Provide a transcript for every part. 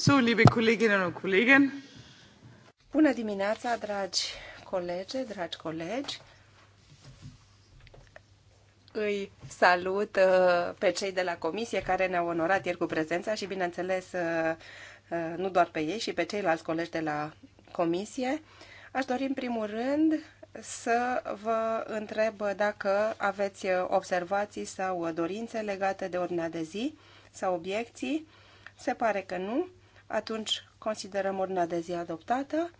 So, liebe Kolleginnen und Kollegen. Bună dimineața, dragi colege, dragi colegi. Îi salut uh, pe cei de la comisie care ne-au onorat ieri cu prezența și, bineînțeles, uh, uh, nu doar pe ei, și pe ceilalți colegi de la comisie. Aș dori, în primul rând, să vă întreb dacă aveți observații sau dorințe legate de ordinea de zi sau obiecții. Se pare că nu atunci considerăm urna de zi adoptată.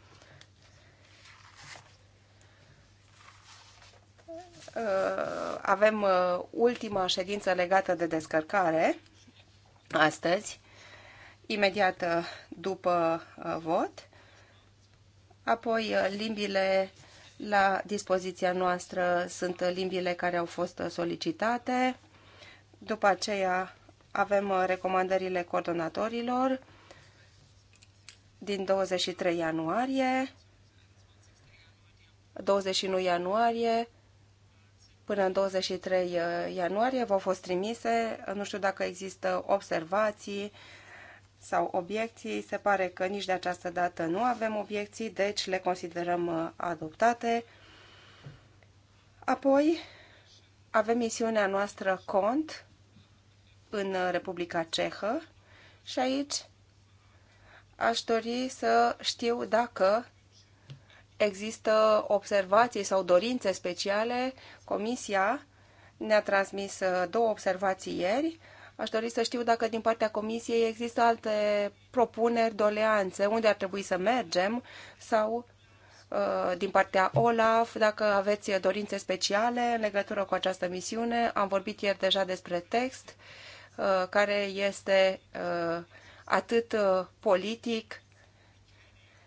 Uh, avem uh, ultima ședință legată de descărcare astăzi, imediat uh, după vot. Apoi limbile la dispoziția noastră sunt limbile care au fost solicitate. După aceea avem recomandările coordonatorilor din 23 ianuarie, 21 ianuarie până în 23 uh, ianuarie v-au fost trimise. Nu știu dacă există observații sau obiecții. Se pare că nici de această dată nu avem obiecții, deci le considerăm uh, adoptate. Apoi avem misiunea noastră cont în uh, Republica Cehă și aici aș dori să știu dacă există observații sau dorințe speciale. Comisia ne-a transmis uh, două observații ieri. Aș dori să știu dacă din partea Comisiei există alte propuneri, doleanțe, unde ar trebui să mergem sau uh, din partea OLAF, dacă aveți dorințe speciale în legătură cu această misiune. Am vorbit ieri deja despre text, uh, care este atât uh, politic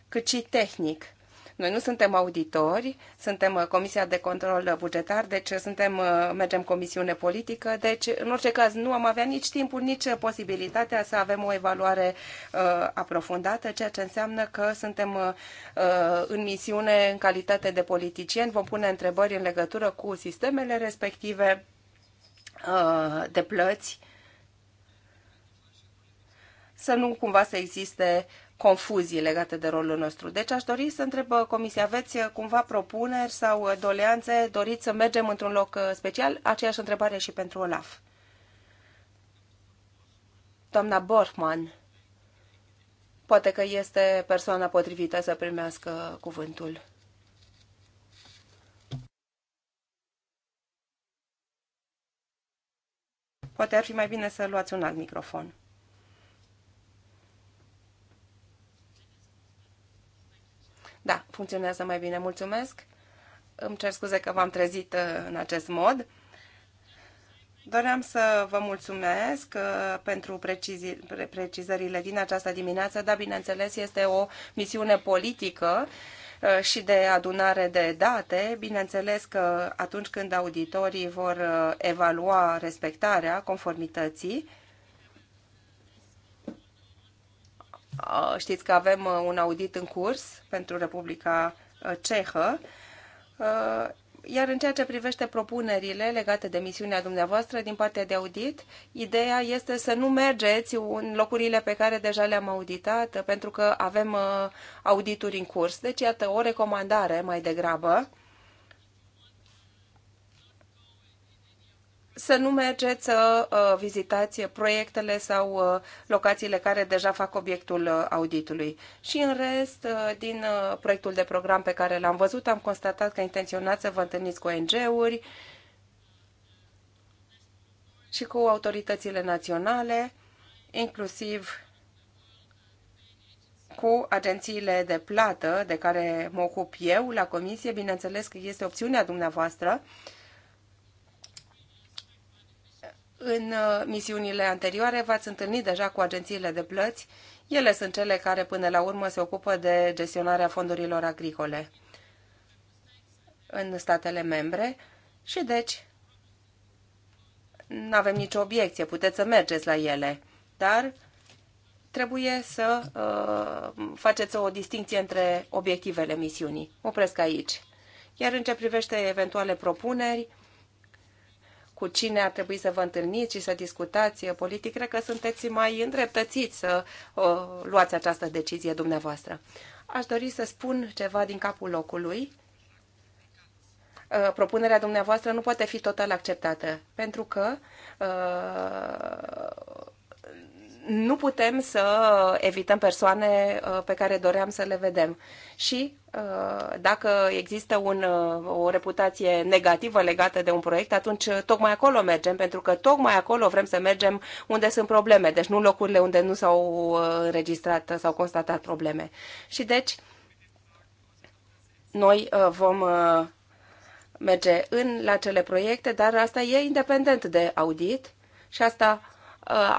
cât și tehnic. Noi nu suntem auditori, suntem uh, Comisia de Control Bugetar, deci uh, suntem, mergem comisiune politică, deci în orice caz nu am avea nici timpul, nici posibilitatea să avem o evaluare uh, aprofundată, ceea ce înseamnă că suntem uh, în misiune în calitate de politicieni, vom pune întrebări în legătură cu sistemele respective uh, de plăți să nu cumva să existe confuzii legate de rolul nostru. Deci aș dori să întreb uh, Comisia, aveți uh, cumva propuneri sau uh, doleanțe? Doriți să mergem într-un loc special? Aceeași întrebare și pentru Olaf. Doamna Borfman, poate că este persoana potrivită să primească cuvântul. Poate ar fi mai bine să luați un alt microfon. Da, funcționează mai bine, mulțumesc. Îmi cer scuze că v-am trezit uh, în acest mod. Doream să vă mulțumesc uh, pentru precizările din această dimineață, dar bineînțeles este o misiune politică uh, și de adunare de date. Bineînțeles că atunci când auditorii vor evalua respectarea conformității, Uh, știți că avem uh, un audit în curs pentru Republica uh, Cehă. Iar în ceea ce privește propunerile legate de misiunea dumneavoastră din partea de audit, ideea este să nu mergeți în locurile pe care deja le-am auditat, pentru că avem audituri în curs. Deci, iată, o recomandare mai degrabă să nu mergeți să uh, vizitați proiectele sau uh, locațiile care deja fac obiectul uh, auditului. Și în rest, din proiectul de program pe care l-am văzut, am constatat că intenționați să vă întâlniți cu ONG-uri și cu autoritățile naționale, inclusiv cu agențiile de plată de care mă ocup eu la comisie. Bineînțeles că este opțiunea dumneavoastră uh, în uh, misiunile anterioare v-ați întâlnit deja cu agențiile de plăți. Ele sunt cele care până la urmă se ocupă de gestionarea fondurilor agricole în statele membre și deci nu avem nicio obiecție, puteți să mergeți la ele, dar trebuie să uh, faceți o distinție între obiectivele misiunii. Opresc aici. Iar în ce privește eventuale propuneri, cu cine ar trebui să vă întâlniți și să discutați politic, cred că sunteți mai îndreptățiți să uh, luați această decizie dumneavoastră. Aș dori să spun ceva din capul locului. Uh, propunerea dumneavoastră nu poate fi total acceptată, pentru că uh, nu putem să evităm persoane uh, pe care doream să le vedem. Și Uh, dacă există un, uh, o reputație negativă legată de un proiect, atunci uh, tocmai acolo mergem, pentru că tocmai acolo vrem să mergem unde sunt probleme, deci nu locurile unde nu s-au înregistrat sau constatat probleme. Și deci, noi vom merge în la cele proiecte, dar asta e independent de audit și asta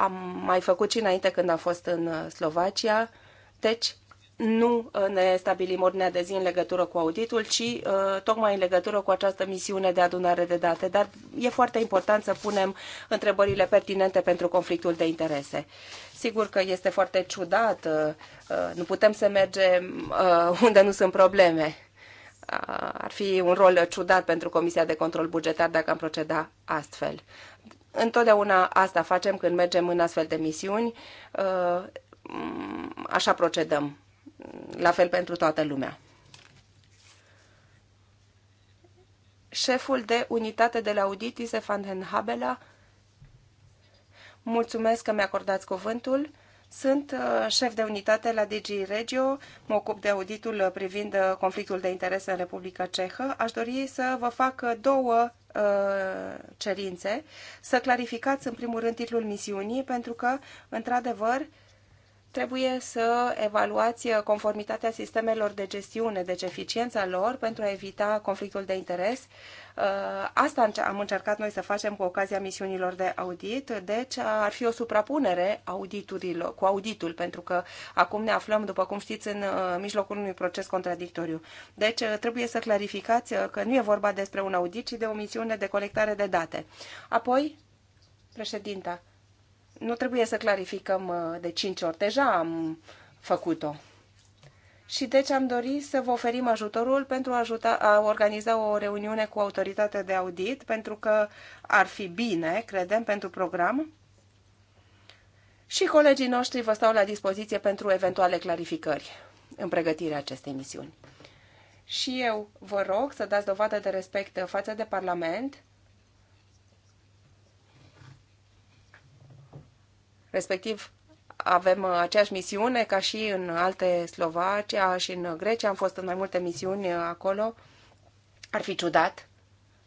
am mai făcut și înainte când am fost în Slovacia. Deci, nu uh, ne stabilim ordinea de zi în legătură cu auditul, ci uh, tocmai în legătură cu această misiune de adunare de date. Dar e foarte important să punem întrebările pertinente pentru conflictul de interese. Sigur că este foarte ciudat, uh, nu putem să mergem unde nu sunt probleme. Ar fi un rol ciudat pentru Comisia de Control Bugetar dacă am proceda astfel. Întotdeauna asta facem când mergem în astfel de misiuni, așa procedăm la fel pentru toată lumea. Șeful de unitate de la audit, Isefan Habela, mulțumesc că mi-a acordat cuvântul. Sunt uh, șef de unitate la DG Regio, mă ocup de auditul uh, privind uh, conflictul de interese în Republica Cehă. Aș dori să vă fac două cerințe, să clarificați în primul rând titlul misiunii, pentru că, într-adevăr, trebuie să evaluați conformitatea sistemelor de gestiune, deci eficiența lor pentru a evita conflictul de interes. Uh, asta am încercat noi să facem cu ocazia misiunilor de audit, deci ar fi o suprapunere auditurilor, cu auditul, pentru că acum ne aflăm, după cum știți, în uh, mijlocul unui proces contradictoriu. Deci uh, trebuie să clarificați că nu e vorba despre un audit, ci de o misiune de colectare de date. Apoi, președinta, nu trebuie să clarificăm uh, de 5 ori. Deja am făcut-o. Și deci am dorit să vă oferim ajutorul pentru a, ajuta, a organiza o reuniune cu autoritatea de audit, pentru că ar fi bine, credem, pentru program. Și colegii noștri vă stau la dispoziție pentru eventuale clarificări în pregătirea acestei misiuni. Și eu vă rog să dați dovadă de respect față de Parlament Respectiv, avem uh, aceeași misiune ca și în alte Slovacia și în Grecia. Am fost în mai multe misiuni uh, acolo. Ar fi ciudat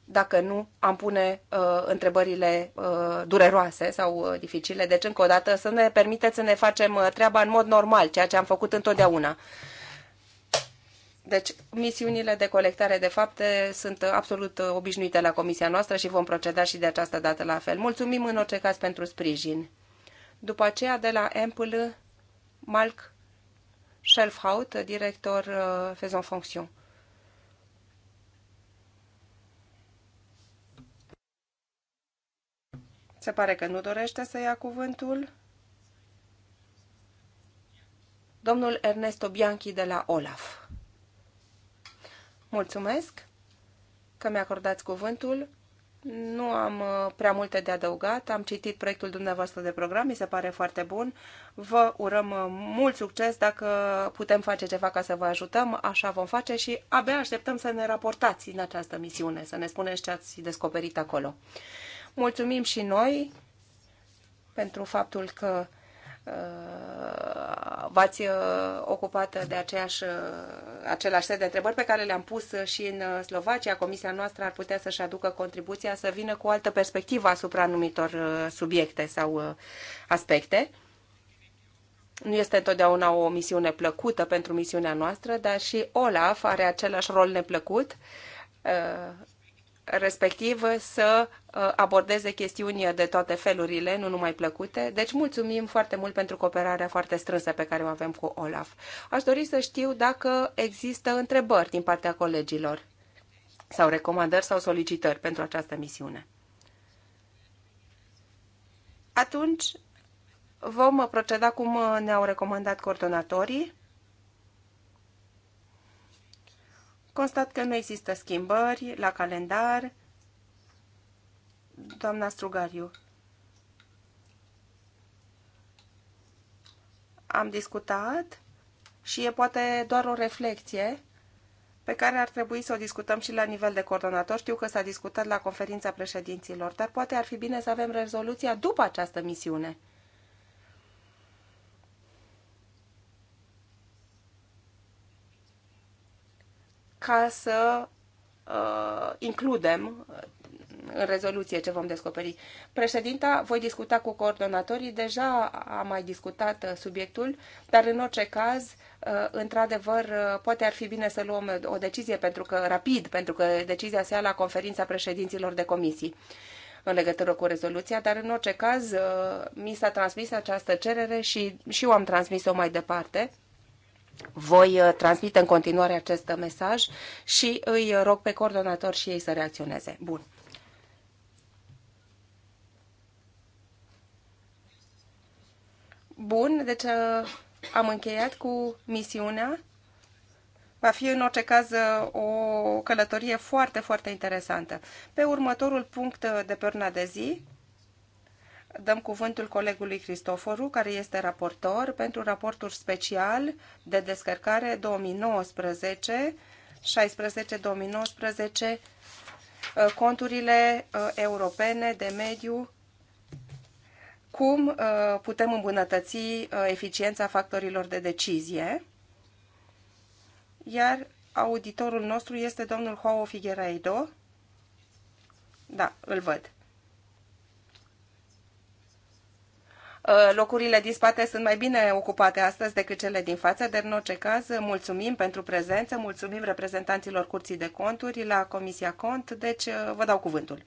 dacă nu am pune uh, întrebările uh, dureroase sau uh, dificile. Deci, încă o dată, să ne permiteți să ne facem uh, treaba în mod normal, ceea ce am făcut întotdeauna. Deci, misiunile de colectare de fapte sunt absolut uh, obișnuite la comisia noastră și vom proceda și de această dată la fel. Mulțumim în orice caz pentru sprijin. După aceea, de la Empl, Malk Schelfhaut, director uh, faisant fonction. Se pare că nu dorește să ia cuvântul. Domnul Ernesto Bianchi de la OLAF. Mulțumesc că mi-acordați cuvântul. Nu am uh, prea multe de adăugat. Am citit proiectul dumneavoastră de program, mi se pare foarte bun. Vă urăm uh, mult succes. Dacă putem face ceva ca să vă ajutăm, așa vom face și abia așteptăm să ne raportați în această misiune, să ne spuneți ce ați descoperit acolo. Mulțumim și noi pentru faptul că Uh, v-ați uh, ocupat de aceeași, uh, același set de întrebări pe care le-am pus și în Slovacia. Comisia noastră ar putea să-și aducă contribuția să vină cu o altă perspectivă asupra anumitor subiecte sau aspecte. Nu este întotdeauna o misiune plăcută pentru misiunea noastră, dar și Olaf are același rol neplăcut respectiv să uh, abordeze chestiuni de toate felurile, nu numai plăcute. Deci mulțumim foarte mult pentru cooperarea foarte strânsă pe care o avem cu Olaf. Aș dori să știu dacă există întrebări din partea colegilor sau recomandări sau solicitări pentru această misiune. Atunci vom proceda cum ne-au recomandat coordonatorii. Constat că nu există schimbări la calendar. Doamna Strugariu. Am discutat și e poate doar o reflecție pe care ar trebui să o discutăm și la nivel de coordonator. Știu că s-a discutat la conferința președinților, dar poate ar fi bine să avem rezoluția după această misiune. ca să uh, includem în rezoluție ce vom descoperi. Președinta, voi discuta cu coordonatorii, deja am mai discutat uh, subiectul, dar în orice caz, uh, într-adevăr, uh, poate ar fi bine să luăm o decizie pentru că, rapid, pentru că decizia se ia la conferința președinților de comisii în legătură cu rezoluția, dar în orice caz mi s-a transmis această cerere și, și eu am transmis-o mai departe voi uh, transmite în continuare acest mesaj și îi uh, rog pe coordonator și ei să reacționeze. Bun. Bun, deci uh, am încheiat cu misiunea. Va fi în orice caz o călătorie foarte, foarte interesantă. Pe următorul punct de pe urna de zi, dăm cuvântul colegului Cristoforu, care este raportor pentru raportul special de descărcare 2019, 16-2019, uh, conturile uh, europene de mediu, cum uh, putem îmbunătăți eficiența factorilor de decizie. Iar auditorul nostru este domnul Hoa Figueiredo. Da, îl văd. Uh, locurile din spate sunt mai bine ocupate astăzi decât cele din față, dar în orice caz mulțumim pentru prezență, mulțumim reprezentanților Curții de Conturi la Comisia Cont, deci uh, vă dau cuvântul.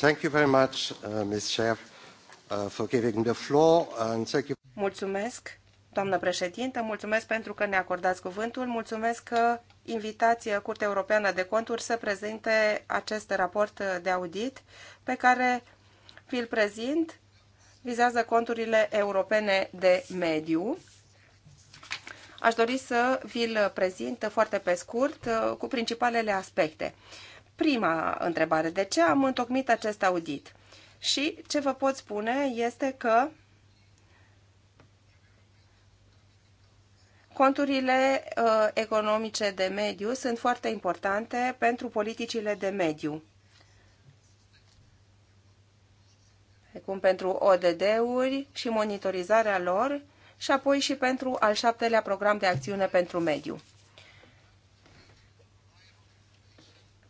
Thank you very much, uh, Ms. Chair, uh, for giving the floor and thank you. Mulțumesc, doamnă președintă, mulțumesc pentru că ne acordați cuvântul, mulțumesc că invitați uh, Curtea Europeană de Conturi să prezinte acest raport de audit pe care vi-l prezint vizează conturile europene de mediu. Aș dori să vi-l prezint foarte pe scurt uh, cu principalele aspecte. Prima întrebare, de ce am întocmit acest audit? Și ce vă pot spune este că Conturile uh, economice de mediu sunt foarte importante pentru politicile de mediu. cum pentru ODD-uri și monitorizarea lor, și apoi și pentru al șaptelea program de acțiune pentru mediu.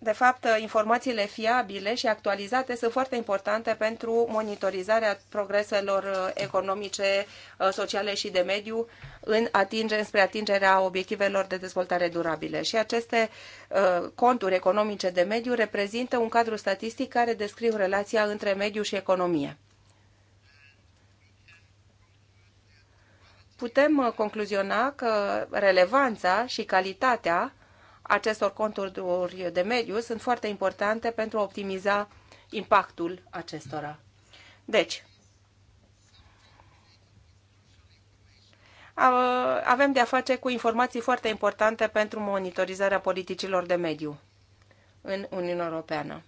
De fapt, informațiile fiabile și actualizate sunt foarte importante pentru monitorizarea progreselor uh, economice, uh, sociale și de mediu în atinge, spre atingerea obiectivelor de dezvoltare durabile. Și aceste uh, conturi economice de mediu reprezintă un cadru statistic care descriu relația între mediu și economie. Putem concluziona că relevanța și calitatea acestor conturi de mediu sunt foarte importante pentru a optimiza impactul acestora. Deci, avem de a face cu informații foarte importante pentru monitorizarea politicilor de mediu în Uniunea Europeană.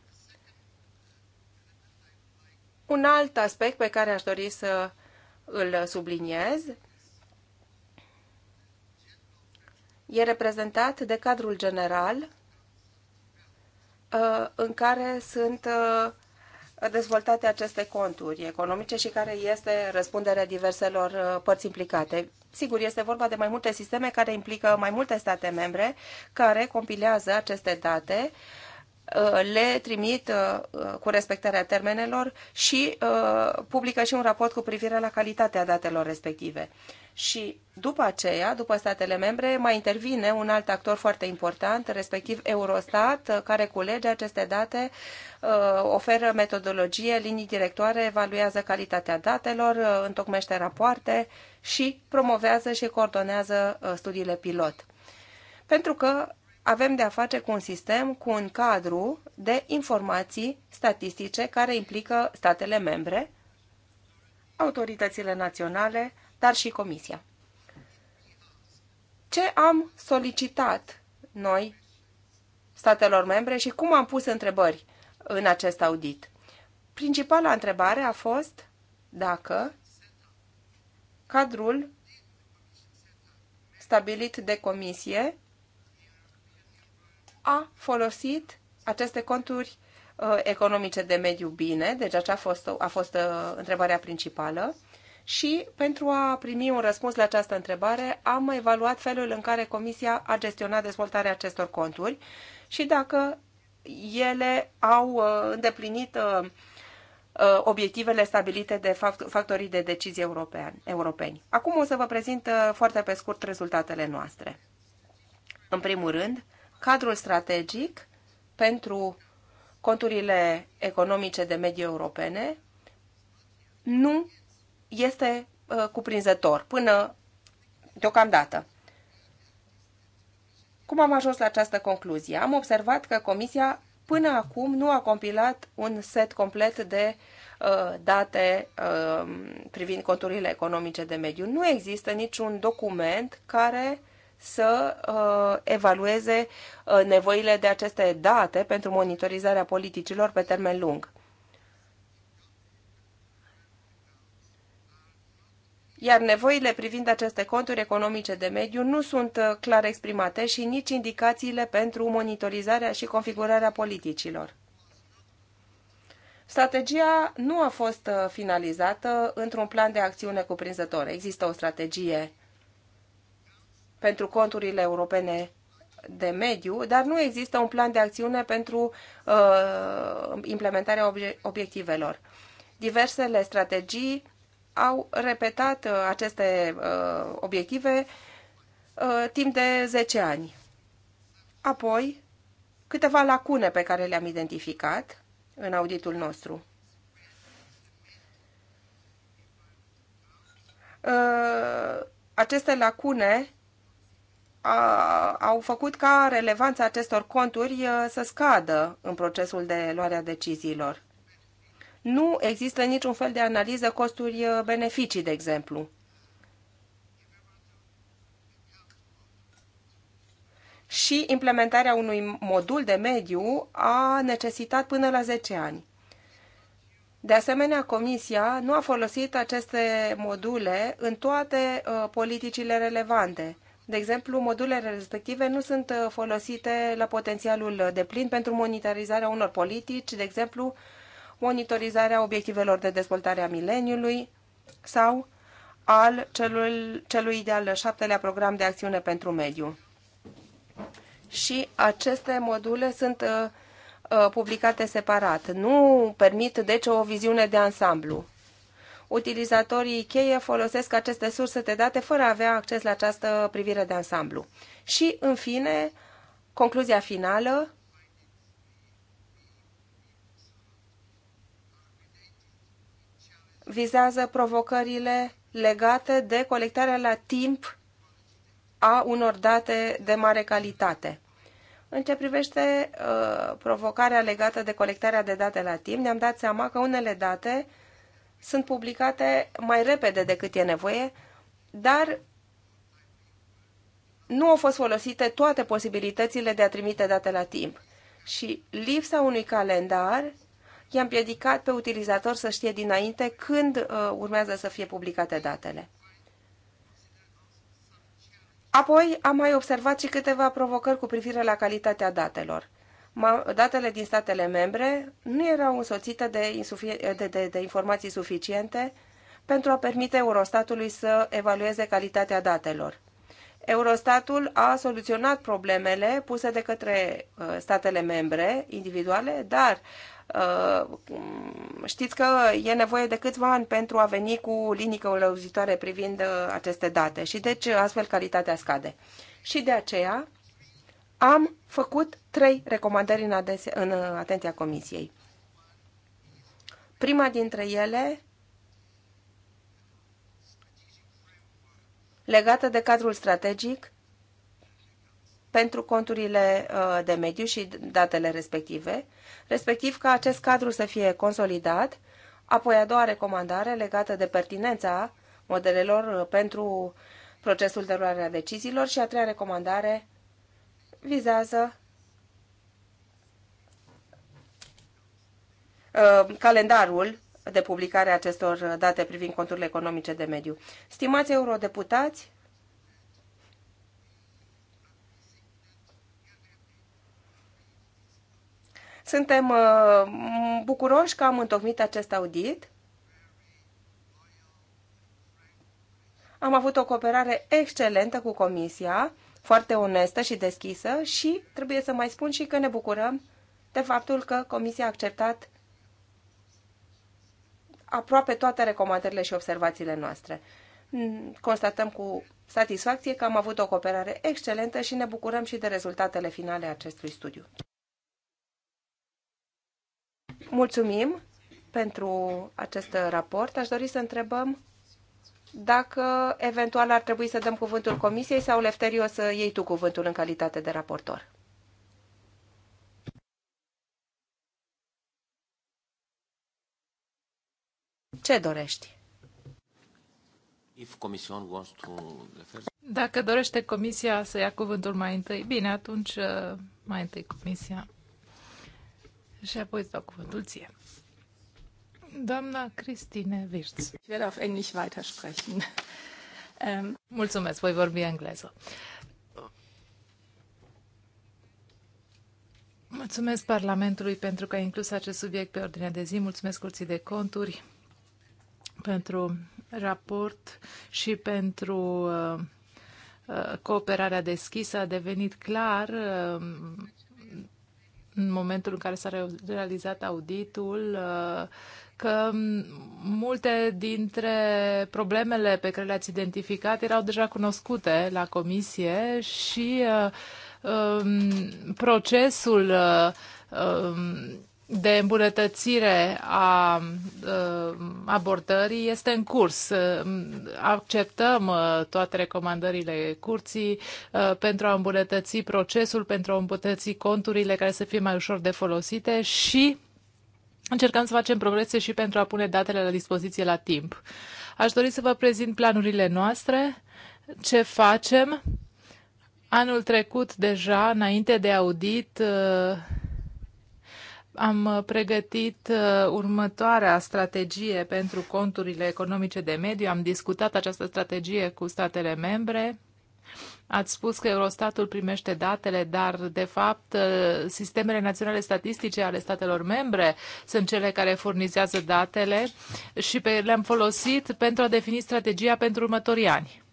Un alt aspect pe care aș dori să îl subliniez e reprezentat de cadrul general uh, în care sunt uh, dezvoltate aceste conturi economice și care este răspunderea diverselor uh, părți implicate. Sigur, este vorba de mai multe sisteme care implică mai multe state membre care compilează aceste date Uh, le trimit uh, uh, cu respectarea termenelor și publică și un raport cu privire la calitatea datelor respective. Și după aceea, după statele membre, mai intervine un alt actor foarte important, respectiv Eurostat, care culege aceste date, oferă metodologie, linii directoare, evaluează calitatea datelor, întocmește rapoarte și promovează și coordonează studiile pilot. Pentru că avem de a face cu un sistem, cu un cadru de informații statistice care implică statele membre, autoritățile naționale, dar și Comisia. Ce am solicitat noi statelor membre și cum am pus întrebări în acest audit? Principala întrebare a fost dacă cadrul stabilit de comisie a folosit aceste conturi uh, economice de mediu bine, deci aceea a fost, a fost uh, întrebarea principală. Și pentru a primi un răspuns la această întrebare, am evaluat felul în care Comisia a gestionat dezvoltarea acestor conturi și dacă ele au uh, îndeplinit obiectivele stabilite de factorii de decizie european, europeni. Acum o să vă prezint foarte pe scurt rezultatele noastre. În primul rând, cadrul strategic pentru conturile economice de medie europene nu este uh, cuprinzător până deocamdată. Cum am ajuns la această concluzie? Am observat că Comisia până acum nu a compilat un set complet de uh, date uh, privind conturile economice de mediu. Nu există niciun document care uh, să uh, evalueze uh, nevoile de aceste date pentru monitorizarea politicilor pe termen lung. Iar nevoile privind aceste conturi economice de mediu nu sunt uh, clar exprimate și nici indicațiile pentru monitorizarea și configurarea politicilor. Strategia nu a fost uh, finalizată într-un plan de acțiune cuprinzător. Există o strategie uh, pentru conturile europene de mediu, dar nu există un plan de acțiune pentru uh, implementarea obiectivelor. Diversele strategii au repetat uh, aceste uh, obiective uh, timp de 10 ani. Apoi, câteva lacune pe care le-am identificat în auditul nostru. Uh, aceste lacune au făcut ca relevanța acestor conturi să scadă în procesul de luare a deciziilor. Nu există niciun fel de analiză costuri-beneficii, de exemplu. Și implementarea unui modul de mediu a necesitat până la 10 ani. De asemenea, Comisia nu a folosit aceste module în toate uh, politicile relevante de exemplu, modulele respective nu sunt uh, folosite la potențialul uh, de plin pentru monitorizarea unor politici, de exemplu, monitorizarea obiectivelor de dezvoltare a mileniului sau al celui, celui de-al șaptelea program de acțiune pentru mediu. Și aceste module sunt uh, publicate separat. Nu permit, deci, o viziune de ansamblu utilizatorii cheie folosesc aceste surse de date fără a avea acces la această privire de ansamblu. Și, în fine, concluzia finală, vizează provocările legate de colectarea la timp a unor date de mare calitate. În ce privește uh, provocarea legată de colectarea de date la timp, ne-am dat seama că unele date uh, sunt publicate mai repede decât e nevoie, dar nu au fost folosite toate posibilitățile de a trimite date la timp și lipsa unui calendar i-a împiedicat pe utilizator să știe dinainte când uh, urmează să fie publicate datele. Apoi am mai observat și câteva provocări cu privire la calitatea datelor datele din statele membre nu erau însoțite de, de, de, de informații suficiente pentru a permite Eurostatului să evalueze calitatea datelor. Eurostatul a soluționat problemele puse de către uh, statele membre individuale, dar uh, știți că e nevoie de câțiva ani pentru a veni cu linii călăuzitoare privind uh, aceste date și deci astfel calitatea scade. Și de aceea am făcut trei recomandări în, adese, în atenția Comisiei. Prima dintre ele legată de cadrul strategic pentru conturile uh, de mediu și datele respective, respectiv ca acest cadru să fie consolidat, apoi a doua recomandare legată de pertinența modelelor uh, pentru procesul de luare a deciziilor și a treia recomandare vizează uh, calendarul de publicare a acestor date privind conturile economice de mediu. Stimați eurodeputați, suntem uh, bucuroși că am întocmit acest audit. Am avut o cooperare excelentă cu Comisia foarte onestă și deschisă și trebuie să mai spun și că ne bucurăm de faptul că Comisia a acceptat aproape toate recomandările și observațiile noastre. Mm, constatăm cu satisfacție că am avut o cooperare excelentă și ne bucurăm și de rezultatele finale acestui studiu. Mulțumim pentru acest raport. Aș dori să întrebăm dacă eventual ar trebui să dăm cuvântul comisiei sau Lefterio să iei tu cuvântul în calitate de raportor. Ce dorești? Dacă dorește comisia să ia cuvântul mai întâi, bine, atunci uh, mai întâi comisia și apoi îți dau cuvântul ție. Doamna Cristine Virț. Ich werde auf Englisch weitersprechen. Um... Mulțumesc, voi vorbi engleză. Mulțumesc Parlamentului pentru că a inclus acest subiect pe ordinea de zi. Mulțumesc Curții de Conturi pentru raport și pentru uh, uh, cooperarea deschisă. A devenit clar uh, în momentul în care s-a realizat auditul că multe dintre problemele pe care le-ați identificat erau deja cunoscute la comisie și uh, um, procesul uh, um, de îmbunătățire a uh, abordării este în curs. Acceptăm toate recomandările curții pentru a îmbunătăți procesul, pentru a îmbunătăți conturile care să fie mai ușor de folosite și Încercăm să facem progrese și pentru a pune datele la dispoziție la timp. Aș dori să vă prezint planurile noastre, ce facem. Anul trecut, deja, înainte de audit, uh, am pregătit uh, următoarea strategie pentru conturile economice de mediu. Am discutat această strategie cu statele membre Ați spus că Eurostatul primește datele, dar, de fapt, ă, sistemele naționale statistice ale statelor membre sunt cele care furnizează datele și le-am folosit pentru a defini strategia pentru următorii ani.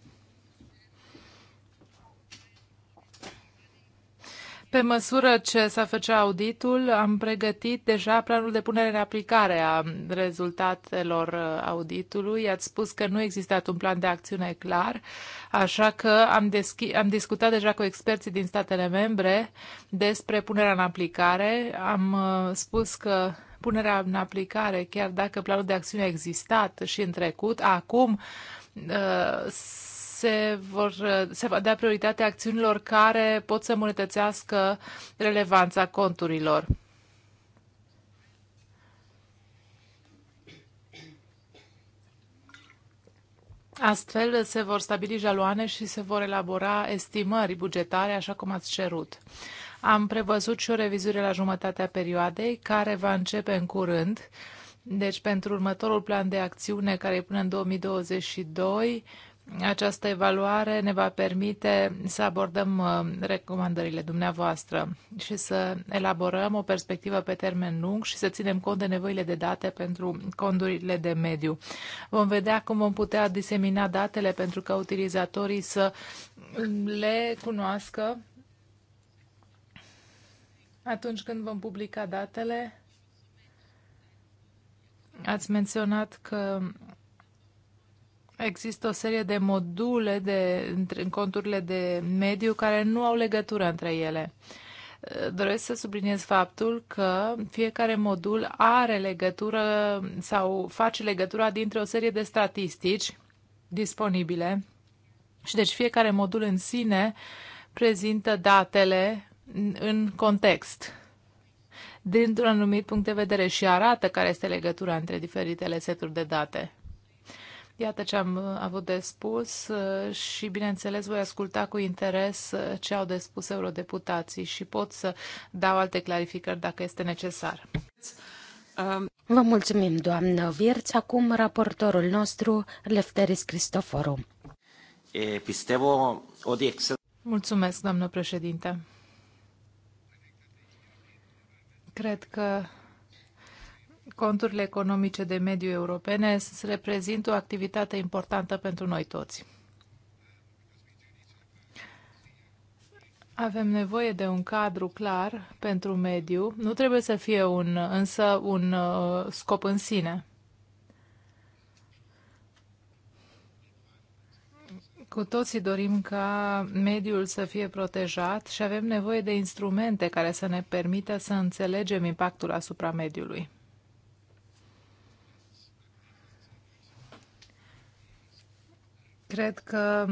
Pe măsură ce s-a făcea auditul, am pregătit deja planul de punere în aplicare a rezultatelor uh, auditului. Ați spus că nu există un plan de acțiune clar, așa că am, am discutat deja cu experții din statele membre despre punerea în aplicare. Am uh, spus că punerea în aplicare, chiar dacă planul de acțiune a existat și în trecut, acum uh, se, vor, se va dea prioritate acțiunilor care pot să îmbunătățească relevanța conturilor. Astfel se vor stabili jaloane și se vor elabora estimări bugetare, așa cum ați cerut. Am prevăzut și o revizuire la jumătatea perioadei, care va începe în curând. Deci, pentru următorul plan de acțiune, care e până în 2022, această evaluare ne va permite să abordăm uh, recomandările dumneavoastră și să elaborăm o perspectivă pe termen lung și să ținem cont de nevoile de date pentru condurile de mediu. Vom vedea cum vom putea disemina datele pentru ca utilizatorii să le cunoască atunci când vom publica datele. Ați menționat că Există o serie de module de, în conturile de mediu care nu au legătură între ele. Doresc să subliniez faptul că fiecare modul are legătură sau face legătura dintre o serie de statistici disponibile și deci fiecare modul în sine prezintă datele în context dintr-un anumit punct de vedere și arată care este legătura între diferitele seturi de date. Iată ce am uh, avut de spus uh, și, bineînțeles, voi asculta cu interes uh, ce au de spus eurodeputații și pot să dau alte clarificări dacă este necesar. Um. Vă mulțumim, doamnă Virț. Acum raportorul nostru, Lefteris Cristoforu. Mulțumesc, doamnă președinte. Cred că conturile economice de mediu europene reprezintă o activitate importantă pentru noi toți. Avem nevoie de un cadru clar pentru mediu. Nu trebuie să fie un, însă un uh, scop în sine. Cu toții dorim ca mediul să fie protejat și avem nevoie de instrumente care să ne permită să înțelegem impactul asupra mediului. Cred că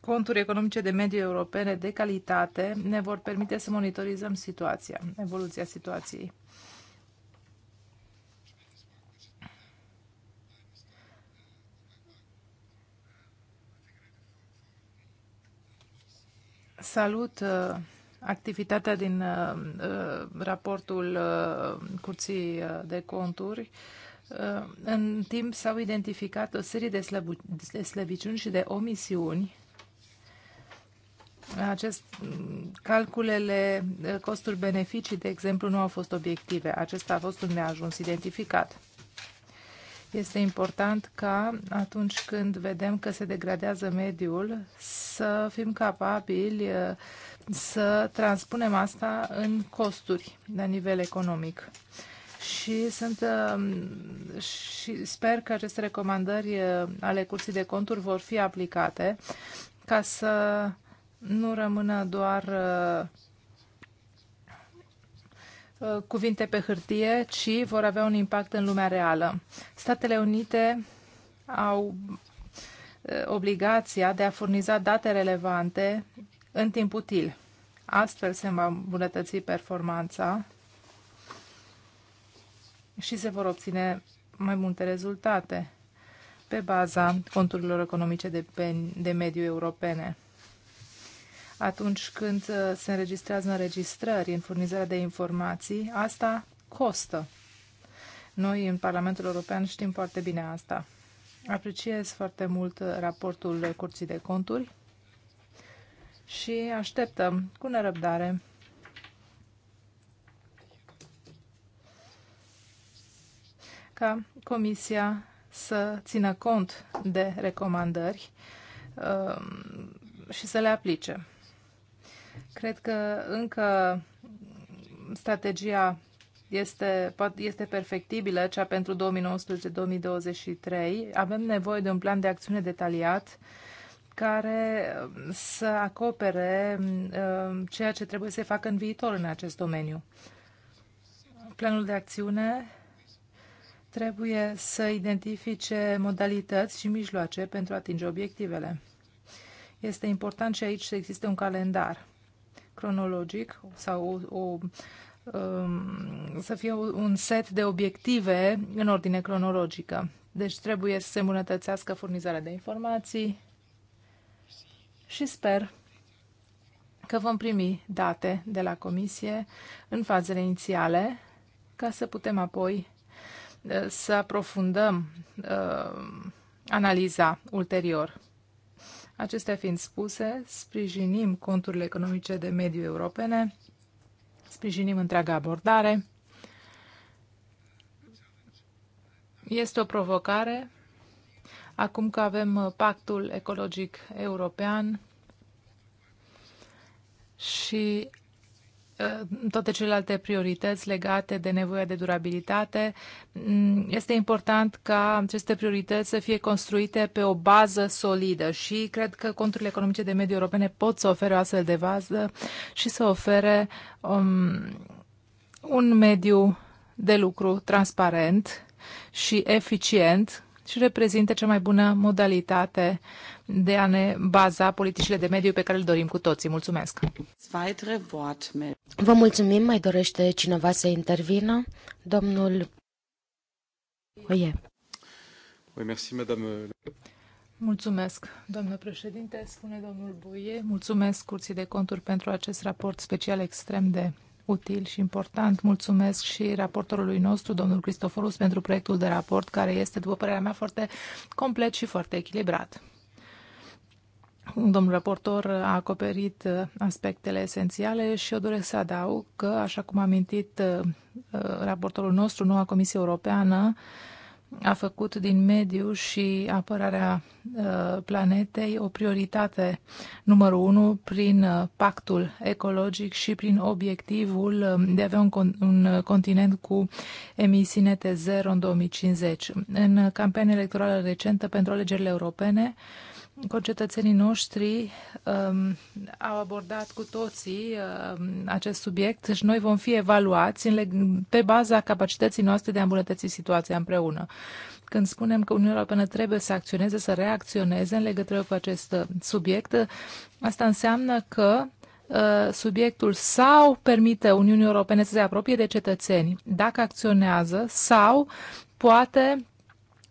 conturi economice de mediu europene de calitate ne vor permite să monitorizăm situația, evoluția situației. Salut uh, activitatea din uh, uh, raportul uh, Curții uh, de Conturi uh, Uh, în timp s-au identificat o serie de, slăbu- de slăbiciuni și de omisiuni. Acest, calculele uh, costuri-beneficii, de exemplu, nu au fost obiective. Acesta a fost un neajuns identificat. Este important ca atunci când vedem că se degradează mediul să fim capabili uh, să transpunem asta în costuri la nivel economic și, sunt, um, și sper că aceste recomandări uh, ale Curții de Conturi vor fi aplicate ca să nu rămână doar uh, uh, cuvinte pe hârtie, ci vor avea un impact în lumea reală. Statele Unite au obligația de a furniza date relevante în timp util. Astfel se va îmbunătăți performanța și se vor obține mai multe rezultate pe baza conturilor economice de, de mediu europene. Atunci când uh, se înregistrează înregistrări în furnizarea de informații, asta costă. Noi în Parlamentul European știm foarte bine asta. Apreciez foarte mult uh, raportul Curții de Conturi și așteptăm cu nerăbdare ca Comisia să țină cont de recomandări um, și să le aplice. Cred că încă strategia este, este perfectibilă, cea pentru 2019-2023. Avem nevoie de un plan de acțiune detaliat care um, să acopere um, ceea ce trebuie să facă în viitor în acest domeniu. Planul de acțiune trebuie să identifice modalități și mijloace pentru a atinge obiectivele. Este important și aici să existe un calendar cronologic sau o, o, um, să fie un set de obiective în ordine cronologică. Deci trebuie să se îmbunătățească furnizarea de informații și sper că vom primi date de la comisie în fazele inițiale ca să putem apoi să aprofundăm uh, analiza ulterior. Acestea fiind spuse, sprijinim conturile economice de mediu europene, sprijinim întreaga abordare. Este o provocare acum că avem uh, pactul ecologic european și Uh, toate celelalte priorități legate de nevoia de durabilitate. Mm, este important ca aceste priorități să fie construite pe o bază solidă și cred că conturile economice de mediu europene pot să ofere o astfel de bază și să ofere um, un mediu de lucru transparent și eficient și reprezintă cea mai bună modalitate de a ne baza politicile de mediu pe care le dorim cu toții. Mulțumesc! Vă mulțumim. Mai dorește cineva să intervină? Domnul Oie. Oui, merci, madame. Mulțumesc, doamnă președinte, spune domnul Buie. Mulțumesc Curții de Conturi pentru acest raport special extrem de util și important. Mulțumesc și raportorului nostru, domnul Cristoforus, pentru proiectul de raport, care este, după părerea mea, foarte complet și foarte echilibrat. Domnul raportor a acoperit uh, aspectele esențiale și eu doresc să adaug că, așa cum a amintit uh, uh, raportorul nostru, noua Comisie Europeană, a făcut din mediu și apărarea uh, planetei o prioritate numărul unu prin uh, pactul ecologic și prin obiectivul um, de a avea un, con un uh, continent cu emisii nete zero în 2050. În campania electorală recentă pentru alegerile europene, concetățenii noștri um, au abordat cu toții um, acest subiect și noi vom fi evaluați în pe baza capacității noastre de a îmbunătăți situația împreună. Când spunem că Uniunea Europeană trebuie să acționeze, să reacționeze în legătură cu acest uh, subiect, asta înseamnă că uh, subiectul sau permite Uniunii Europene să se apropie de cetățeni dacă acționează sau poate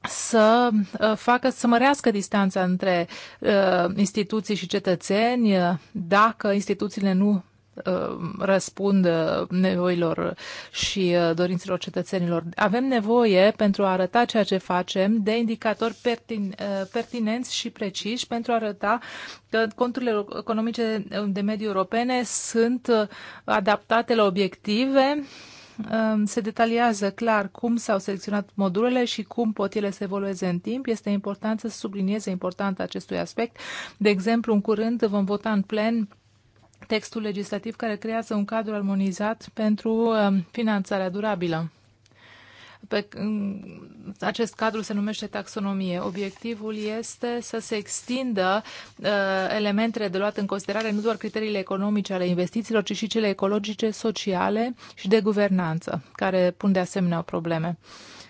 să uh, facă să mărească distanța între uh, instituții și cetățeni uh, dacă instituțiile nu uh, răspund nevoilor și dorințelor cetățenilor. Avem nevoie, pentru a arăta ceea ce facem, de indicatori pertin, pertinenți și preciși pentru a arăta că conturile economice de mediu europene sunt adaptate la obiective se detaliază clar cum s-au selecționat modulele și cum pot ele să evolueze în timp. Este important să sublinieze importanța acestui aspect. De exemplu, în curând vom vota în plen textul legislativ care creează un cadru armonizat pentru finanțarea durabilă. Pe, acest cadru se numește taxonomie. Obiectivul este să se extindă uh, elementele de luat în considerare, nu doar criteriile economice ale investițiilor, ci și cele ecologice, sociale și de guvernanță, care pun de asemenea probleme. Uh,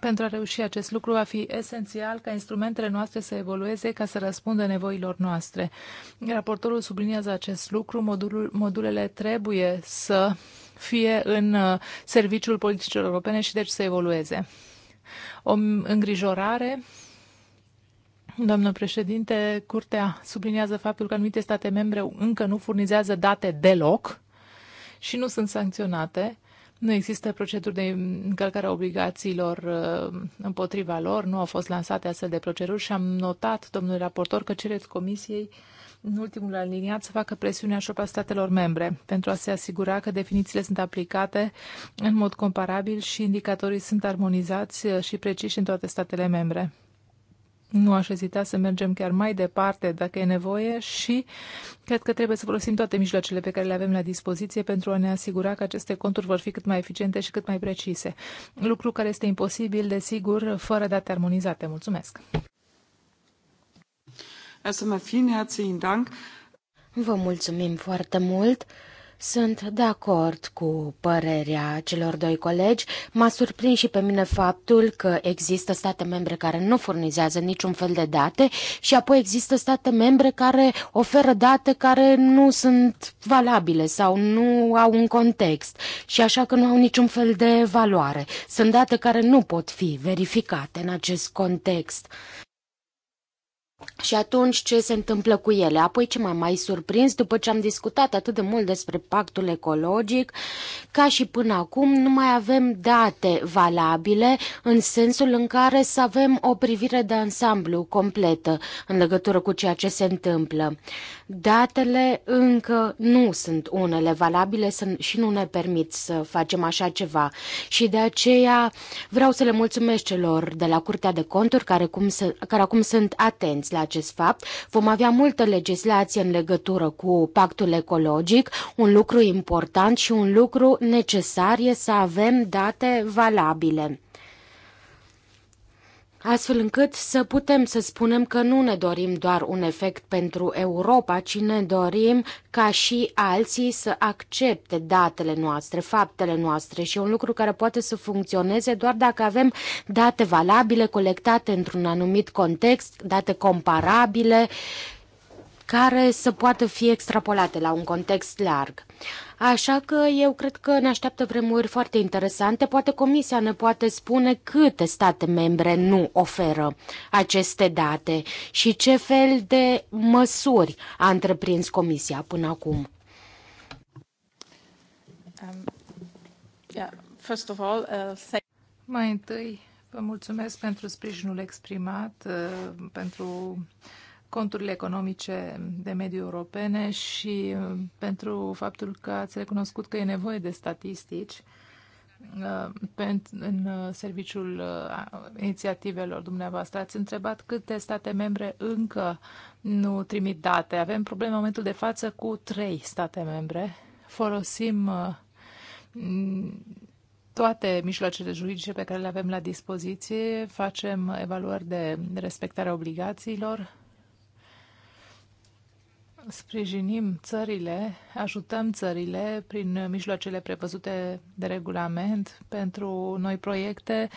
pentru a reuși acest lucru va fi esențial ca instrumentele noastre să evolueze ca să răspundă nevoilor noastre. Raportorul subliniază acest lucru, modulul, modulele trebuie să fie în uh, serviciul politicilor europene și deci să evolueze. O îngrijorare Doamnă președinte, Curtea subliniază faptul că anumite state membre încă nu furnizează date deloc și nu sunt sancționate nu există proceduri de încălcare a obligațiilor uh, împotriva lor, nu au fost lansate astfel de proceduri și am notat, domnul raportor, că cereți comisiei în ultimul aliniat să facă presiune asupra statelor membre pentru a se asigura că definițiile sunt aplicate în mod comparabil și indicatorii sunt armonizați și preciși în toate statele membre. Nu aș ezita să mergem chiar mai departe dacă e nevoie și cred că trebuie să folosim toate mijloacele pe care le avem la dispoziție pentru a ne asigura că aceste conturi vor fi cât mai eficiente și cât mai precise. Lucru care este imposibil, desigur, fără date armonizate. Mulțumesc! Vă mulțumim foarte mult! Sunt de acord cu părerea celor doi colegi. M-a surprins și pe mine faptul că există state membre care nu furnizează niciun fel de date și apoi există state membre care oferă date care nu sunt valabile sau nu au un context și așa că nu au niciun fel de valoare. Sunt date care nu pot fi verificate în acest context. Și atunci ce se întâmplă cu ele? Apoi ce m-a mai surprins după ce am discutat atât de mult despre pactul ecologic, ca și până acum nu mai avem date valabile în sensul în care să avem o privire de ansamblu completă în legătură cu ceea ce se întâmplă. Datele încă nu sunt unele valabile și nu ne permit să facem așa ceva. Și de aceea vreau să le mulțumesc celor de la Curtea de Conturi care, cum se, care acum sunt atenți atenți la acest fapt. Vom avea multă legislație în legătură cu pactul ecologic. Un lucru important și un lucru necesar e să avem date valabile astfel încât să putem să spunem că nu ne dorim doar un efect pentru Europa, ci ne dorim ca și alții să accepte datele noastre, faptele noastre și un lucru care poate să funcționeze doar dacă avem date valabile colectate într-un anumit context, date comparabile care să poată fi extrapolate la un context larg. Așa că eu cred că ne așteaptă vremuri foarte interesante. Poate Comisia ne poate spune câte state membre nu oferă aceste date și ce fel de măsuri a întreprins Comisia până acum. Um, yeah, first of all, uh, Mai întâi, vă mulțumesc pentru sprijinul exprimat, uh, pentru uh, conturile economice de mediu europene și uh, pentru faptul că ați recunoscut că e nevoie de statistici uh, în uh, serviciul inițiativelor dumneavoastră. Ați întrebat câte state membre încă nu trimit date. Avem probleme în momentul de față cu trei state membre. Folosim toate mijloacele juridice pe care le avem la dispoziție, facem evaluări de respectarea obligațiilor sprijinim țările, ajutăm țările prin mijloacele prevăzute de regulament pentru noi proiecte,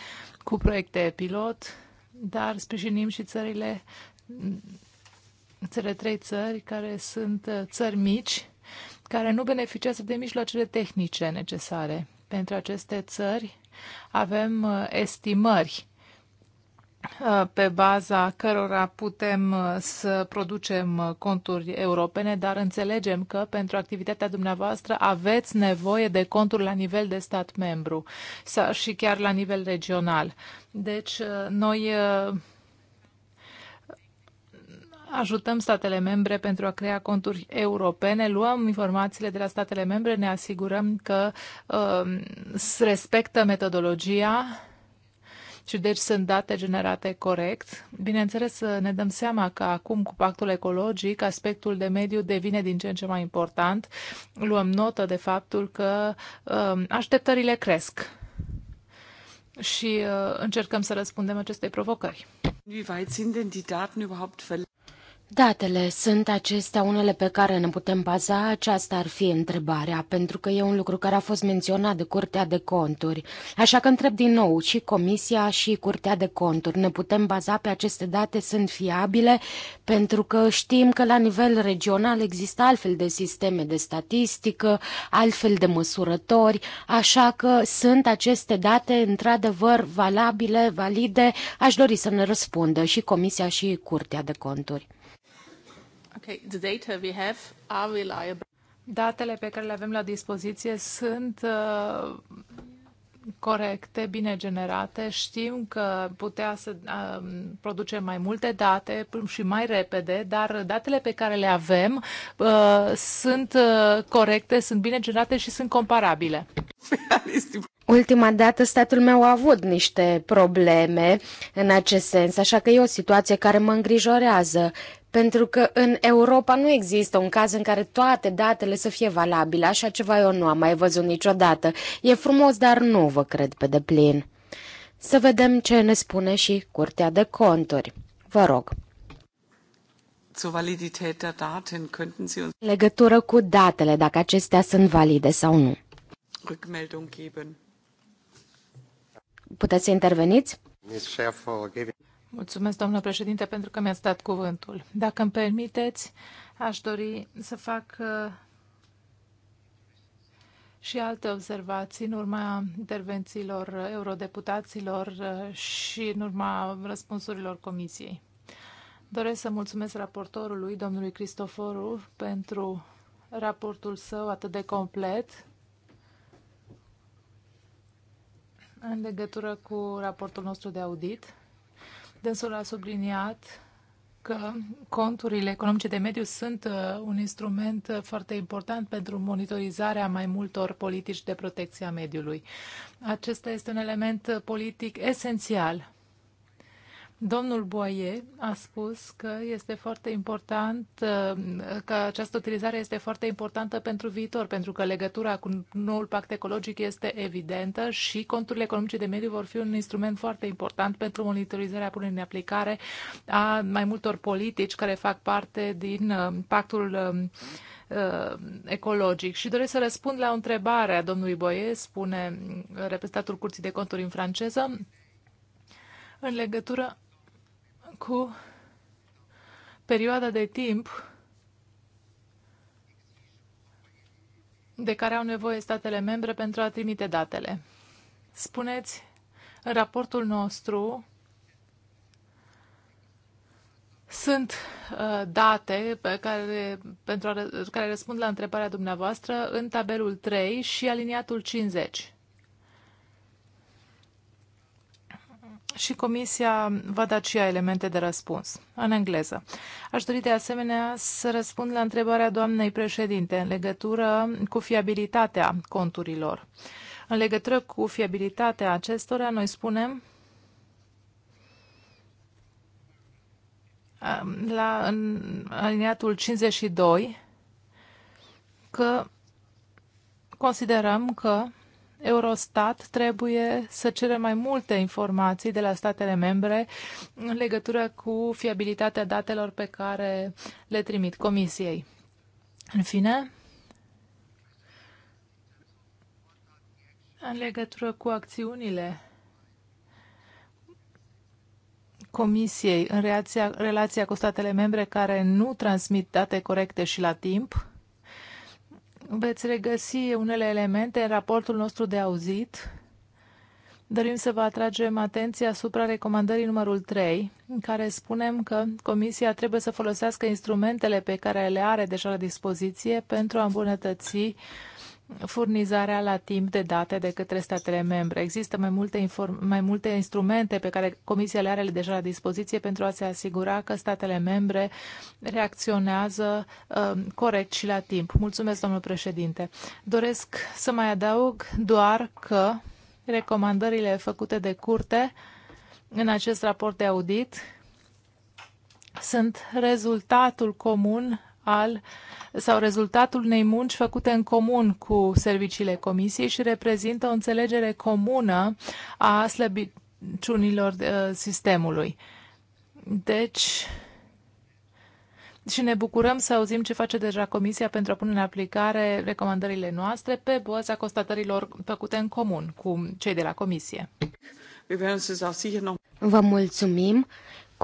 cu proiecte pilot, dar sprijinim și țările, cele trei țări care sunt țări mici, care nu beneficiază de mijloacele tehnice necesare. Pentru aceste țări avem uh, estimări Uh, pe baza cărora putem uh, să producem uh, conturi europene, dar înțelegem că pentru activitatea dumneavoastră aveți nevoie de conturi la nivel de stat membru și chiar la nivel regional. Deci, noi ajutăm statele membre pentru a crea conturi europene, luăm informațiile de la statele membre, ne asigurăm că uh, respectă metodologia și deci sunt date generate corect. Bineînțeles, ne dăm seama că acum cu pactul ecologic aspectul de mediu devine din ce în ce mai important. Luăm notă de faptul că um, așteptările cresc și uh, încercăm să răspundem acestei provocări. Wie weit sind denn die Daten überhaupt Datele sunt acestea unele pe care ne putem baza? Aceasta ar fi întrebarea, pentru că e un lucru care a fost menționat de Curtea de Conturi. Așa că întreb din nou, și Comisia și Curtea de Conturi, ne putem baza pe aceste date? Sunt fiabile? Pentru că știm că la nivel regional există altfel de sisteme de statistică, altfel de măsurători, așa că sunt aceste date într-adevăr valabile, valide? Aș dori să ne răspundă și Comisia și Curtea de Conturi the data we have are reliable. Datele pe care le avem la dispoziție sunt uh, corecte, bine generate. Știm că putea să um, produce producem mai multe date și mai repede, dar datele pe care le avem uh, sunt uh, corecte, sunt bine generate și sunt comparabile. Ultima dată statul meu a avut niște probleme în acest sens, așa că e o situație care mă îngrijorează. Pentru că în Europa nu există un caz în care toate datele să fie valabile. Așa ceva eu nu am mai văzut niciodată. E frumos, dar nu vă cred pe deplin. Să vedem ce ne spune și Curtea de Conturi. Vă rog. Legătură cu datele, dacă acestea sunt valide sau nu. Puteți să interveniți? Mulțumesc, domnule președinte, pentru că mi-ați dat cuvântul. Dacă îmi permiteți, aș dori să fac uh, și alte observații în urma intervențiilor eurodeputaților uh, și în urma răspunsurilor comisiei. Doresc să mulțumesc raportorului, domnului Cristoforu, pentru raportul său atât de complet în legătură cu raportul nostru de audit. Dânsul a subliniat că conturile economice de mediu sunt uh, un instrument uh, foarte important pentru monitorizarea mai multor politici de protecție a mediului. Acesta este un element uh, politic esențial Domnul Boie a spus că este foarte important, uh, că această utilizare este foarte importantă pentru viitor, pentru că legătura cu noul pact ecologic este evidentă și conturile economice de mediu vor fi un instrument foarte important pentru monitorizarea punerii în aplicare a mai multor politici care fac parte din uh, pactul uh, ecologic. Și doresc să răspund la o întrebare a domnului Boie, spune reprezentatul Curții de Conturi în franceză, în legătură cu perioada de timp de care au nevoie statele membre pentru a trimite datele. Spuneți în raportul nostru sunt uh, date pe care, pentru a, care răspund la întrebarea dumneavoastră în tabelul 3 și aliniatul 50. și comisia va da și ea elemente de răspuns în engleză. Aș dori de asemenea să răspund la întrebarea doamnei președinte în legătură cu fiabilitatea conturilor. În legătură cu fiabilitatea acestora, noi spunem um, la în aliniatul 52 că considerăm că Eurostat trebuie să cere mai multe informații de la statele membre în legătură cu fiabilitatea datelor pe care le trimit Comisiei. În fine, în legătură cu acțiunile Comisiei în relația, relația cu statele membre care nu transmit date corecte și la timp, Veți regăsi unele elemente în raportul nostru de auzit. Dorim să vă atragem atenția asupra recomandării numărul 3, în care spunem că Comisia trebuie să folosească instrumentele pe care le are deja la dispoziție pentru a îmbunătăți furnizarea la timp de date de către statele membre. Există mai multe, inform- mai multe instrumente pe care Comisia le are deja la dispoziție pentru a se asigura că statele membre reacționează uh, corect și la timp. Mulțumesc, domnul președinte. Doresc să mai adaug doar că recomandările făcute de curte în acest raport de audit sunt rezultatul comun al sau rezultatul unei munci făcute în comun cu serviciile comisiei și reprezintă o înțelegere comună a slăbiciunilor uh, sistemului. Deci, și ne bucurăm să auzim ce face deja Comisia pentru a pune în aplicare recomandările noastre pe baza constatărilor făcute în comun cu cei de la Comisie. Vă mulțumim!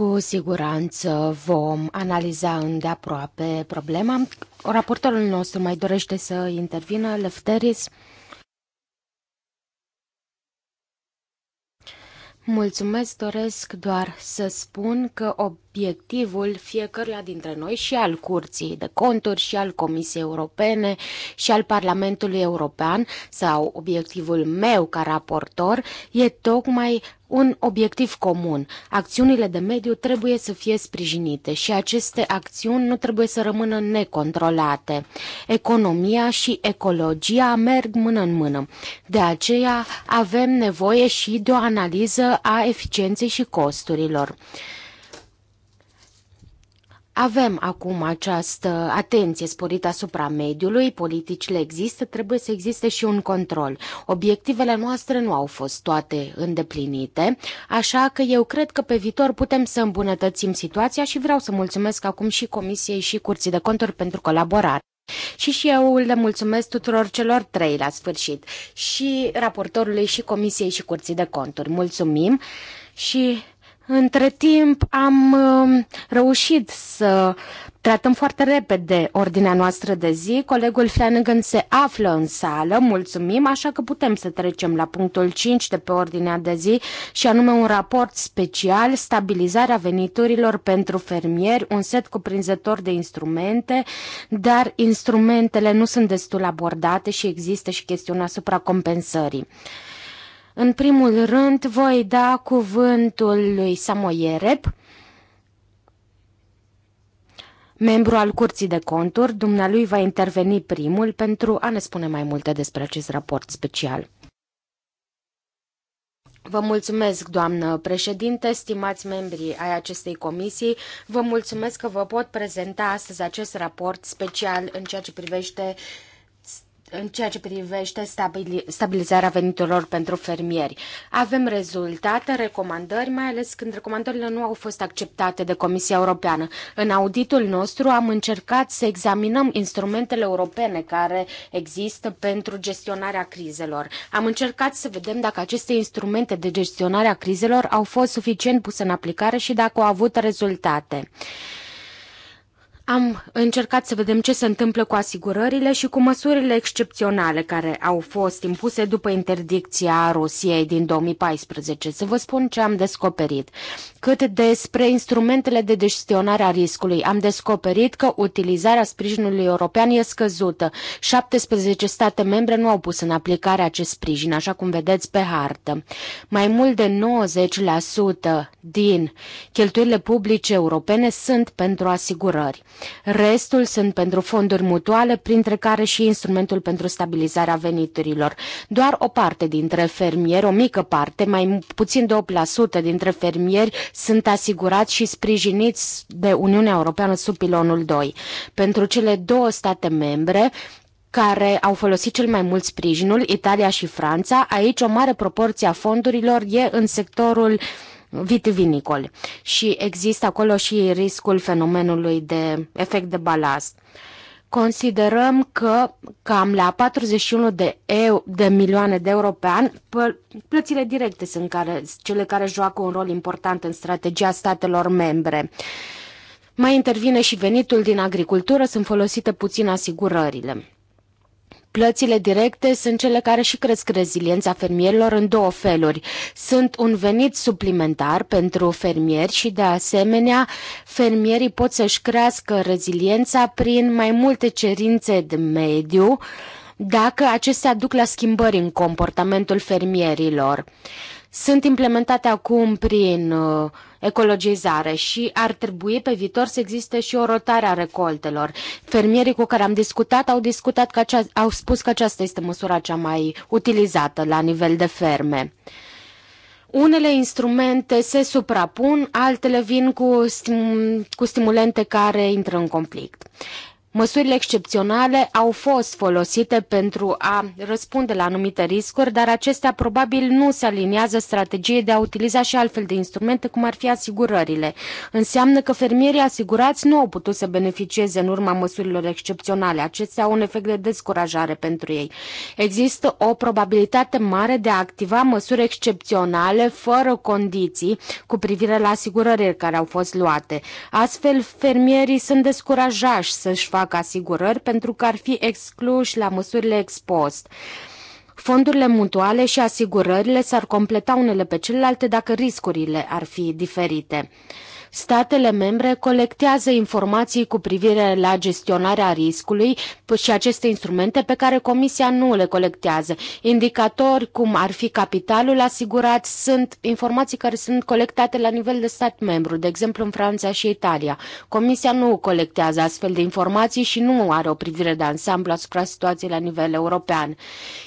Cu siguranță vom analiza îndeaproape problema. Raportorul nostru mai dorește să intervină, Lefteris. Mulțumesc, doresc doar să spun că o obiectivul fiecăruia dintre noi și al Curții de Conturi și al Comisiei Europene și al Parlamentului European sau obiectivul meu ca raportor e tocmai un obiectiv comun. Acțiunile de mediu trebuie să fie sprijinite și aceste acțiuni nu trebuie să rămână necontrolate. Economia și ecologia merg mână în mână. De aceea avem nevoie și de o analiză a eficienței și costurilor. Avem acum această atenție sporită asupra mediului, politicile există, trebuie să existe și un control. Obiectivele noastre nu au fost toate îndeplinite, așa că eu cred că pe viitor putem să îmbunătățim situația și vreau să mulțumesc acum și Comisiei și Curții de Conturi pentru colaborare. Și și eu le mulțumesc tuturor celor trei la sfârșit, și raportorului, și Comisiei, și Curții de Conturi. Mulțumim și între timp am um, reușit să tratăm foarte repede ordinea noastră de zi. Colegul Flanagan se află în sală, mulțumim, așa că putem să trecem la punctul 5 de pe ordinea de zi și anume un raport special, stabilizarea veniturilor pentru fermieri, un set cuprinzător de instrumente, dar instrumentele nu sunt destul abordate și există și chestiunea asupra compensării. În primul rând, voi da cuvântul lui Samoiereb, membru al Curții de Conturi. Dumnealui va interveni primul pentru a ne spune mai multe despre acest raport special. Vă mulțumesc, doamnă președinte, stimați membrii ai acestei comisii. Vă mulțumesc că vă pot prezenta astăzi acest raport special în ceea ce privește în ceea ce privește stabilizarea veniturilor pentru fermieri. Avem rezultate, recomandări, mai ales când recomandările nu au fost acceptate de Comisia Europeană. În auditul nostru am încercat să examinăm instrumentele europene care există pentru gestionarea crizelor. Am încercat să vedem dacă aceste instrumente de gestionare a crizelor au fost suficient puse în aplicare și dacă au avut rezultate. Am încercat să vedem ce se întâmplă cu asigurările și cu măsurile excepționale care au fost impuse după interdicția Rusiei din 2014. Să vă spun ce am descoperit cât despre instrumentele de gestionare a riscului. Am descoperit că utilizarea sprijinului european e scăzută. 17 state membre nu au pus în aplicare acest sprijin, așa cum vedeți pe hartă. Mai mult de 90% din cheltuielile publice europene sunt pentru asigurări. Restul sunt pentru fonduri mutuale, printre care și instrumentul pentru stabilizarea veniturilor. Doar o parte dintre fermieri, o mică parte, mai puțin de 8% dintre fermieri sunt asigurați și sprijiniți de Uniunea Europeană sub pilonul 2. Pentru cele două state membre, care au folosit cel mai mult sprijinul, Italia și Franța, aici o mare proporție a fondurilor e în sectorul vitivinicol și există acolo și riscul fenomenului de efect de balast considerăm că cam la 41 de, eu, de milioane de euro pe an, plățile directe sunt care, cele care joacă un rol important în strategia statelor membre. Mai intervine și venitul din agricultură, sunt folosite puțin asigurările. Plățile directe sunt cele care și cresc reziliența fermierilor în două feluri. Sunt un venit suplimentar pentru fermieri și, de asemenea, fermierii pot să-și crească reziliența prin mai multe cerințe de mediu, dacă acestea duc la schimbări în comportamentul fermierilor. Sunt implementate acum prin uh, ecologizare și ar trebui pe viitor să existe și o rotare a recoltelor. Fermierii cu care am discutat au discutat că acea, au spus că aceasta este măsura cea mai utilizată la nivel de ferme. Unele instrumente se suprapun, altele vin cu, stim, cu stimulente care intră în conflict. Măsurile excepționale au fost folosite pentru a răspunde la anumite riscuri, dar acestea probabil nu se aliniază strategiei de a utiliza și altfel de instrumente, cum ar fi asigurările. Înseamnă că fermierii asigurați nu au putut să beneficieze în urma măsurilor excepționale. Acestea au un efect de descurajare pentru ei. Există o probabilitate mare de a activa măsuri excepționale fără condiții cu privire la asigurările care au fost luate. Astfel, fermierii sunt descurajați să-și facă fac asigurări pentru că ar fi excluși la măsurile expost. Fondurile mutuale și asigurările s-ar completa unele pe celelalte dacă riscurile ar fi diferite. Statele membre colectează informații cu privire la gestionarea riscului și aceste instrumente pe care Comisia nu le colectează. Indicatori cum ar fi capitalul asigurat sunt informații care sunt colectate la nivel de stat membru, de exemplu în Franța și Italia. Comisia nu colectează astfel de informații și nu are o privire de ansamblu asupra situației la nivel european.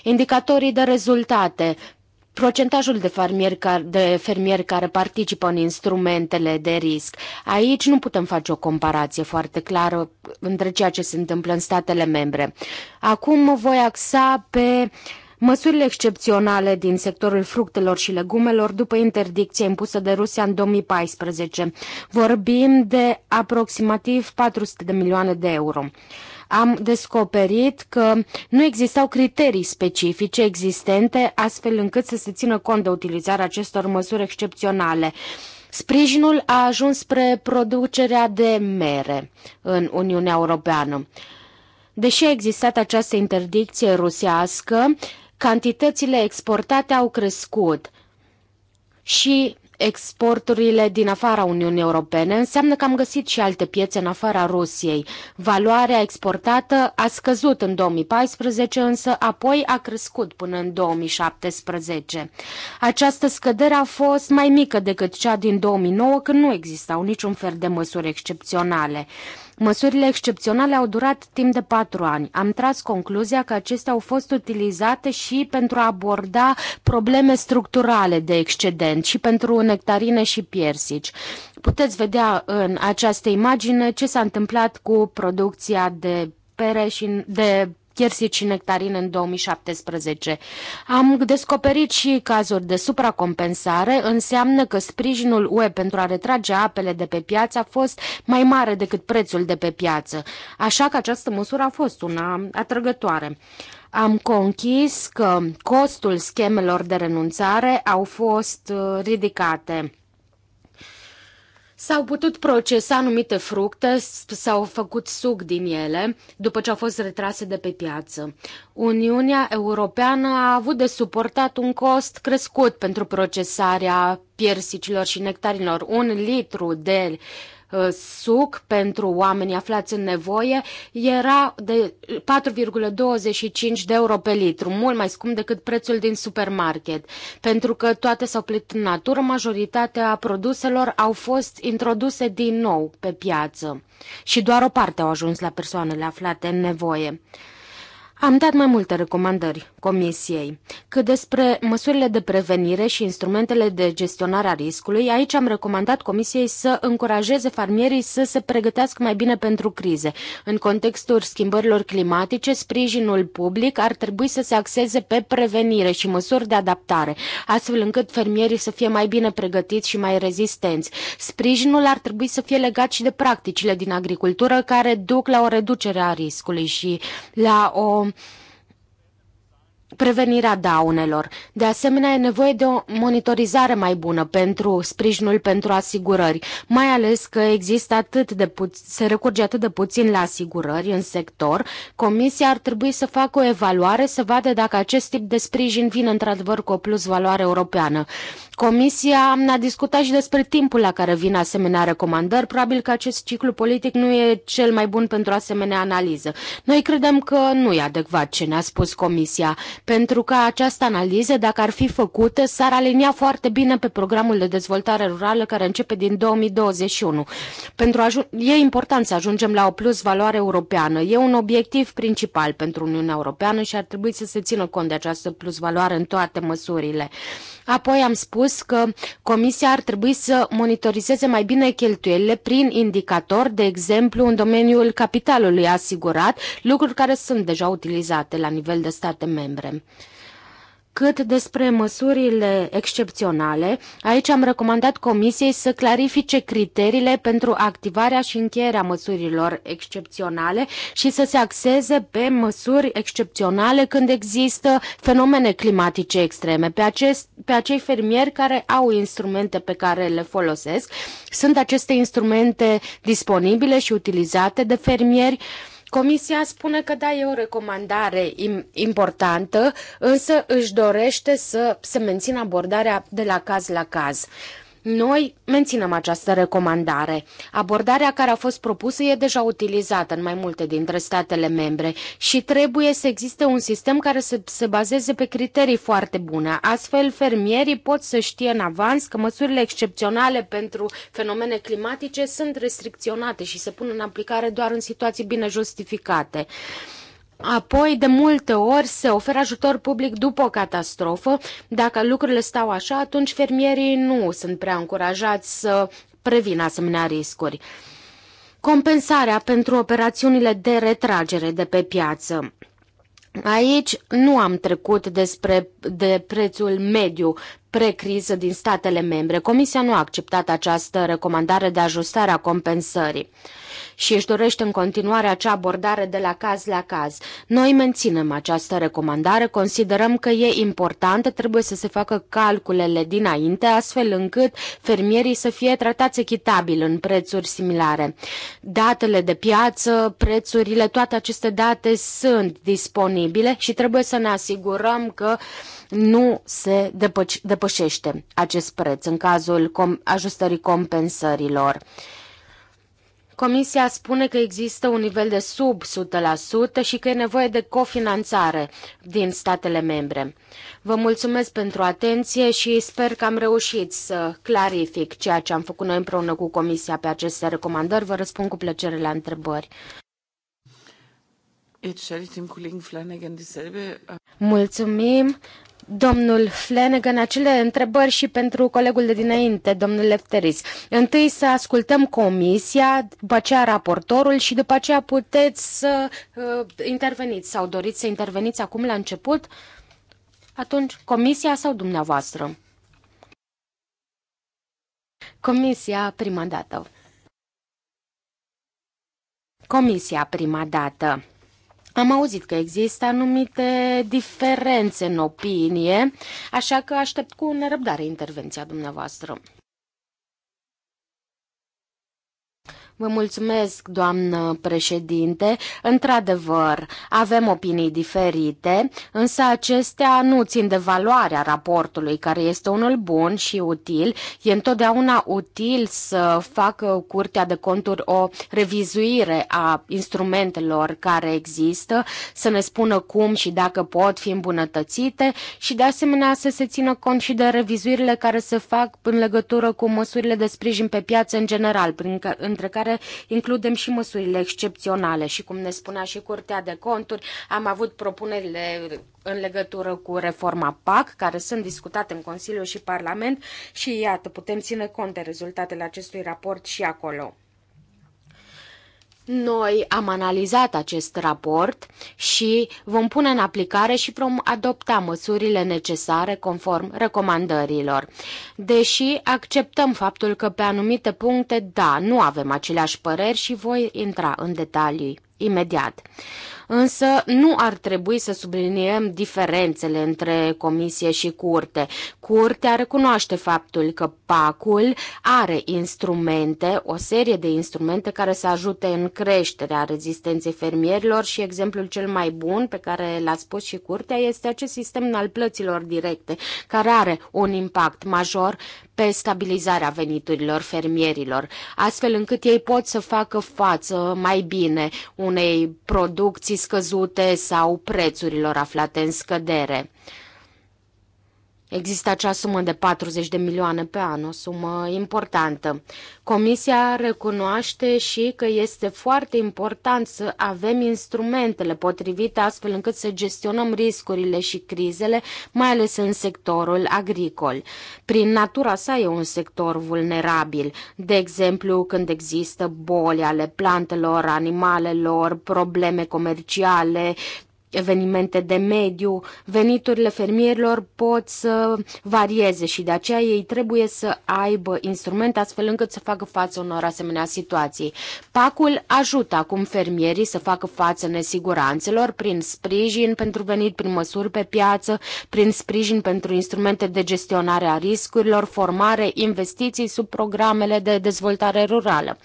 Indicatorii de rezultate procentajul de fermieri, care, de fermieri care participă în instrumentele de risc. Aici nu putem face o comparație foarte clară între ceea ce se întâmplă în statele membre. Acum mă voi axa pe măsurile excepționale din sectorul fructelor și legumelor după interdicția impusă de Rusia în 2014. Vorbim de aproximativ 400 de milioane de euro am descoperit că nu existau criterii specifice existente astfel încât să se țină cont de utilizarea acestor măsuri excepționale. Sprijinul a ajuns spre producerea de mere în Uniunea Europeană. Deși a existat această interdicție rusească, cantitățile exportate au crescut și exporturile din afara Uniunii Europene, înseamnă că am găsit și alte piețe în afara Rusiei. Valoarea exportată a scăzut în 2014, însă apoi a crescut până în 2017. Această scădere a fost mai mică decât cea din 2009, când nu existau niciun fel de măsuri excepționale. Măsurile excepționale au durat timp de patru ani. Am tras concluzia că acestea au fost utilizate și pentru a aborda probleme structurale de excedent și pentru nectarine și piersici. Puteți vedea în această imagine ce s-a întâmplat cu producția de pere și de piersici și nectarine în 2017. Am descoperit și cazuri de supracompensare, înseamnă că sprijinul UE pentru a retrage apele de pe piață a fost mai mare decât prețul de pe piață, așa că această măsură a fost una atrăgătoare. Am conchis că costul schemelor de renunțare au fost uh, ridicate. S-au putut procesa anumite fructe, s-au făcut suc din ele după ce au fost retrase de pe piață. Uniunea Europeană a avut de suportat un cost crescut pentru procesarea piersicilor și nectarinilor. Un litru de uh, Uh, suc pentru oamenii aflați în nevoie era de 4,25 de euro pe litru, mult mai scump decât prețul din supermarket, pentru că toate s-au plătit în natură, majoritatea produselor au fost introduse din nou pe piață și doar o parte au ajuns la persoanele aflate în nevoie. Am dat mai multe recomandări Comisiei. Cât despre măsurile de prevenire și instrumentele de gestionare a riscului, aici am recomandat Comisiei să încurajeze farmierii să se pregătească mai bine pentru crize. În contextul schimbărilor climatice, sprijinul public ar trebui să se axeze pe prevenire și măsuri de adaptare, astfel încât fermierii să fie mai bine pregătiți și mai rezistenți. Sprijinul ar trebui să fie legat și de practicile din agricultură care duc la o reducere a riscului și la o prevenirea daunelor. De asemenea, e nevoie de o monitorizare mai bună pentru sprijinul pentru asigurări, mai ales că există atât de pu- se recurge atât de puțin la asigurări în sector. Comisia ar trebui să facă o evaluare să vadă dacă acest tip de sprijin vine într-adevăr cu o plus valoare europeană. Comisia a discutat și despre timpul la care vin asemenea recomandări. Probabil că acest ciclu politic nu e cel mai bun pentru asemenea analiză. Noi credem că nu e adecvat ce ne-a spus Comisia, pentru că această analiză, dacă ar fi făcută, s-ar alinia foarte bine pe programul de dezvoltare rurală care începe din 2021. Pentru a e important să ajungem la o plus valoare europeană. E un obiectiv principal pentru Uniunea Europeană și ar trebui să se țină cont de această plus valoare în toate măsurile. Apoi am spus că Comisia ar trebui să monitorizeze mai bine cheltuielile prin indicator, de exemplu în domeniul capitalului asigurat, lucruri care sunt deja utilizate la nivel de state membre. Cât despre măsurile excepționale, aici am recomandat Comisiei să clarifice criteriile pentru activarea și încheierea măsurilor excepționale și să se axeze pe măsuri excepționale când există fenomene climatice extreme. Pe, acest, pe acei fermieri care au instrumente pe care le folosesc, sunt aceste instrumente disponibile și utilizate de fermieri? Uh, Comisia spune că da, e o recomandare importantă, însă își dorește să se mențină abordarea de la caz la caz. Noi menținem această recomandare. Abordarea care a fost propusă e deja utilizată în mai multe dintre statele membre și trebuie să existe un sistem care să se bazeze pe criterii foarte bune. Astfel, fermierii pot să știe în avans că măsurile excepționale pentru fenomene climatice sunt restricționate și se pun în aplicare doar în situații bine justificate. Uh, Apoi, de multe ori, se oferă ajutor public după o catastrofă. Dacă lucrurile stau așa, atunci fermierii nu sunt prea încurajați să prevină asemenea riscuri. Compensarea pentru operațiunile de retragere de pe piață. Aici nu am trecut despre de prețul mediu precriză din statele membre. Comisia nu a acceptat această recomandare de ajustare a compensării și își dorește în continuare acea abordare de la caz la caz. Noi menținem această recomandare, considerăm că e importantă, trebuie să se facă calculele dinainte, astfel încât fermierii să fie tratați echitabil în prețuri similare. Datele de piață, prețurile, toate aceste date sunt disponibile și trebuie să ne asigurăm că nu se depășește acest preț în cazul com- ajustării compensărilor. Comisia spune că există un nivel de sub 100% și că e nevoie de cofinanțare din statele membre. Vă mulțumesc pentru atenție și sper că am reușit să clarific ceea ce am făcut noi împreună cu Comisia pe aceste recomandări. Vă răspund cu plăcere la întrebări. Mulțumim domnul Flanagan acele întrebări și pentru colegul de dinainte, domnul Lefteris. Întâi să ascultăm comisia, după aceea raportorul și după aceea puteți să uh, interveniți sau doriți să interveniți acum la început, atunci comisia sau dumneavoastră? Comisia prima dată. Comisia prima dată. Am auzit că există anumite diferențe în opinie, așa că aștept cu nerăbdare intervenția dumneavoastră. Vă mulțumesc, doamnă președinte. Într-adevăr, avem opinii diferite, însă acestea nu țin de valoarea raportului, care este unul bun și util. E întotdeauna util să facă Curtea de Conturi o revizuire a instrumentelor care există, să ne spună cum și dacă pot fi îmbunătățite și, de asemenea, să se țină cont și de revizuirile care se fac în legătură cu măsurile de sprijin pe piață în general, prin între care care includem și măsurile excepționale și, cum ne spunea și Curtea de Conturi, am avut propunerile în legătură cu reforma PAC, care sunt discutate în Consiliu și Parlament și, iată, putem ține cont de rezultatele acestui raport și acolo. Noi am analizat acest raport și vom pune în aplicare și vom adopta măsurile necesare conform recomandărilor. Deși acceptăm faptul că pe anumite puncte, da, nu avem aceleași păreri și voi intra în detalii imediat. Însă nu ar trebui să subliniem diferențele între comisie și curte. Curtea recunoaște faptul că pacul are instrumente, o serie de instrumente care să ajute în creșterea rezistenței fermierilor și exemplul cel mai bun pe care l-a spus și curtea este acest sistem al plăților directe, care are un impact major pe stabilizarea veniturilor fermierilor, astfel încât ei pot să facă față mai bine unei producții scăzute sau prețurilor aflate în scădere. Există acea sumă de 40 de milioane pe an, o sumă importantă. Comisia recunoaște și că este foarte important să avem instrumentele potrivite astfel încât să gestionăm riscurile și crizele, mai ales în sectorul agricol. Prin natura sa e un sector vulnerabil, de exemplu când există boli ale plantelor, animalelor, probleme comerciale, evenimente de mediu, veniturile fermierilor pot să varieze și de aceea ei trebuie să aibă instrumente astfel încât să facă față unor asemenea situații. Pacul ajută acum fermierii să facă față nesiguranțelor prin sprijin pentru venit, prin măsuri pe piață, prin sprijin pentru instrumente de gestionare a riscurilor, formare, investiții sub programele de dezvoltare rurală.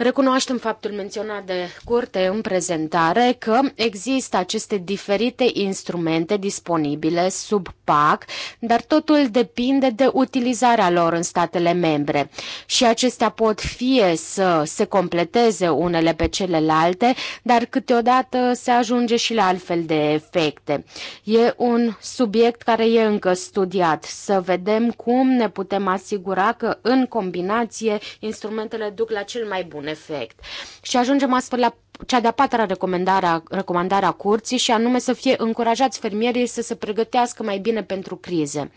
Recunoaștem faptul menționat de curte în prezentare că există aceste diferite instrumente disponibile sub PAC, dar totul depinde de utilizarea lor în statele membre. Și acestea pot fie să se completeze unele pe celelalte, dar câteodată se ajunge și la altfel de efecte. E un subiect care e încă studiat, să vedem cum ne putem asigura că în combinație instrumentele duc la cel mai bun efect. Și ajungem astfel la cea de-a patra recomandare a, recomandare a curții și anume să fie încurajați fermierii să se pregătească mai bine pentru crize.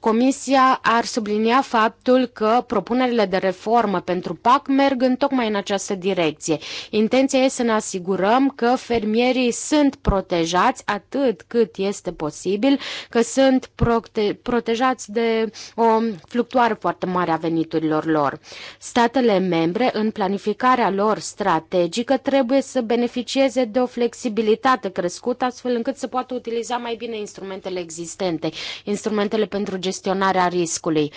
Comisia ar sublinia faptul că propunerile de reformă pentru PAC merg în tocmai în această direcție. Intenția este să ne asigurăm că fermierii sunt protejați atât cât este posibil, că sunt prote- protejați de o fluctuare foarte mare a veniturilor lor. Statele membre, în planificarea lor strategică, trebuie trebuie să beneficieze de o flexibilitate crescută, astfel încât să poată utiliza mai bine instrumentele existente, instrumentele pentru gestionarea riscului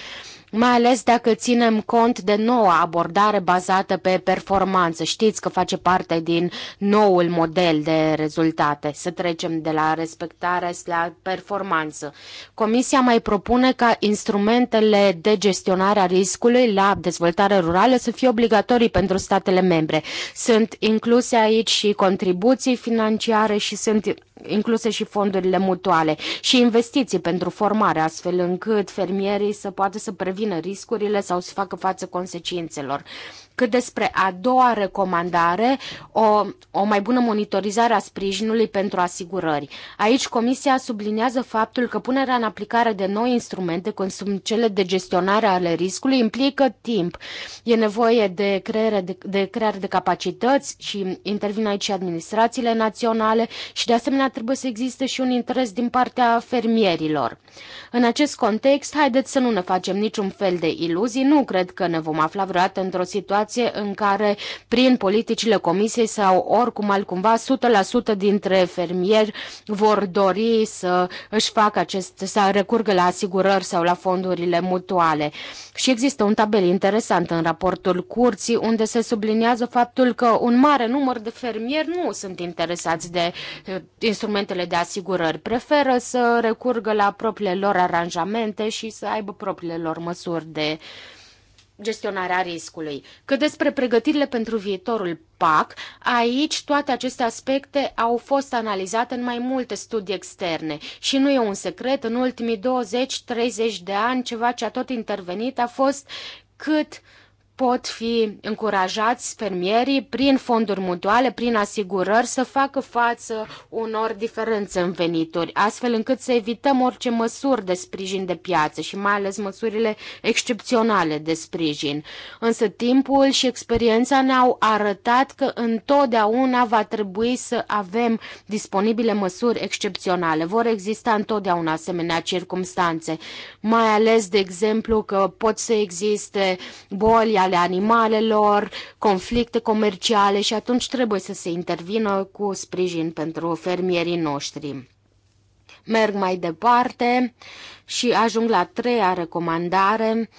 mai ales dacă ținem cont de noua abordare bazată pe performanță. Știți că face parte din noul model de rezultate, să trecem de la respectare la performanță. Comisia mai propune ca instrumentele de gestionare a riscului la dezvoltare rurală să fie obligatorii pentru statele membre. Sunt incluse aici și contribuții financiare și sunt incluse și fondurile mutuale și investiții pentru formare, astfel încât fermierii să poată să prevină prevină riscurile sau să facă față consecințelor. Cât despre a doua recomandare, o, o mai bună monitorizare a sprijinului pentru asigurări. Aici Comisia subliniază faptul că punerea în aplicare de noi instrumente, cum sunt cele de gestionare ale riscului, implică timp. E nevoie de creare de, de, creare de capacități și intervin aici administrațiile naționale și de asemenea trebuie să existe și un interes din partea fermierilor. În acest context, haideți să nu ne facem niciun fel de iluzii, nu cred că ne vom afla vreodată într-o situație situație în care prin politicile comisiei sau oricum altcumva 100% dintre fermieri vor dori să își facă acest, să recurgă la asigurări sau la fondurile mutuale. Și există un tabel interesant în raportul curții unde se subliniază faptul că un mare număr de fermieri nu sunt interesați de eh, instrumentele de asigurări. Preferă să recurgă la propriile lor aranjamente și să aibă propriile lor măsuri de uh, gestionarea riscului. Cât despre pregătirile pentru viitorul PAC, aici toate aceste aspecte au fost analizate în mai multe studii externe și nu e un secret, în ultimii 20-30 de ani ceva ce a tot intervenit a fost cât uh, pot fi încurajați fermierii prin fonduri mutuale, prin asigurări, să facă față unor diferențe în venituri, astfel încât să evităm orice măsuri de sprijin de piață și mai ales măsurile excepționale de sprijin. Însă timpul și experiența ne-au arătat că întotdeauna va trebui să avem disponibile măsuri excepționale. Vor exista întotdeauna asemenea circumstanțe, mai ales, de exemplu, că pot să existe boli ale animalelor, conflicte comerciale și atunci trebuie să se intervină cu sprijin pentru fermierii noștri. Merg mai departe și ajung la treia recomandare,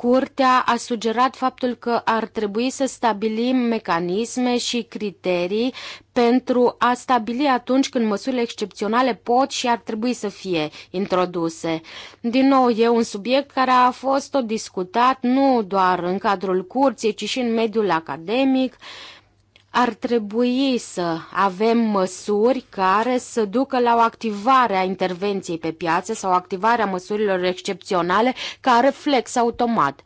Curtea a sugerat faptul că ar trebui să stabilim mecanisme și criterii pentru a stabili atunci când măsurile excepționale pot și ar trebui să fie introduse. Din nou, e un subiect care a fost tot discutat nu doar în cadrul curții, ci și în mediul academic. Uh, ar trebui să avem măsuri care să ducă la o activare a intervenției pe piață sau activarea măsurilor excepționale ca reflex automat.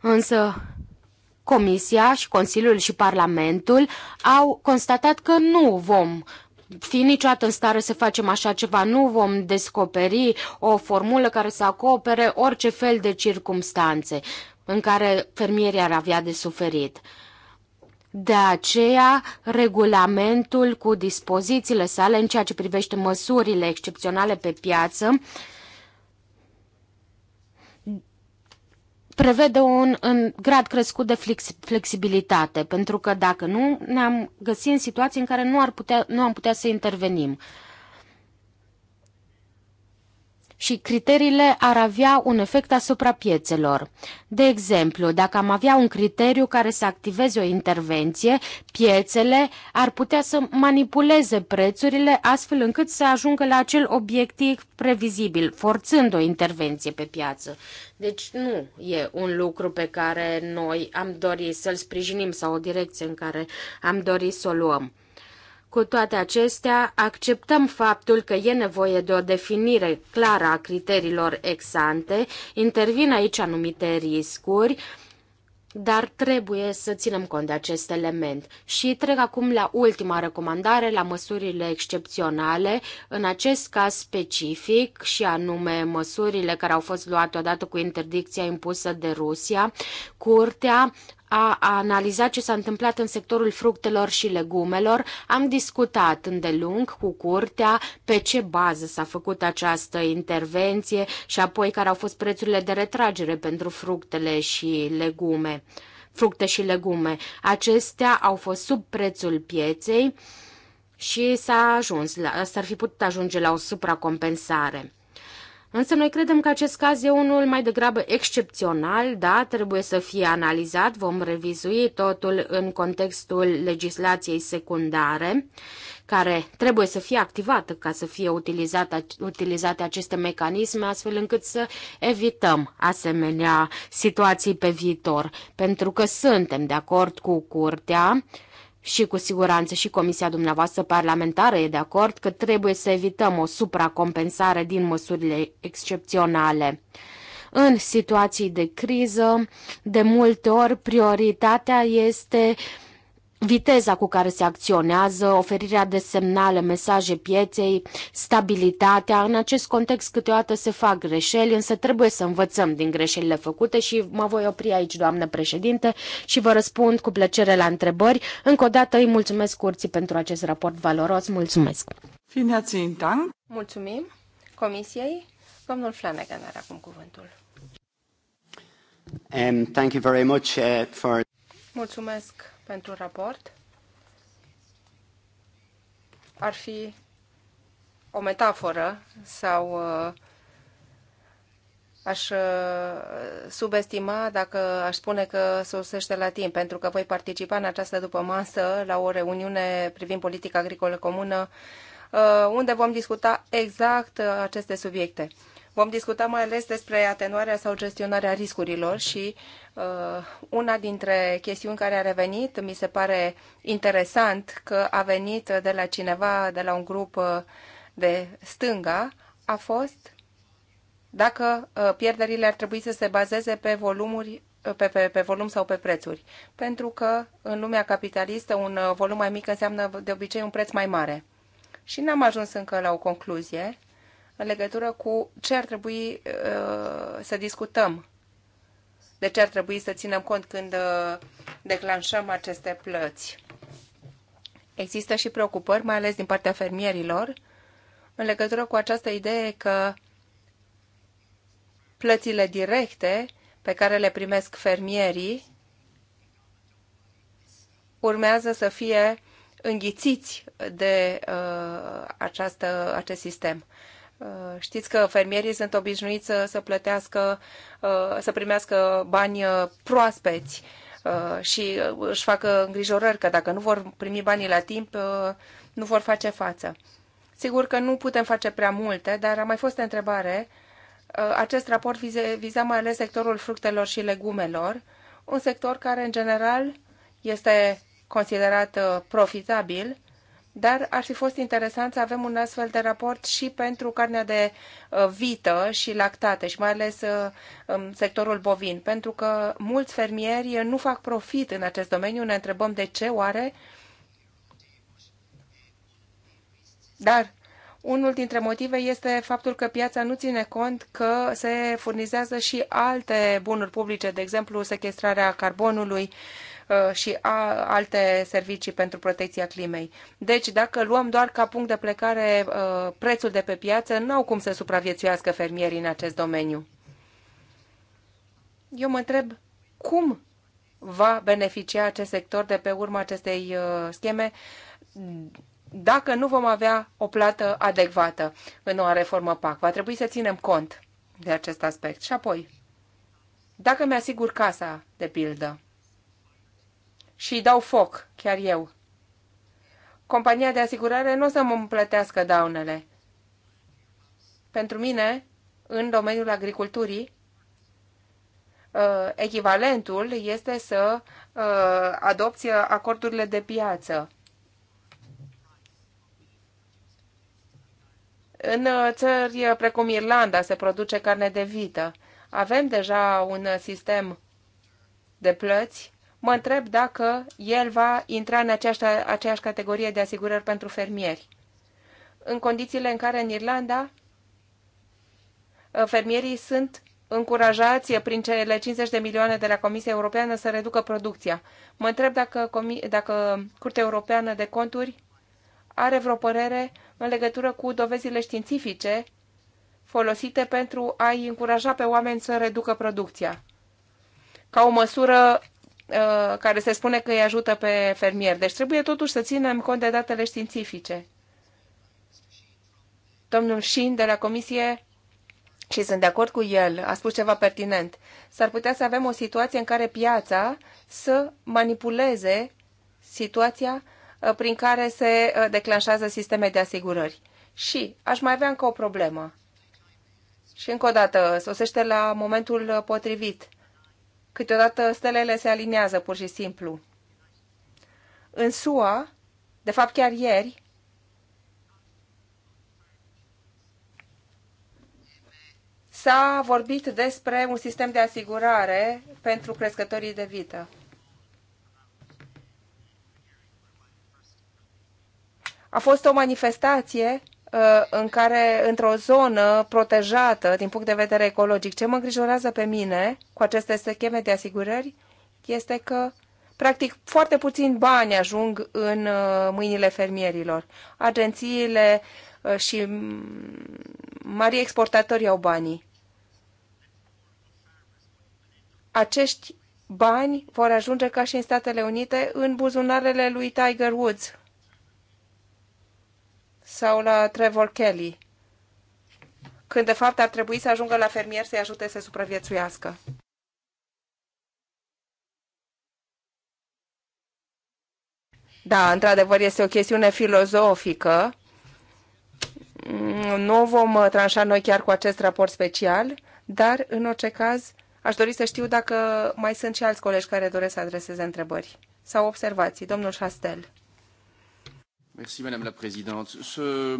Însă, Comisia și Consiliul și Parlamentul au constatat că nu vom fi niciodată în stare să facem așa ceva, nu vom descoperi o formulă care să acopere orice fel de circumstanțe în care fermierii ar avea de suferit. De aceea, regulamentul cu dispozițiile sale în ceea ce privește măsurile excepționale pe piață prevede un, un grad crescut de flex, flexibilitate, pentru că dacă nu, ne-am găsit în situații în care nu, ar putea, nu am putea să intervenim și criteriile ar avea un efect asupra piețelor. De exemplu, dacă am avea un criteriu care să activeze o intervenție, piețele ar putea să manipuleze prețurile astfel încât să ajungă la acel obiectiv previzibil, forțând o intervenție pe piață. Deci nu e un lucru pe care noi am dorit să-l sprijinim sau o direcție în care am dorit să o luăm. Cu toate acestea, acceptăm faptul că e nevoie de o definire clară a criteriilor exante, intervin aici anumite riscuri, dar trebuie să ținem cont de acest element. Și trec acum la ultima recomandare, la măsurile excepționale, în acest caz specific și anume măsurile care au fost luate odată cu interdicția impusă de Rusia, Curtea a analiza ce s-a întâmplat în sectorul fructelor și legumelor. Am discutat îndelung cu curtea pe ce bază s-a făcut această intervenție și apoi care au fost prețurile de retragere pentru fructele și legume. Fructe și legume. Acestea au fost sub prețul pieței și s-a ajuns, s-ar fi putut ajunge la o supracompensare. Însă noi credem că acest caz e unul mai degrabă excepțional, da, trebuie să fie analizat, vom revizui totul în contextul legislației secundare, care trebuie să fie activată ca să fie utilizate, utilizate aceste mecanisme, astfel încât să evităm asemenea situații pe viitor, pentru că suntem de acord cu curtea, și cu siguranță și Comisia dumneavoastră parlamentară e de acord că trebuie să evităm o supracompensare din măsurile excepționale. În situații de criză, de multe ori prioritatea este uh, viteza cu care se acționează, oferirea de semnale, mesaje pieței, stabilitatea. În acest context câteodată se fac greșeli, însă trebuie să învățăm din greșelile făcute și mă voi opri aici, doamnă președinte, și vă răspund cu plăcere la întrebări. Încă o dată îi mulțumesc curții pentru acest raport valoros. Mulțumesc! Mulțumim Comisiei. Domnul Flanagan are acum cuvântul. Um, thank you very much, uh, for... Mulțumesc pentru un raport ar fi o metaforă sau uh, aș uh, subestima dacă aș spune că sosește la timp, pentru că voi participa în această după masă la o reuniune privind politica agricolă comună uh, unde vom discuta exact aceste subiecte. Vom discuta mai ales despre atenuarea sau gestionarea riscurilor și uh, una dintre chestiuni care a revenit, mi se pare interesant că a venit de la cineva, de la un grup uh, de stânga, a fost dacă uh, pierderile ar trebui să se bazeze pe volumuri uh, pe, pe, pe volum sau pe prețuri. Pentru că în lumea capitalistă un volum mai mic înseamnă de obicei un preț mai mare. Și n-am ajuns încă la o concluzie în legătură cu ce ar trebui uh, să discutăm, de ce ar trebui să ținem cont când uh, declanșăm aceste plăți. Există și preocupări, mai ales din partea fermierilor, în legătură cu această idee că plățile directe pe care le primesc fermierii urmează să fie înghițiți de uh, această, acest sistem. Uh, știți că fermierii sunt obișnuiți să, să plătească, uh, să primească bani uh, proaspeți și își facă îngrijorări că dacă nu vor primi banii la timp, nu vor face față. Sigur că nu putem face prea multe, dar a mai fost întrebare. Acest raport viza mai ales sectorul fructelor și legumelor, un sector care în general este considerat profitabil, dar ar fi fost interesant să avem un astfel de raport și pentru carnea de uh, vită și lactate și mai ales uh, um, sectorul bovin, pentru că mulți fermieri nu fac profit în acest domeniu, ne întrebăm de ce oare, dar unul dintre motive este faptul că piața nu ține cont că se furnizează și alte bunuri publice, de exemplu sechestrarea carbonului, uh, Uh, și a, alte servicii pentru protecția climei. Deci, dacă luăm doar ca punct de plecare uh, prețul de pe piață, nu au cum să supraviețuiască fermierii în acest domeniu. Eu mă întreb cum va beneficia acest sector de pe urma acestei uh, scheme dacă nu vom avea o plată adecvată în noua reformă PAC. Va trebui să ținem cont de acest aspect. Și apoi, dacă mi-asigur casa, de pildă, și dau foc, chiar eu. Compania de asigurare nu o să mă plătească daunele. Pentru mine, în domeniul agriculturii, uh, echivalentul este să uh, adopți uh, acordurile de piață. În țări precum Irlanda se produce carne de vită. Avem deja un sistem de plăți mă întreb dacă el va intra în aceeași, aceeași categorie de asigurări pentru fermieri. În condițiile în care în Irlanda uh, fermierii sunt încurajați prin cele 50 de milioane de la Comisia Europeană să reducă producția. Mă întreb dacă, dacă Curtea Europeană de Conturi are vreo părere în legătură cu dovezile științifice folosite pentru a-i încuraja pe oameni să reducă producția. Ca o măsură Uh, care se spune că îi ajută pe fermier. Deci trebuie totuși să ținem cont de datele științifice. Domnul Shin de la Comisie, și sunt de acord cu el, a spus ceva pertinent, s-ar putea să avem o situație în care piața să manipuleze situația uh, prin care se uh, declanșează sisteme de asigurări. Și aș mai avea încă o problemă. Și încă o dată, sosește la momentul potrivit câteodată stelele se aliniază pur și simplu. În SUA, de fapt chiar ieri, s-a vorbit despre un sistem de asigurare pentru crescătorii de vită. A fost o manifestație Uh, în care, într-o zonă protejată din punct de vedere ecologic, ce mă îngrijorează pe mine cu aceste scheme de asigurări este că, practic, foarte puțin bani ajung în uh, mâinile fermierilor. Agențiile uh, și mari exportatori au banii. Acești bani vor ajunge ca și în Statele Unite în buzunarele lui Tiger Woods, sau la Trevor Kelly, când de fapt ar trebui să ajungă la fermier să-i ajute să supraviețuiască. Da, într-adevăr, este o chestiune filozofică. Nu vom uh, tranșa noi chiar cu acest raport special, dar, în orice caz, aș dori să știu dacă mai sunt și alți colegi care doresc să adreseze întrebări sau observații. Domnul Șastel.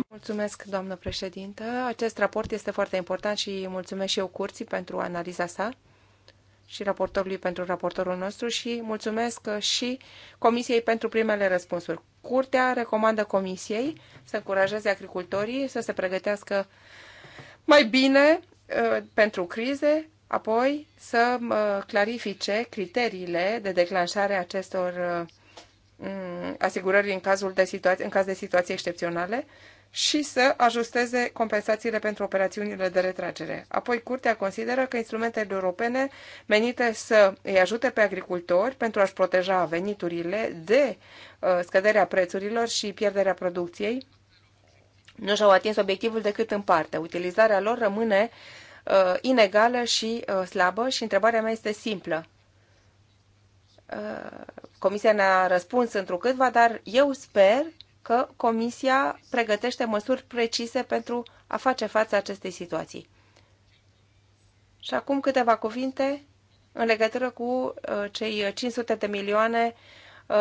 Mulțumesc, doamnă președintă. Acest raport este foarte important și mulțumesc și eu curții pentru analiza sa și raportorului pentru raportorul nostru și mulțumesc și Comisiei pentru primele răspunsuri. Curtea recomandă Comisiei să încurajeze agricultorii să se pregătească mai bine uh, pentru crize, apoi să uh, clarifice criteriile de declanșare a acestor uh, Mm, asigurări în, cazul de situație, în caz de situații excepționale și să ajusteze compensațiile pentru operațiunile de retragere. Apoi, Curtea consideră că instrumentele europene menite să îi ajute pe agricultori pentru a-și proteja veniturile de uh, scăderea prețurilor și pierderea producției nu și-au atins obiectivul decât în parte. Utilizarea lor rămâne uh, inegală și uh, slabă și întrebarea mea este simplă Comisia ne-a răspuns întrucâtva, dar eu sper că Comisia pregătește măsuri precise pentru a face față acestei situații. Și acum câteva cuvinte în legătură cu uh, cei 500 de milioane uh,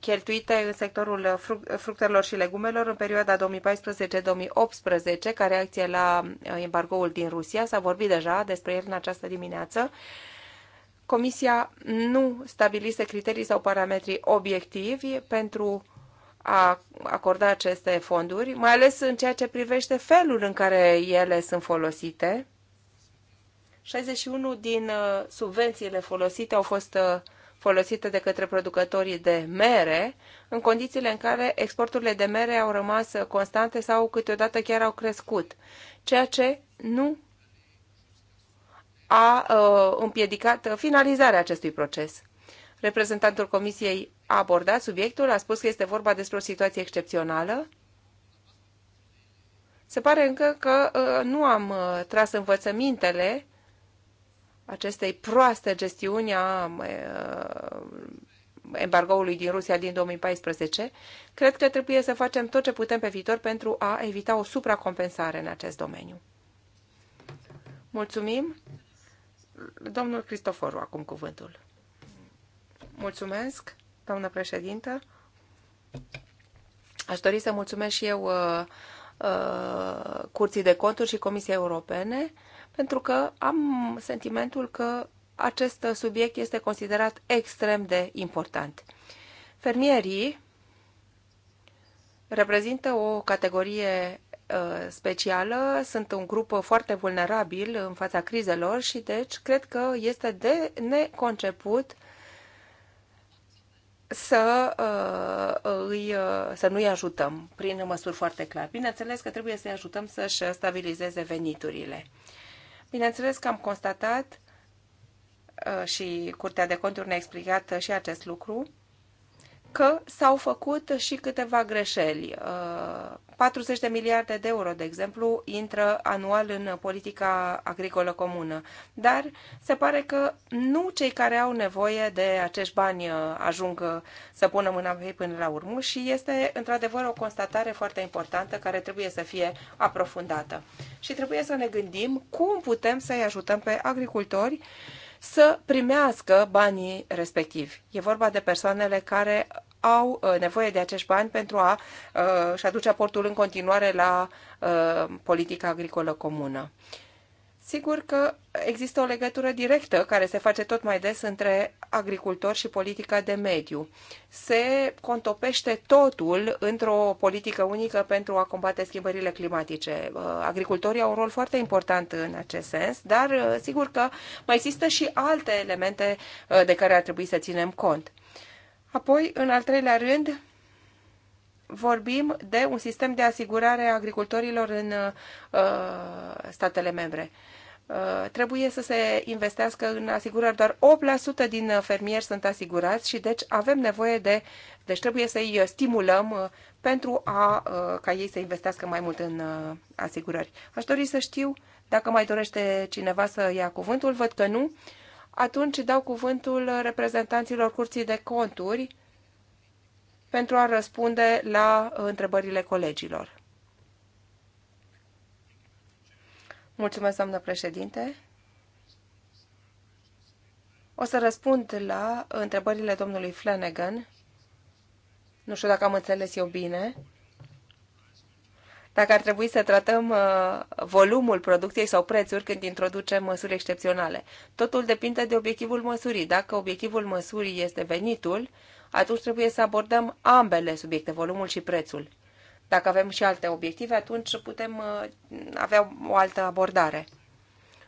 cheltuite în sectorul fructelor și legumelor în perioada 2014-2018, ca reacție la uh, embargoul din Rusia. S-a vorbit deja despre el în această dimineață. Comisia nu stabilise criterii sau parametri obiectivi pentru a acorda aceste fonduri, mai ales în ceea ce privește felul în care ele sunt folosite. 61 din uh, subvențiile folosite au fost uh, folosite de către producătorii de mere, în condițiile în care exporturile de mere au rămas uh, constante sau câteodată chiar au crescut, ceea ce nu a uh, împiedicat finalizarea acestui proces. Reprezentantul Comisiei a abordat subiectul, a spus că este vorba despre o situație excepțională. Se pare încă că uh, nu am uh, tras învățămintele acestei proaste gestiuni a embargoului din Rusia din 2014, cred că trebuie să facem tot ce putem pe viitor pentru a evita o supracompensare în acest domeniu. Mulțumim! Domnul Cristoforu, acum cuvântul. Mulțumesc, doamnă președintă. Aș dori să mulțumesc și eu uh, uh, Curții de Conturi și Comisiei Europene, pentru că am sentimentul că acest subiect este considerat extrem de important. Fermierii reprezintă o categorie Uh, specială, sunt un grup foarte vulnerabil în fața crizelor și deci cred că este de neconceput să, uh, îi, uh, să nu-i ajutăm prin măsuri foarte clare. Bineînțeles că trebuie să-i ajutăm să-și stabilizeze veniturile. Bineînțeles că am constatat și Curtea de Conturi ne-a explicat și acest lucru, că s-au făcut și câteva greșeli. 40 uh, de miliarde de euro, de exemplu, intră anual în politica agricolă comună, dar se pare că nu cei care au nevoie de acești bani uh, ajung uh, să pună mâna pe ei până la urmă și este într-adevăr o constatare foarte importantă care trebuie să fie aprofundată. Și trebuie să ne gândim cum putem să-i ajutăm pe agricultori uh, să primească banii respectivi. E vorba de persoanele care au uh, nevoie de acești bani pentru a uh, și aduce aportul în continuare la uh, politica agricolă comună. Sigur că există o legătură directă care se face tot mai des între agricultor și politica de mediu. Se contopește totul într-o politică unică pentru a combate schimbările climatice. Uh, agricultorii au un rol foarte important în acest sens, dar uh, sigur că mai există și alte elemente uh, de care ar trebui să ținem cont. Apoi, în al treilea rând, vorbim de un sistem de asigurare a agricultorilor în uh, statele membre. Uh, Uh, trebuie să se investească în asigurări. Doar 8% din uh, fermieri sunt asigurați și deci avem nevoie de, deci trebuie să-i uh, stimulăm pentru a, ca ei să investească mai mult în asigurări. Aș dori să știu dacă mai dorește cineva să ia cuvântul, văd că nu. Atunci dau cuvântul reprezentanților Curții de Conturi pentru a răspunde la întrebările colegilor. Mulțumesc, doamnă președinte. O să răspund la întrebările domnului Flanagan. Nu știu dacă am înțeles eu bine. Dacă ar trebui să tratăm uh, volumul producției sau prețuri când introducem măsuri excepționale. Totul depinde de obiectivul măsurii. Dacă obiectivul măsurii este venitul, atunci trebuie să abordăm ambele subiecte, volumul și prețul. Dacă avem și alte obiective, atunci putem uh, avea o altă abordare.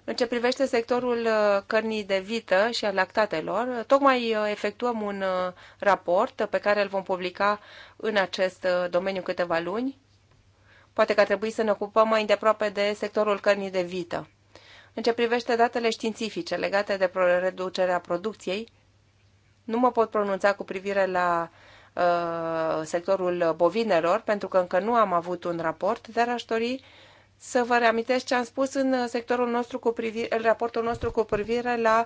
În ce privește sectorul uh, cărnii de vită și a lactatelor, uh, tocmai efectuăm un raport pe care îl vom publica în acest domeniu câteva luni. Poate că ar trebui să ne ocupăm mai îndeproape de sectorul cărnii de vită. În ce privește datele științifice legate de reducerea producției, nu mă pot pronunța cu privire la Uh, sectorul bovinelor, pentru că încă nu am avut un raport, dar aș dori să vă reamintesc ce am spus în sectorul nostru cu privire, raportul nostru cu privire la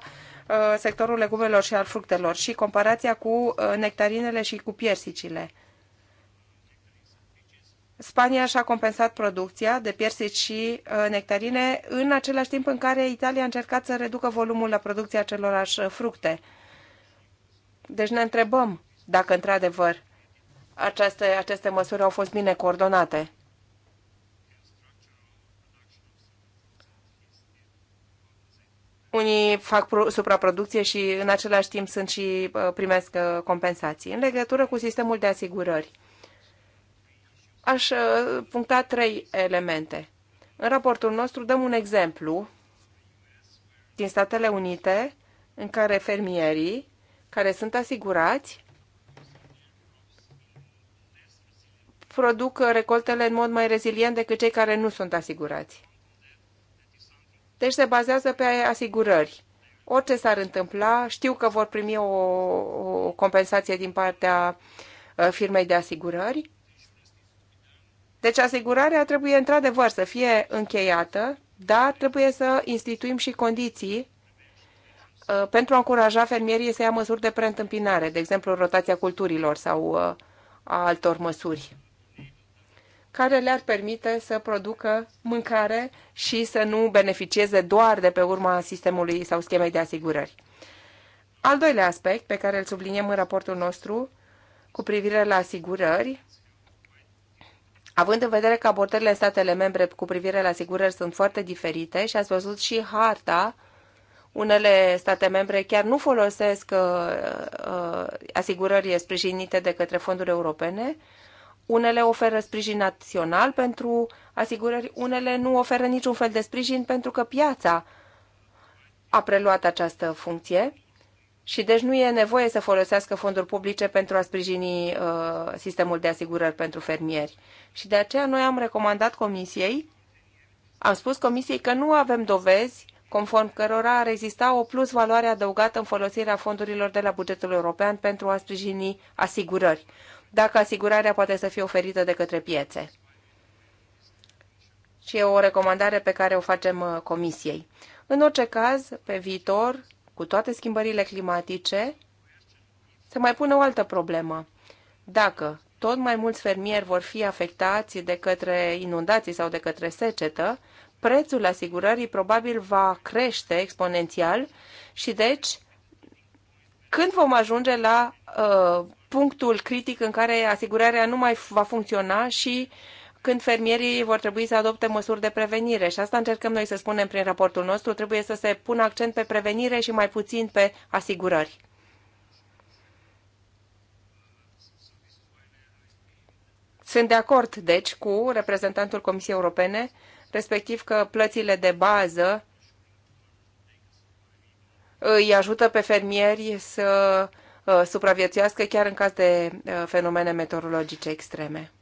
uh, sectorul legumelor și al fructelor și comparația cu uh, nectarinele și cu piersicile. Spania și-a compensat producția de piersici și uh, nectarine în același timp în care Italia a încercat să reducă volumul la producția celorlași fructe. Deci ne întrebăm dacă într-adevăr aceste, aceste măsuri au fost bine coordonate. Unii fac supraproducție și în același timp sunt și uh, primesc uh, compensații. În legătură cu sistemul de asigurări, aș uh, puncta trei elemente. În raportul nostru dăm un exemplu din Statele Unite în care fermierii care sunt asigurați produc recoltele în mod mai rezilient decât cei care nu sunt asigurați. Deci se bazează pe asigurări. Orice s-ar întâmpla, știu că vor primi o, o compensație din partea uh, firmei de asigurări. Deci asigurarea trebuie într-adevăr să fie încheiată, dar trebuie să instituim și condiții uh, pentru a încuraja fermierii să ia măsuri de preîntâmpinare, de exemplu rotația culturilor sau uh, a altor măsuri care le-ar permite să producă mâncare și să nu beneficieze doar de pe urma sistemului sau schemei de asigurări. Al doilea aspect pe care îl subliniem în raportul nostru cu privire la asigurări, având în vedere că abordările statele membre cu privire la asigurări sunt foarte diferite și ați văzut și harta, unele state membre chiar nu folosesc uh, uh, asigurări sprijinite de către fonduri europene, uh, unele oferă sprijin național pentru asigurări, unele nu oferă niciun fel de sprijin pentru că piața a preluat această funcție și deci nu e nevoie să folosească fonduri publice pentru a sprijini uh, sistemul de asigurări pentru fermieri. Și de aceea noi am recomandat comisiei, am spus comisiei că nu avem dovezi conform cărora ar exista o plus valoare adăugată în folosirea fondurilor de la bugetul european pentru a sprijini asigurări dacă asigurarea poate să fie oferită de către piețe. Și e o recomandare pe care o facem uh, Comisiei. În orice caz, pe viitor, cu toate schimbările climatice, se mai pune o altă problemă. Dacă tot mai mulți fermieri vor fi afectați de către inundații sau de către secetă, prețul asigurării probabil va crește exponențial și deci când vom ajunge la uh, punctul critic în care asigurarea nu mai va funcționa și când fermierii vor trebui să adopte măsuri de prevenire. Și asta încercăm noi să spunem prin raportul nostru. Trebuie să se pună accent pe prevenire și mai puțin pe asigurări. Sunt de acord, deci, cu reprezentantul Comisiei Europene, respectiv că plățile de bază îi ajută pe fermieri să uh, supraviețuiască chiar în caz de uh, fenomene meteorologice extreme.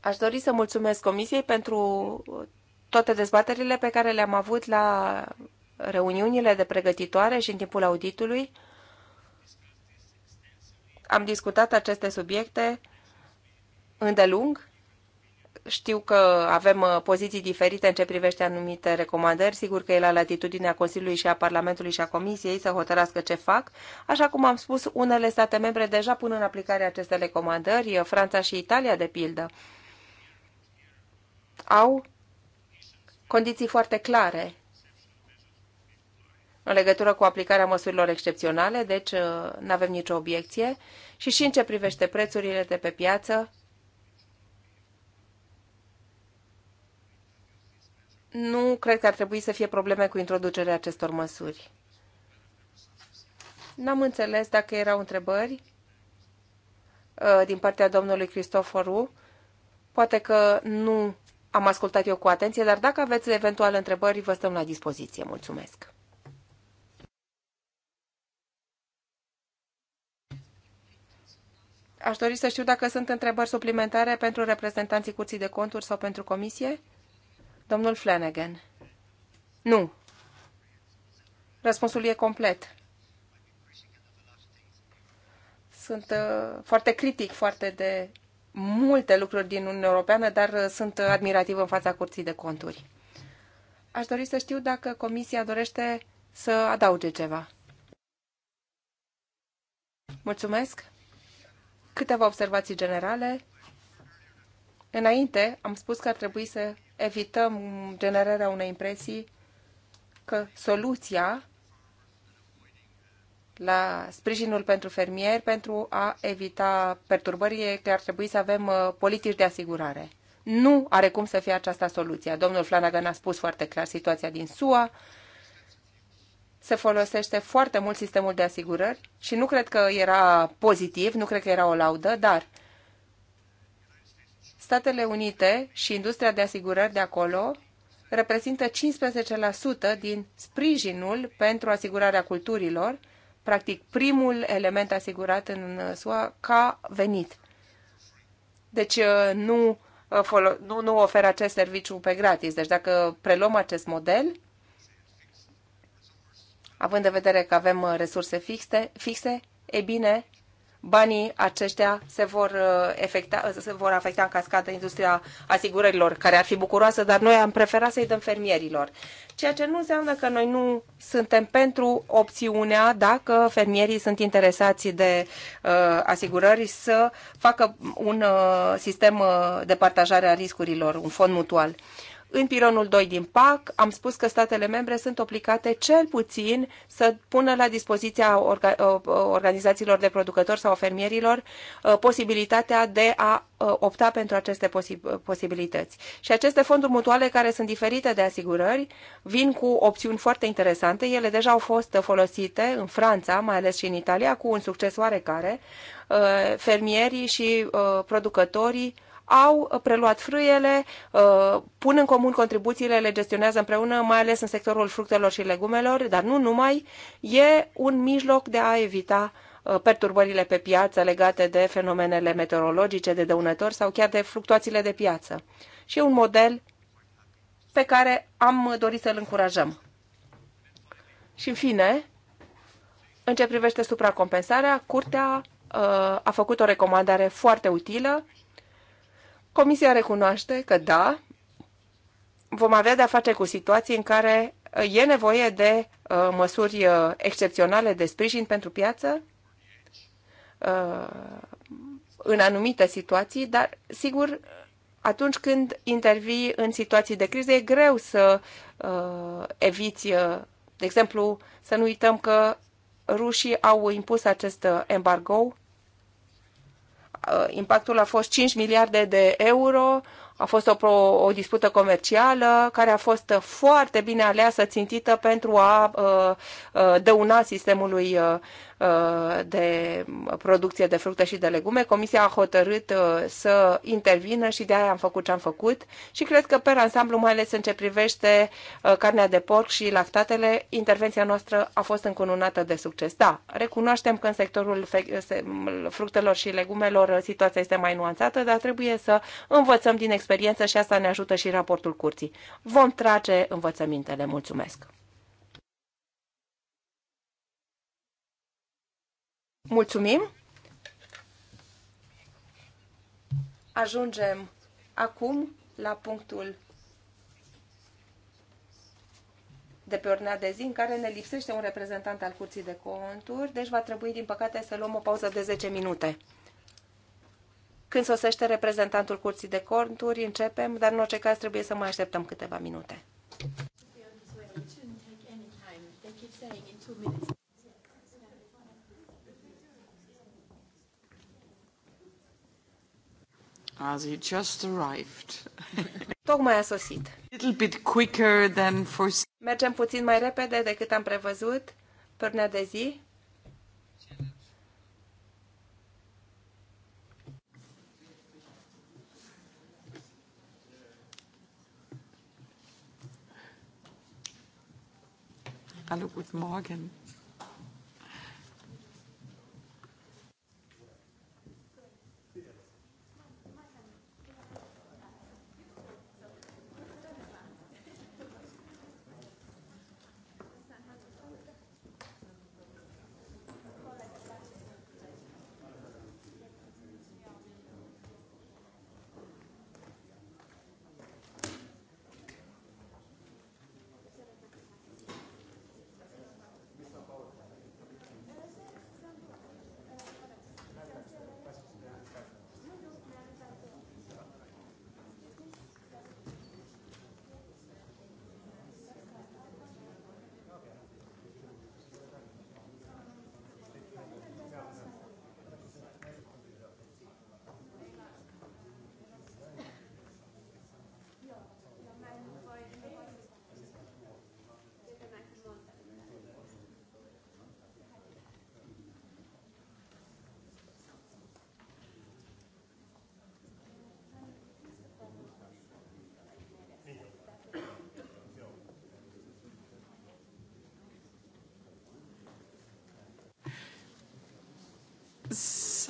Aș dori să mulțumesc Comisiei pentru toate dezbaterile pe care le-am avut la reuniunile de pregătitoare și în timpul auditului. Am discutat aceste subiecte îndelung știu că avem uh, poziții diferite în ce privește anumite recomandări. Sigur că e la latitudinea Consiliului și a Parlamentului și a Comisiei să hotărască ce fac. Așa cum am spus, unele state membre deja pun în aplicare aceste recomandări, uh, Franța și Italia, de pildă, au condiții foarte clare în legătură cu aplicarea măsurilor excepționale, deci uh, nu avem nicio obiecție. Și și în ce privește prețurile de pe piață, nu cred că ar trebui să fie probleme cu introducerea acestor măsuri. N-am înțeles dacă erau întrebări uh, din partea domnului Cristoforu. Poate că nu am ascultat eu cu atenție, dar dacă aveți eventual întrebări, vă stăm la dispoziție. Mulțumesc! Aș dori să știu dacă sunt întrebări suplimentare pentru reprezentanții Curții de Conturi sau pentru Comisie. Domnul Flanagan. Nu. Răspunsul e complet. Sunt uh, foarte critic, foarte de multe lucruri din Uniunea Europeană, dar uh, sunt admirativ în fața Curții de Conturi. Aș dori să știu dacă Comisia dorește să adauge ceva. Mulțumesc. Câteva observații generale. Înainte am spus că ar trebui să evităm generarea unei impresii că soluția la sprijinul pentru fermieri pentru a evita perturbările că ar trebui să avem uh, politici de asigurare. Nu are cum să fie aceasta soluția. Domnul Flanagan a spus foarte clar situația din SUA. Se folosește foarte mult sistemul de asigurări și nu cred că era pozitiv, nu cred că era o laudă, dar Statele Unite și industria de asigurări de acolo reprezintă 15% din sprijinul pentru asigurarea culturilor, practic primul element asigurat în SUA ca venit. Deci uh, nu, uh, nu, nu oferă acest serviciu pe gratis. Deci dacă preluăm acest model, având în vedere că avem uh, resurse fixe, fixe e bine, banii aceștia se vor, uh, efecta, uh, se vor afecta în cascadă industria asigurărilor, care ar fi bucuroasă, dar noi am preferat să-i dăm fermierilor. Ceea ce nu înseamnă că noi nu suntem pentru opțiunea, dacă fermierii sunt interesați de uh, asigurări, să facă un uh, sistem uh, de partajare a riscurilor, un fond mutual. Uh, în pilonul 2 din PAC am spus că statele membre sunt obligate cel puțin să pună la dispoziția organizațiilor de producători sau fermierilor uh, posibilitatea de a uh, opta pentru aceste uh, posibilități. Și aceste fonduri mutuale care sunt diferite de asigurări vin cu opțiuni foarte interesante. Ele deja au fost folosite în Franța, mai ales și în Italia, cu un succes oarecare. Fermierii și producătorii au preluat frâiele, uh, pun în comun contribuțiile, le gestionează împreună, mai ales în sectorul fructelor și legumelor, dar nu numai, e un mijloc de a evita uh, perturbările pe piață legate de fenomenele meteorologice, de dăunători sau chiar de fluctuațiile de piață. Și e un model pe care am dorit să-l încurajăm. Și în fine, în ce privește supracompensarea, Curtea uh, a făcut o recomandare foarte utilă Comisia recunoaște că da, vom avea de-a face cu situații în care uh, e nevoie de uh, măsuri uh, excepționale de sprijin pentru piață uh, în anumite situații, dar sigur, atunci când intervii în situații de criză, e greu să uh, eviți, uh, de exemplu, să nu uităm că rușii au impus acest uh, embargo Uh, impactul a fost 5 miliarde de euro, a fost o, pro, o dispută comercială care a fost foarte bine aleasă, țintită pentru a uh, uh dăuna sistemului uh, Uh, de producție de fructe și de legume, Comisia a hotărât uh, să intervină și de aia am făcut ce am făcut și cred că pe ansamblu, mai ales în ce privește uh, carnea de porc și lactatele, intervenția noastră a fost încununată de succes. Da, recunoaștem că în sectorul fructelor și legumelor situația este mai nuanțată, dar trebuie să învățăm din experiență și asta ne ajută și raportul curții. Vom trage învățămintele. Mulțumesc! Mulțumim! Ajungem acum la punctul de pe ordinea de zi în care ne lipsește un reprezentant al Curții de Conturi, deci va trebui, din păcate, să luăm o pauză de 10 minute. Când sosește reprezentantul Curții de Conturi, începem, dar în orice caz trebuie să mai așteptăm câteva minute. As he just arrived. Tocmai a sosit. Little bit quicker than Mergem puțin mai repede decât am prevăzut până de zi. Hallo, guten Morgen.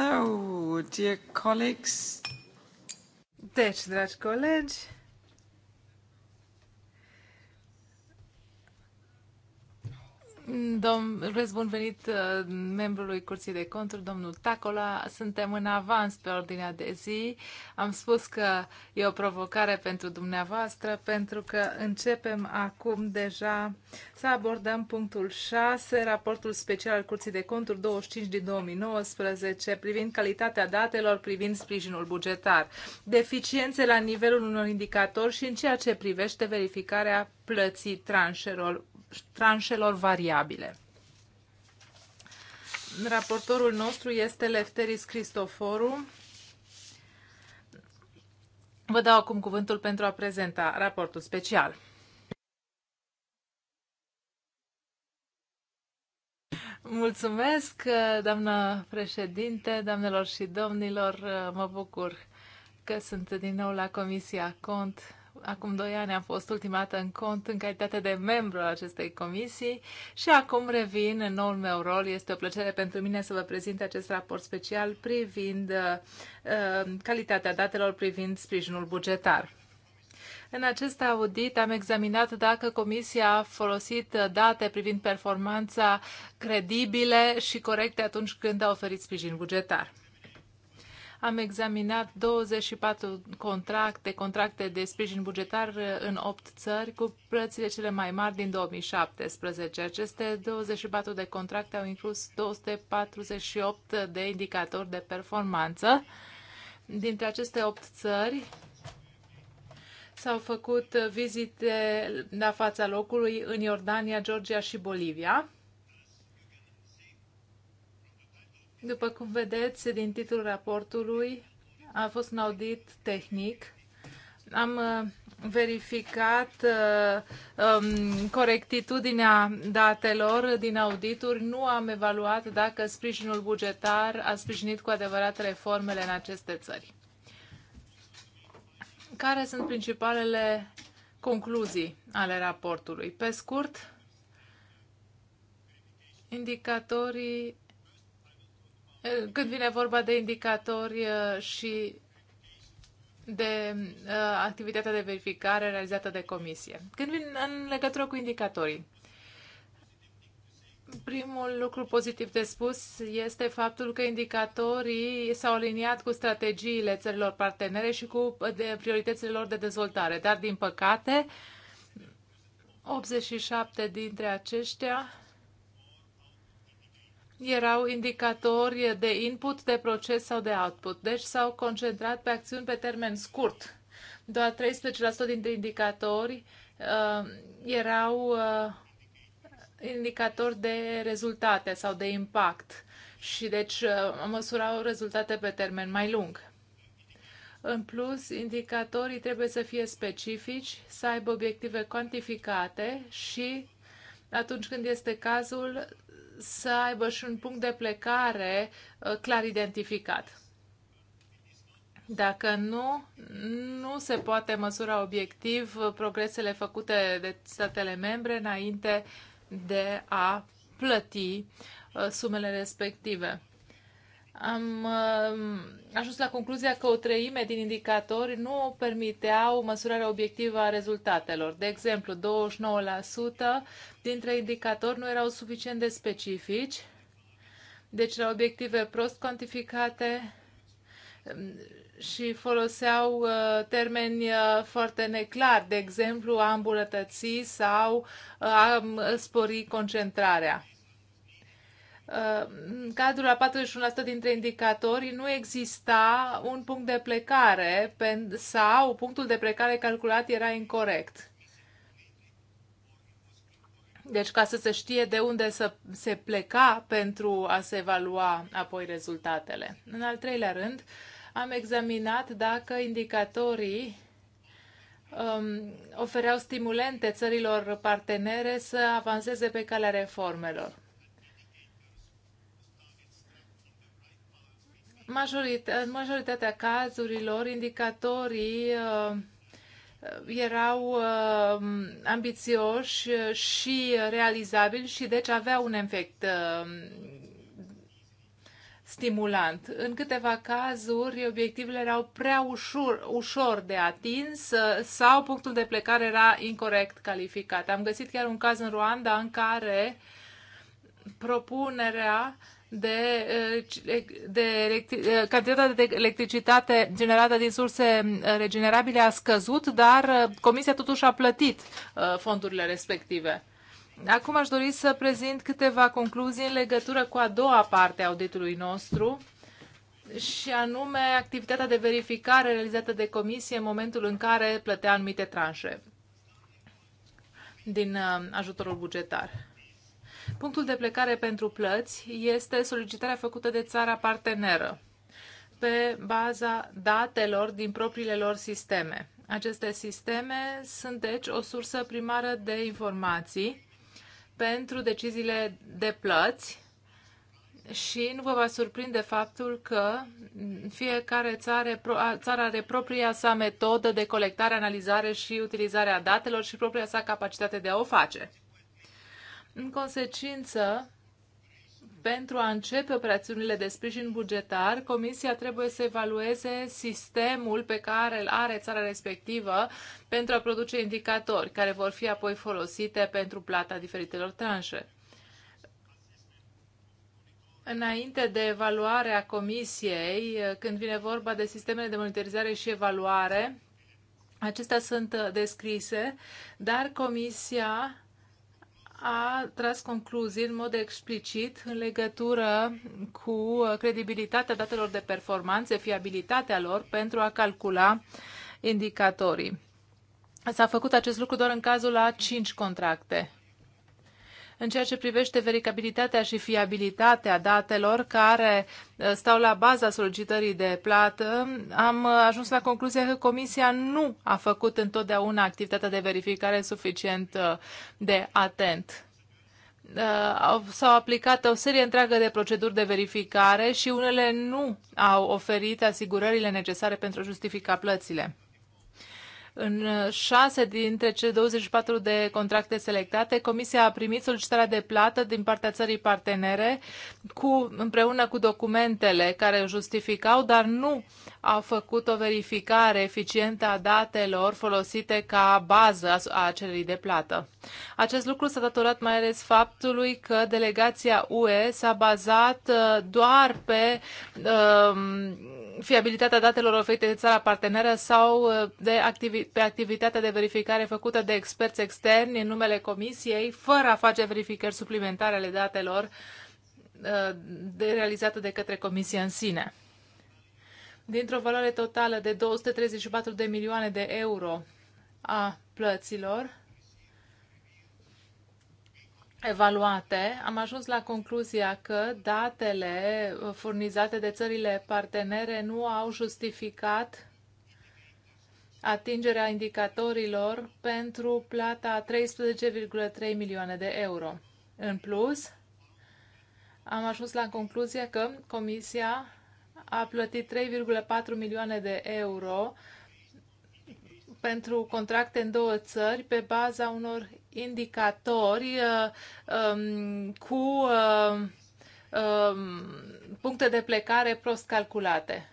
So, dear colleagues. Deci, dragi colegi, Domn, bun venit uh, membrului Curții de Conturi, domnul Tacola. Suntem în avans pe ordinea de zi. Am spus că e o provocare pentru dumneavoastră, pentru că începem acum deja să abordăm punctul 6, raportul special al Curții de Conturi 25 din 2019, privind calitatea datelor, privind sprijinul bugetar, deficiențe la nivelul unor indicatori și în ceea ce privește verificarea plății tranșelor tranșelor variabile. Raportorul nostru este Lefteris Cristoforu. Vă dau acum cuvântul pentru a prezenta raportul special. Mulțumesc, doamnă președinte, doamnelor și domnilor. Mă bucur că sunt din nou la Comisia Cont Acum doi ani am fost ultimată în cont în calitate de membru al acestei comisii și acum revin în noul meu rol. Este o plăcere pentru mine să vă prezint acest raport special privind uh, uh calitatea datelor privind sprijinul bugetar. În acest audit am examinat dacă Comisia a folosit uh, date privind performanța credibile și corecte atunci când a oferit sprijin bugetar. Am examinat 24 contracte, contracte de sprijin bugetar uh, în 8 țări cu plățile cele mai mari din 2017. Aceste 24 de contracte au inclus 248 de indicatori de performanță. Dintre aceste 8 țări, s-au făcut uh, vizite la fața locului în Iordania, Georgia și Bolivia. După cum vedeți din titlul raportului, a fost un audit tehnic. Am uh, verificat uh, um, corectitudinea datelor din audituri. Nu am evaluat dacă sprijinul bugetar a sprijinit cu adevărat reformele în aceste țări. Care sunt principalele concluzii ale raportului? Pe scurt, indicatorii când vine vorba de indicatori uh, și de uh, activitatea de verificare realizată de comisie. Când vin în legătură cu indicatorii, primul lucru pozitiv de spus este faptul că indicatorii s-au aliniat cu strategiile țărilor partenere și cu uh, de prioritățile lor de dezvoltare, dar din păcate 87 dintre aceștia erau indicatori de input, de proces sau de output. Deci s-au concentrat pe acțiuni pe termen scurt. Doar 13% dintre indicatori uh, erau uh, indicatori de rezultate sau de impact și deci uh, măsurau rezultate pe termen mai lung. În plus, indicatorii trebuie să fie specifici, să aibă obiective cuantificate și, atunci când este cazul, să aibă și un punct de plecare uh, clar identificat. Dacă nu, nu se poate măsura obiectiv uh, progresele făcute de statele membre înainte de a plăti uh, sumele respective am um, ajuns la concluzia că o treime din indicatori nu permiteau măsurarea obiectivă a rezultatelor. De exemplu, 29% dintre indicatori nu erau suficient de specifici, deci la obiective prost cuantificate um, și foloseau uh, termeni uh, foarte neclari, de exemplu, a îmbunătăți sau uh, a spori concentrarea în cadrul a 41% dintre indicatori nu exista un punct de plecare sau punctul de plecare calculat era incorrect. Deci ca să se știe de unde să se pleca pentru a se evalua apoi rezultatele. În al treilea rând, am examinat dacă indicatorii um, ofereau stimulente țărilor partenere să avanseze pe calea reformelor. majorita- în majoritatea cazurilor, indicatorii uh, erau uh, ambițioși și realizabili și deci aveau un efect uh, stimulant. În câteva cazuri, obiectivele erau prea ușor, ușor de atins uh, sau punctul de plecare era incorrect calificat. Am găsit chiar un caz în Rwanda în care propunerea uh, de, eh, de, de eh, cantitatea de electricitate generată din surse eh, regenerabile a scăzut, dar Comisia totuși a plătit fondurile respective. Acum aș dori să prezint câteva concluzii în legătură cu a doua parte a auditului nostru și anume activitatea de verificare realizată de comisie în momentul în care plătea anumite tranșe din ajutorul bugetar. Punctul de plecare pentru plăți este solicitarea făcută de țara parteneră pe baza datelor din propriile lor sisteme. Aceste sisteme sunt deci o sursă primară de informații pentru deciziile de plăți și nu vă va surprinde faptul că fiecare țară, țară are propria sa metodă de colectare, analizare și utilizare a datelor și propria sa capacitate de a o face. În consecință, pentru a începe operațiunile de sprijin bugetar, Comisia trebuie să evalueze sistemul pe care îl are țara respectivă pentru a produce indicatori, care vor fi apoi folosite pentru plata diferitelor tranșe. Înainte de evaluarea Comisiei, când vine vorba de sistemele de monitorizare și evaluare, acestea sunt descrise, dar Comisia a tras concluzii în mod explicit în legătură cu credibilitatea datelor de performanțe, fiabilitatea lor pentru a calcula indicatorii. S-a făcut acest lucru doar în cazul a 5 contracte în ceea ce privește vericabilitatea și fiabilitatea datelor care uh, stau la baza solicitării de plată, am uh, ajuns la concluzia că Comisia nu a făcut întotdeauna activitatea de verificare suficient uh, de atent s-au aplicat o serie întreagă de proceduri de verificare și unele nu au oferit asigurările necesare pentru a justifica plățile. În uh, șase dintre cele 24 de contracte selectate, Comisia a primit solicitarea de plată din partea țării partenere cu, împreună cu documentele care o justificau, dar nu a făcut o verificare eficientă a datelor folosite ca bază a cererii de plată. Acest lucru s-a datorat mai ales faptului că delegația UE s-a bazat uh, doar pe um, fiabilitatea datelor oferite de țara parteneră sau uh, de activi- pe activitatea de verificare făcută de experți externi în numele Comisiei, fără a face verificări suplimentare ale datelor uh, de, realizate de către Comisia în sine. Dintr-o valoare totală de 234 de milioane de euro a plăților evaluate, am ajuns la concluzia că datele furnizate de țările partenere nu au justificat atingerea indicatorilor pentru plata 13,3 milioane de euro. În plus, am ajuns la concluzia că Comisia a plătit 3,4 milioane de euro pentru contracte în două țări pe baza unor indicatori uh, um, cu uh, um, puncte de plecare prost calculate.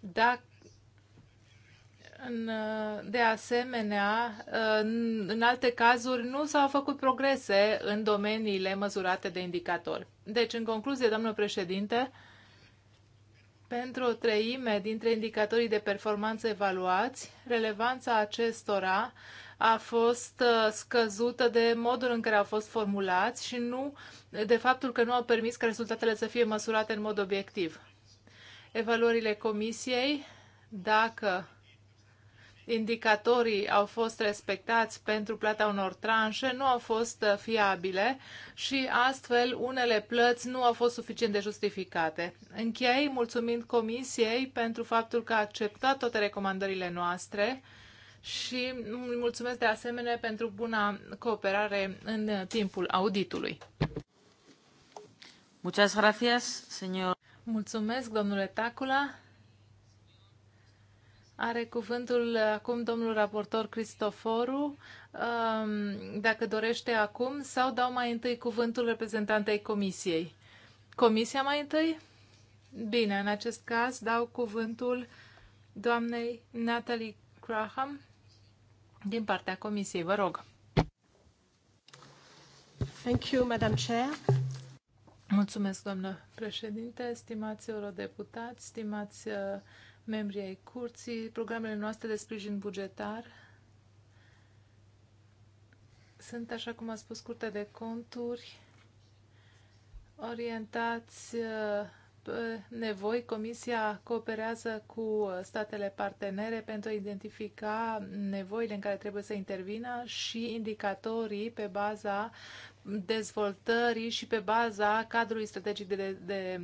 Dacă Uh, de asemenea, uh, în alte cazuri nu s-au făcut progrese în domeniile măsurate de indicatori. Deci, în concluzie, domnul președinte, pentru o treime dintre indicatorii de performanță evaluați, relevanța acestora a fost uh, scăzută de modul în care au fost formulați și nu de faptul că nu au permis ca rezultatele să fie măsurate în mod obiectiv. Evaluările comisiei, dacă indicatorii au fost respectați pentru plata unor tranșe nu au fost fiabile și astfel unele plăți nu au fost suficient de justificate. Închei mulțumind Comisiei pentru faptul că a acceptat toate recomandările noastre și mulțumesc de asemenea pentru buna cooperare în timpul auditului. Muchas gracias, señor. Mulțumesc, domnule Tacula. Are cuvântul acum domnul raportor Cristoforu, um, dacă dorește acum, sau dau mai întâi cuvântul reprezentantei comisiei. Comisia mai întâi? Bine, în acest caz dau cuvântul doamnei Natalie Graham din partea comisiei. Vă rog. Thank you, Madam Chair. Mulțumesc, doamnă președinte, stimați eurodeputați, stimați uh, membrii ai curții, programele noastre de sprijin bugetar sunt, așa cum a spus Curtea de Conturi, orientați uh, pe nevoi. Comisia cooperează cu statele partenere pentru a identifica nevoile în care trebuie să intervină și indicatorii pe baza dezvoltării și pe baza cadrului strategic de, de, de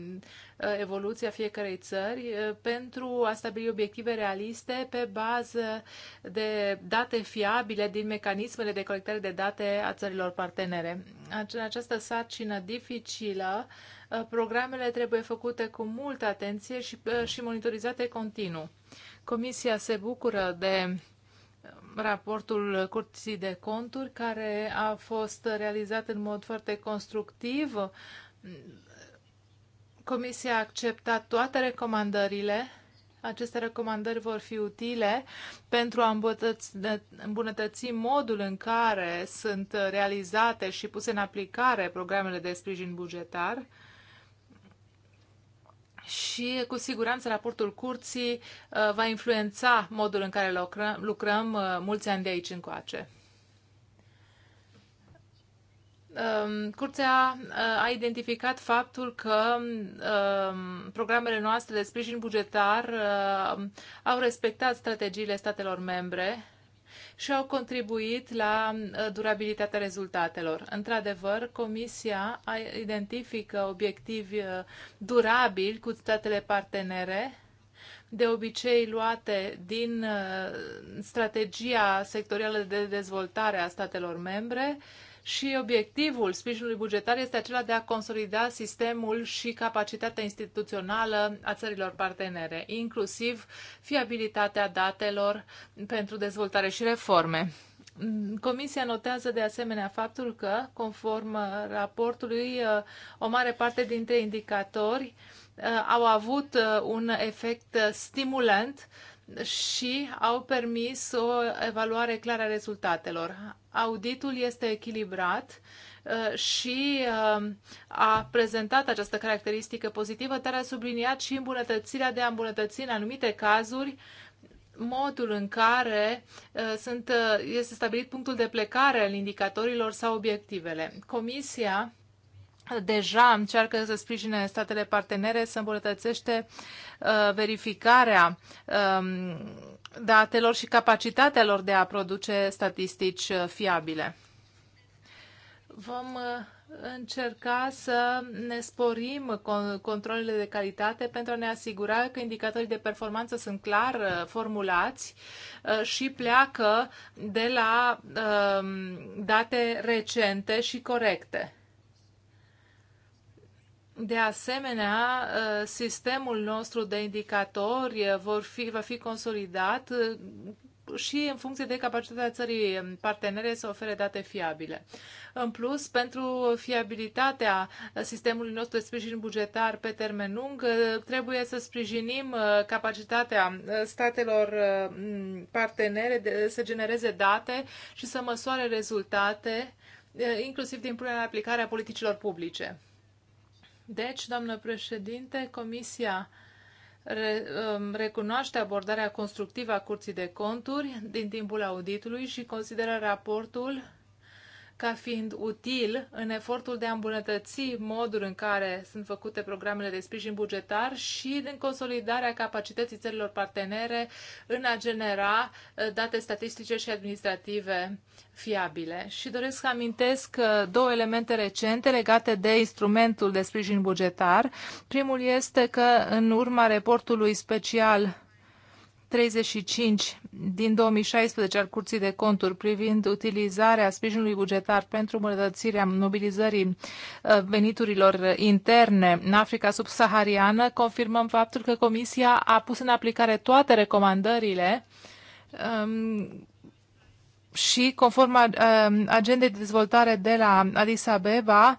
uh, evoluție a fiecărei țări uh, pentru a stabili obiective realiste pe bază de date fiabile din mecanismele de colectare de date a țărilor partenere. În această sarcină dificilă, uh, programele trebuie făcute cu multă atenție și, și monitorizate continuu. Comisia se bucură de raportul Curții de Conturi, care a fost realizat în mod foarte constructiv. Comisia a acceptat toate recomandările. Aceste recomandări vor fi utile pentru a îmbunătăți modul în care sunt realizate și puse în aplicare programele de sprijin bugetar și cu siguranță raportul curții uh, va influența modul în care lucrăm, lucrăm uh, mulți ani de aici încoace. Um, curtea uh, a identificat faptul că um, programele noastre de sprijin bugetar au respectat strategiile statelor membre și au contribuit la uh, durabilitatea rezultatelor. Într-adevăr, Comisia identifică obiectivi uh, durabili cu statele partenere, de obicei luate din uh, strategia sectorială de dezvoltare a statelor membre, și obiectivul sprijinului bugetar este acela de a consolida sistemul și capacitatea instituțională a țărilor partenere, inclusiv fiabilitatea datelor pentru dezvoltare și reforme. Comisia notează de asemenea faptul că, conform raportului, o mare parte dintre indicatori uh, au avut uh, un efect uh, stimulant uh, și au permis o evaluare clară a rezultatelor. Auditul este echilibrat uh, și uh, a prezentat această caracteristică pozitivă, dar a subliniat și îmbunătățirea de a îmbunătăți în anumite cazuri modul în care uh, sunt, este stabilit punctul de plecare al indicatorilor sau obiectivele. Comisia deja încearcă să sprijine statele partenere să îmbunătățește uh, verificarea um, datelor și capacitatea lor de a produce statistici uh, fiabile. Vom uh, încerca să ne sporim controlele de calitate pentru a ne asigura că indicatorii de performanță sunt clar uh, formulați uh, și pleacă de la um, date recente și corecte. De asemenea, ă, sistemul nostru de indicatori ă, vor fi, va fi consolidat ă, și în funcție de capacitatea țării partenere să ofere date fiabile. În plus, pentru fiabilitatea sistemului nostru de sprijin bugetar pe termen lung, trebuie să sprijinim capacitatea statelor partenere să genereze date și să măsoare rezultate, inclusiv din punerea în aplicare a politicilor publice. Deci, doamnă președinte, Comisia um, recunoaște abordarea constructivă a Curții de Conturi din timpul auditului și consideră raportul ca fiind util în efortul de a îmbunătăți modul în care sunt făcute programele de sprijin bugetar și în consolidarea capacității țărilor partenere în a genera eh, date statistice și administrative fiabile. Și doresc să amintesc eh, două elemente recente legate de instrumentul de sprijin bugetar. Primul este că în urma raportului special 35 din 2016 al Curții de Conturi privind utilizarea sprijinului bugetar pentru îmbunătățirea mobilizării uh, veniturilor interne în Africa subsahariană, confirmăm faptul că Comisia a pus în aplicare toate recomandările um, și conform uh, agendei de dezvoltare de la Addis Abeba,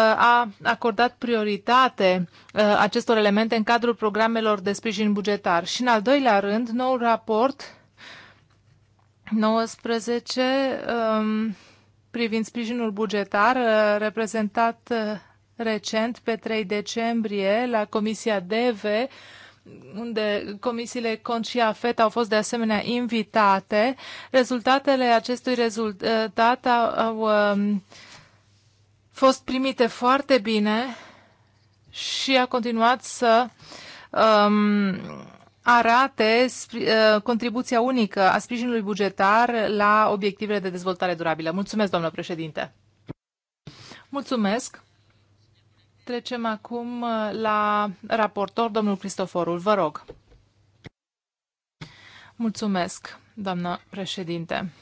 a acordat prioritate uh, acestor elemente în cadrul programelor de sprijin bugetar. Și în al doilea rând, noul raport 19 um, privind sprijinul bugetar uh, reprezentat uh, recent pe 3 decembrie la Comisia DEVE unde comisiile CONT și AFET au fost de asemenea invitate. Rezultatele acestui rezultat au, au um, fost primite foarte bine și a continuat să um, arate uh, contribuția unică a sprijinului bugetar la obiectivele de dezvoltare durabilă. Mulțumesc, doamnă președinte! Mulțumesc! Trecem acum uh, la raportor, domnul Cristoforul. Vă rog! Mulțumesc, doamnă președinte!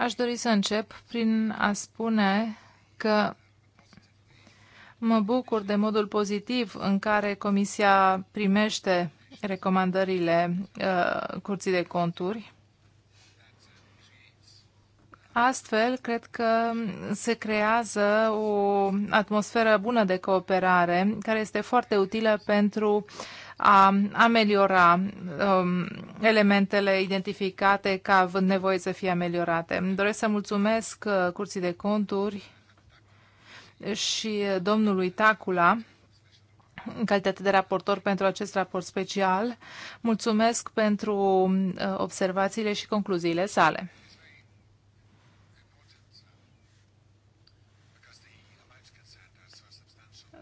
Aș dori să încep prin a spune că mă bucur de modul pozitiv în care Comisia primește recomandările uh, Curții de Conturi. Astfel, cred că se creează o atmosferă bună de cooperare, care este foarte utilă pentru a ameliora um, elementele identificate ca având nevoie să fie ameliorate. Îmi doresc să mulțumesc uh, Curții de Conturi și uh, domnului Tacula în calitate de raportor pentru acest raport special. Mulțumesc pentru uh, observațiile și concluziile sale.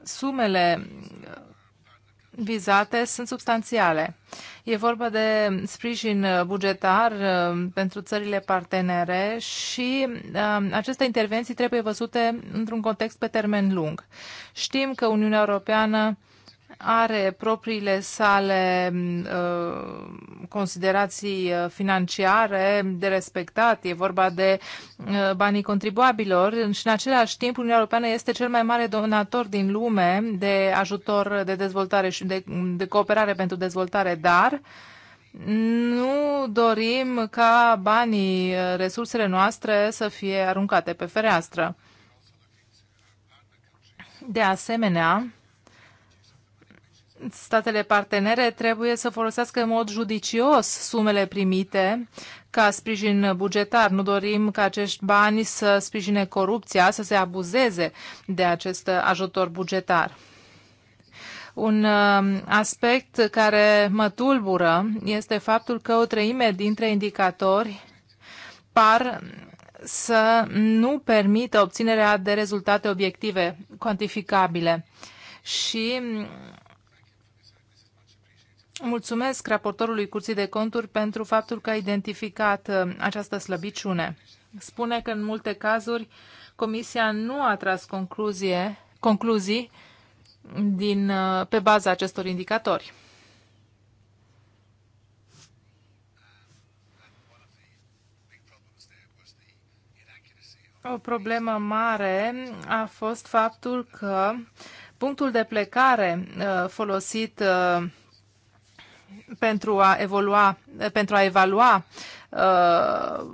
Sumele vizate sunt substanțiale. E vorba de sprijin bugetar uh, pentru țările partenere și uh, aceste intervenții trebuie văzute într-un context pe termen lung. Știm că Uniunea Europeană are propriile sale mm, uh, considerații uh, financiare de respectat. E vorba de uh, banii contribuabilor și în același timp Uniunea Europeană este cel mai mare donator din lume de ajutor de dezvoltare și de, de cooperare pentru dezvoltare, dar nu dorim ca banii, uh, resursele noastre să fie aruncate pe fereastră. De asemenea, statele partenere trebuie să folosească în mod judicios sumele primite ca sprijin bugetar. Nu dorim ca acești bani să sprijine corupția, să se abuzeze de acest ajutor bugetar. Un uh, aspect care mă tulbură este faptul că o treime dintre indicatori par să nu permită obținerea de rezultate obiective, cuantificabile. Și Mulțumesc raportorului Curții de Conturi pentru faptul că a identificat uh, această slăbiciune. Spune că în multe cazuri Comisia nu a tras concluzie, concluzii din, uh, pe baza acestor indicatori. O problemă mare a fost faptul că punctul de plecare uh, folosit pentru a evolua, pentru a evalua uh,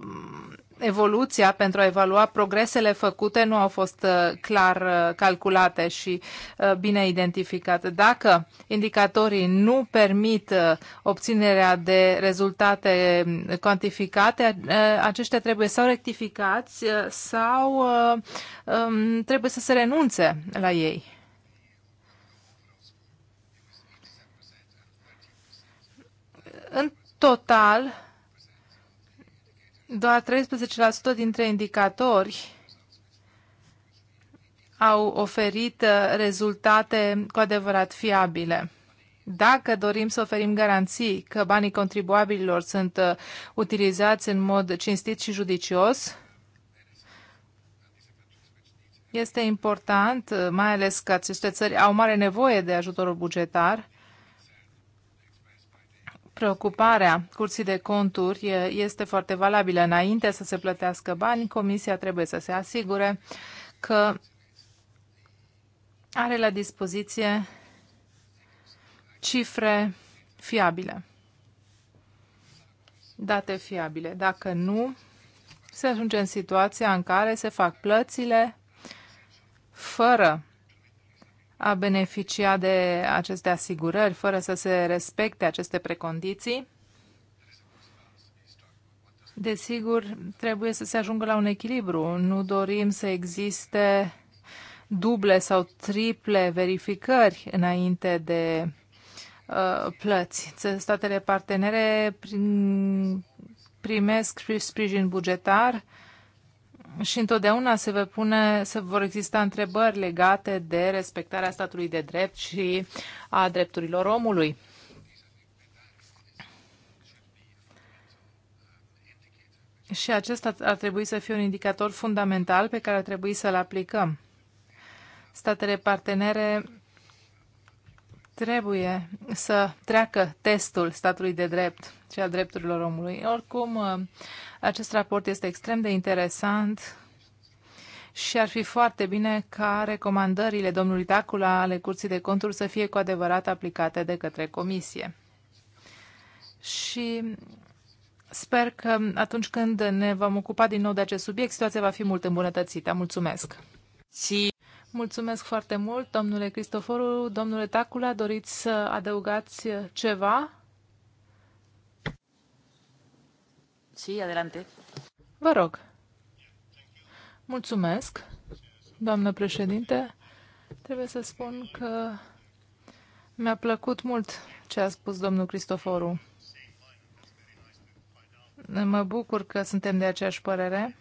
evoluția, pentru a evalua progresele făcute nu au fost uh, clar uh, calculate și uh, bine identificate. Dacă indicatorii nu permit obținerea de rezultate cuantificate, aceștia trebuie sau rectificați sau um, trebuie să se renunțe la ei. total, doar 13% dintre indicatori au oferit uh, rezultate cu adevărat fiabile. Dacă dorim să oferim garanții că banii contribuabililor sunt uh, utilizați în mod cinstit și judicios, este important, uh, mai ales că aceste țări au mare nevoie de ajutorul bugetar, preocuparea curții de conturi este foarte valabilă. Înainte să se plătească bani, comisia trebuie să se asigure că are la dispoziție cifre fiabile, date fiabile. Dacă nu, se ajunge în situația în care se fac plățile fără a beneficia de aceste asigurări fără să se respecte aceste precondiții. Desigur, trebuie să se ajungă la un echilibru. Nu dorim să existe duble sau triple verificări înainte de uh, plăți. Statele partenere primesc sprijin bugetar uh, și întotdeauna se, vă pune, se vor exista întrebări legate de respectarea statului de drept și a drepturilor omului. Și acesta ar trebui să fie un indicator fundamental pe care ar trebui să-l aplicăm. Statele partenere trebuie să treacă testul statului de drept și a drepturilor omului. Oricum, acest raport este extrem de interesant și ar fi foarte bine ca recomandările domnului Dacula ale Curții de Conturi să fie cu adevărat aplicate de către Comisie. Și sper că atunci când ne vom ocupa din nou de acest subiect, situația va fi mult îmbunătățită. Mulțumesc! Sí. Mulțumesc foarte mult, domnule Cristoforu. Domnule Tacula, doriți să adăugați ceva? Sí, adelante. Vă rog. Mulțumesc, doamnă președinte. Trebuie să spun că mi-a plăcut mult ce a spus domnul Cristoforu. Mă bucur că suntem de aceeași părere.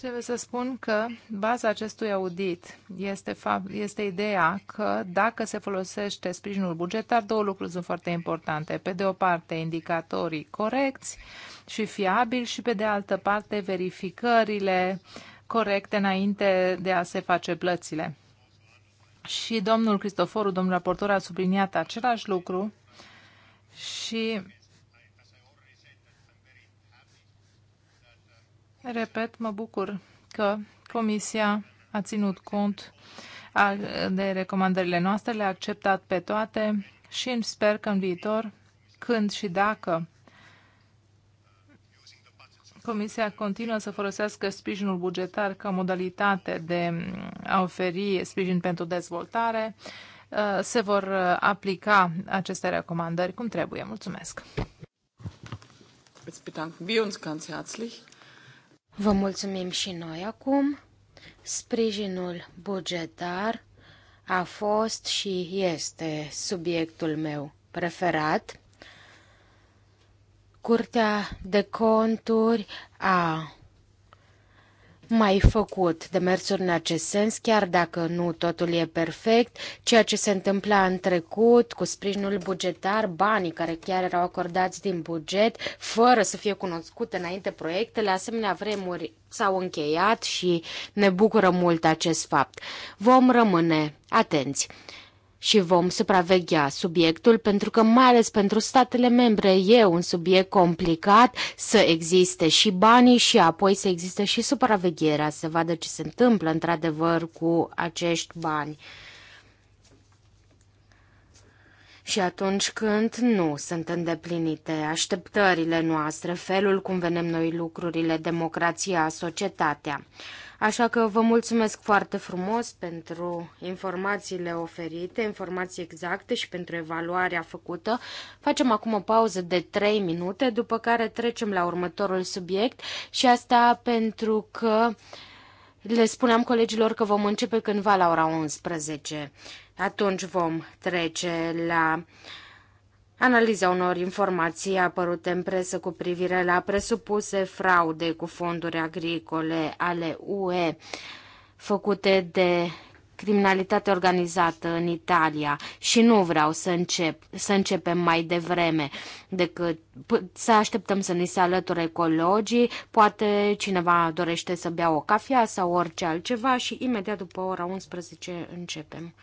Trebuie să spun că baza acestui audit este, este ideea că dacă se folosește sprijinul bugetar, două lucruri sunt foarte importante. Pe de o parte, indicatorii corecți și fiabili și pe de altă parte, verificările corecte înainte de a se face plățile. Și domnul Cristoforu, domnul raportor, a subliniat același lucru și Repet, mă bucur că Comisia a ținut cont de recomandările noastre, le-a acceptat pe toate și sper că în viitor, când și dacă Comisia continuă să folosească sprijinul bugetar ca modalitate de a oferi sprijin pentru dezvoltare, uh, se vor uh, aplica aceste recomandări cum trebuie. Mulțumesc! Vă mulțumim și noi acum. Sprijinul bugetar a fost și este subiectul meu preferat. Curtea de conturi a mai făcut demersuri în acest sens, chiar dacă nu totul e perfect. Ceea ce se întâmpla în trecut cu sprijinul bugetar, banii care chiar erau acordați din buget, fără să fie cunoscute înainte proiectele, asemenea vremuri s-au încheiat și ne bucură mult acest fapt. Vom rămâne atenți și vom supraveghea subiectul, pentru că mai ales pentru statele membre e un subiect complicat să existe și banii și apoi să existe și supravegherea, să vadă ce se întâmplă într-adevăr cu acești bani. Și atunci când nu sunt îndeplinite așteptările noastre, felul cum venem noi lucrurile, democrația, societatea. Așa că vă mulțumesc foarte frumos pentru informațiile oferite, informații exacte și pentru evaluarea făcută. Facem acum o pauză de 3 minute, după care trecem la următorul subiect și asta pentru că le spuneam colegilor că vom începe cândva la ora 11. Atunci vom trece la uh, analiza unor informații apărute în presă cu privire la presupuse fraude cu fonduri agricole ale UE făcute de criminalitate organizată în Italia și nu vreau să, încep, să începem mai devreme decât să așteptăm să ni se alăture ecologii, poate cineva dorește să bea o cafea sau orice altceva și imediat după ora 11 începem.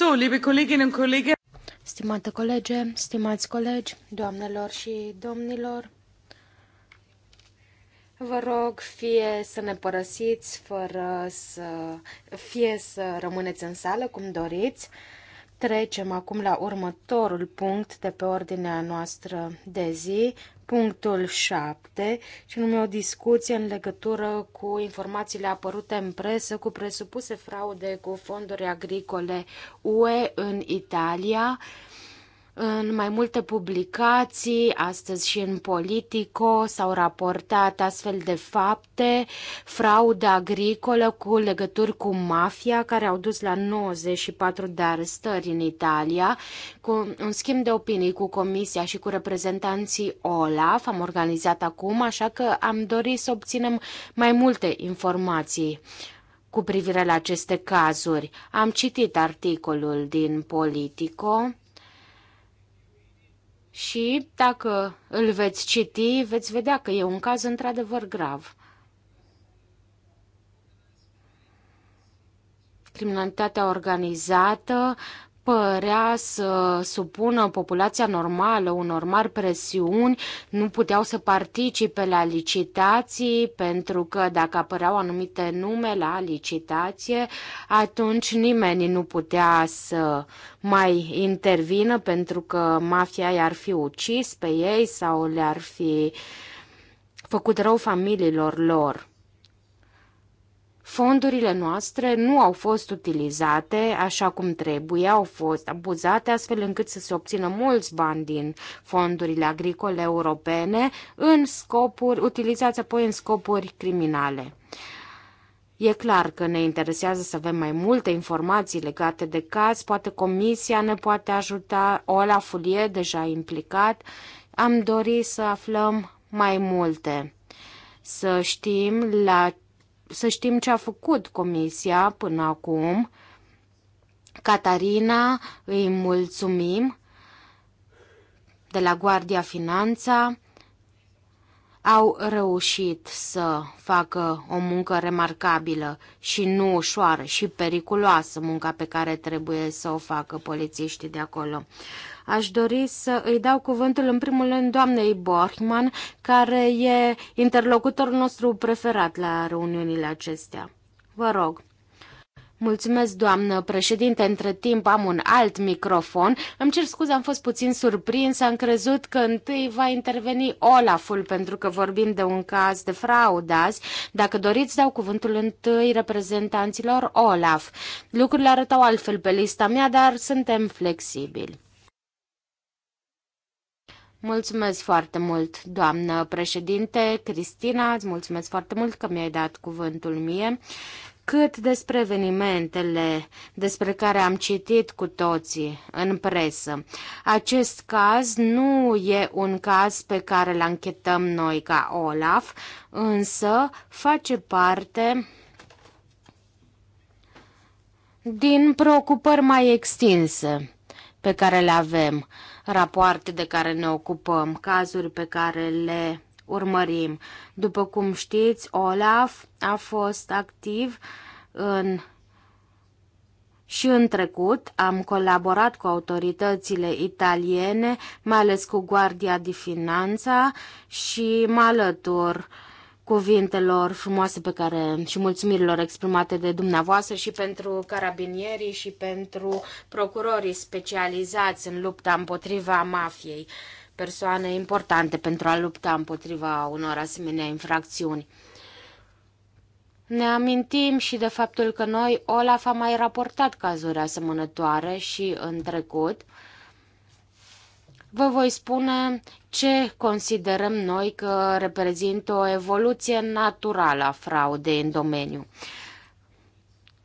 So, liebe Kolleginnen und Kollegen. Stimate colege, stimați colegi, doamnelor și domnilor, Vă rog fie să ne părăsiți, fără să, fie să rămâneți în sală cum doriți. Trecem acum la următorul punct de pe ordinea noastră de zi, punctul 7, și nume o discuție în legătură cu informațiile apărute în presă cu presupuse fraude cu fonduri agricole UE în Italia. Uh, în mai multe publicații, astăzi și în Politico, s-au raportat astfel de fapte, fraude agricolă cu legături cu mafia, care au dus la 94 de arestări în Italia. Cu un schimb de opinii cu Comisia și cu reprezentanții OLAF am organizat acum, așa că am dorit să obținem mai multe informații cu privire la aceste cazuri. Am citit articolul din Politico și dacă îl veți citi, veți vedea că e un caz într-adevăr grav. Criminalitatea organizată părea să supună populația normală unor mari presiuni, nu puteau să participe la licitații, pentru că dacă apăreau anumite nume la licitație, atunci nimeni nu putea să mai intervină pentru că mafia i-ar fi ucis pe ei sau le-ar fi făcut rău familiilor lor. Fondurile noastre nu au fost utilizate așa cum trebuie, au fost abuzate astfel încât să se obțină mulți bani din fondurile agricole europene în scopuri, utilizați apoi în scopuri criminale. E clar că ne interesează să avem mai multe informații legate de caz, poate comisia ne poate ajuta, Olaful e deja implicat. Am dorit să aflăm mai multe, să știm la să știm ce a făcut comisia până acum. Catarina, îi mulțumim de la Guardia Finanța au reușit să facă o muncă remarcabilă și nu ușoară și periculoasă munca pe care trebuie să o facă polițiștii de acolo. Aș dori să îi dau cuvântul în primul rând doamnei Borchman, care e interlocutorul nostru preferat la reuniunile acestea. Vă rog. Mulțumesc, doamnă președinte. Între timp am un alt microfon. Îmi cer scuze, am fost puțin surprins. Am crezut că întâi va interveni Olaful, pentru că vorbim de un caz de fraudă azi. Dacă doriți, dau cuvântul întâi reprezentanților Olaf. Lucrurile arătau altfel pe lista mea, dar suntem flexibili. Mulțumesc foarte mult, doamnă președinte Cristina, îți mulțumesc foarte mult că mi-ai dat cuvântul mie. Cât despre evenimentele despre care am citit cu toții în presă, acest caz nu e un caz pe care îl anchetăm noi ca Olaf, însă face parte din preocupări mai extinse pe care le avem, rapoarte de care ne ocupăm, cazuri pe care le urmărim. După cum știți, Olaf a fost activ în și în trecut am colaborat cu autoritățile italiene, mai ales cu Guardia di Finanța și mă alătur uh, cuvintelor frumoase pe care și mulțumirilor exprimate de dumneavoastră și pentru carabinierii și pentru procurorii specializați în lupta împotriva mafiei, persoane importante pentru a lupta împotriva unor asemenea infracțiuni. Ne amintim și de faptul că noi, Olaf, a mai raportat cazuri asemănătoare și în trecut. Vă voi spune ce considerăm noi că reprezintă o evoluție naturală a fraudei în domeniu.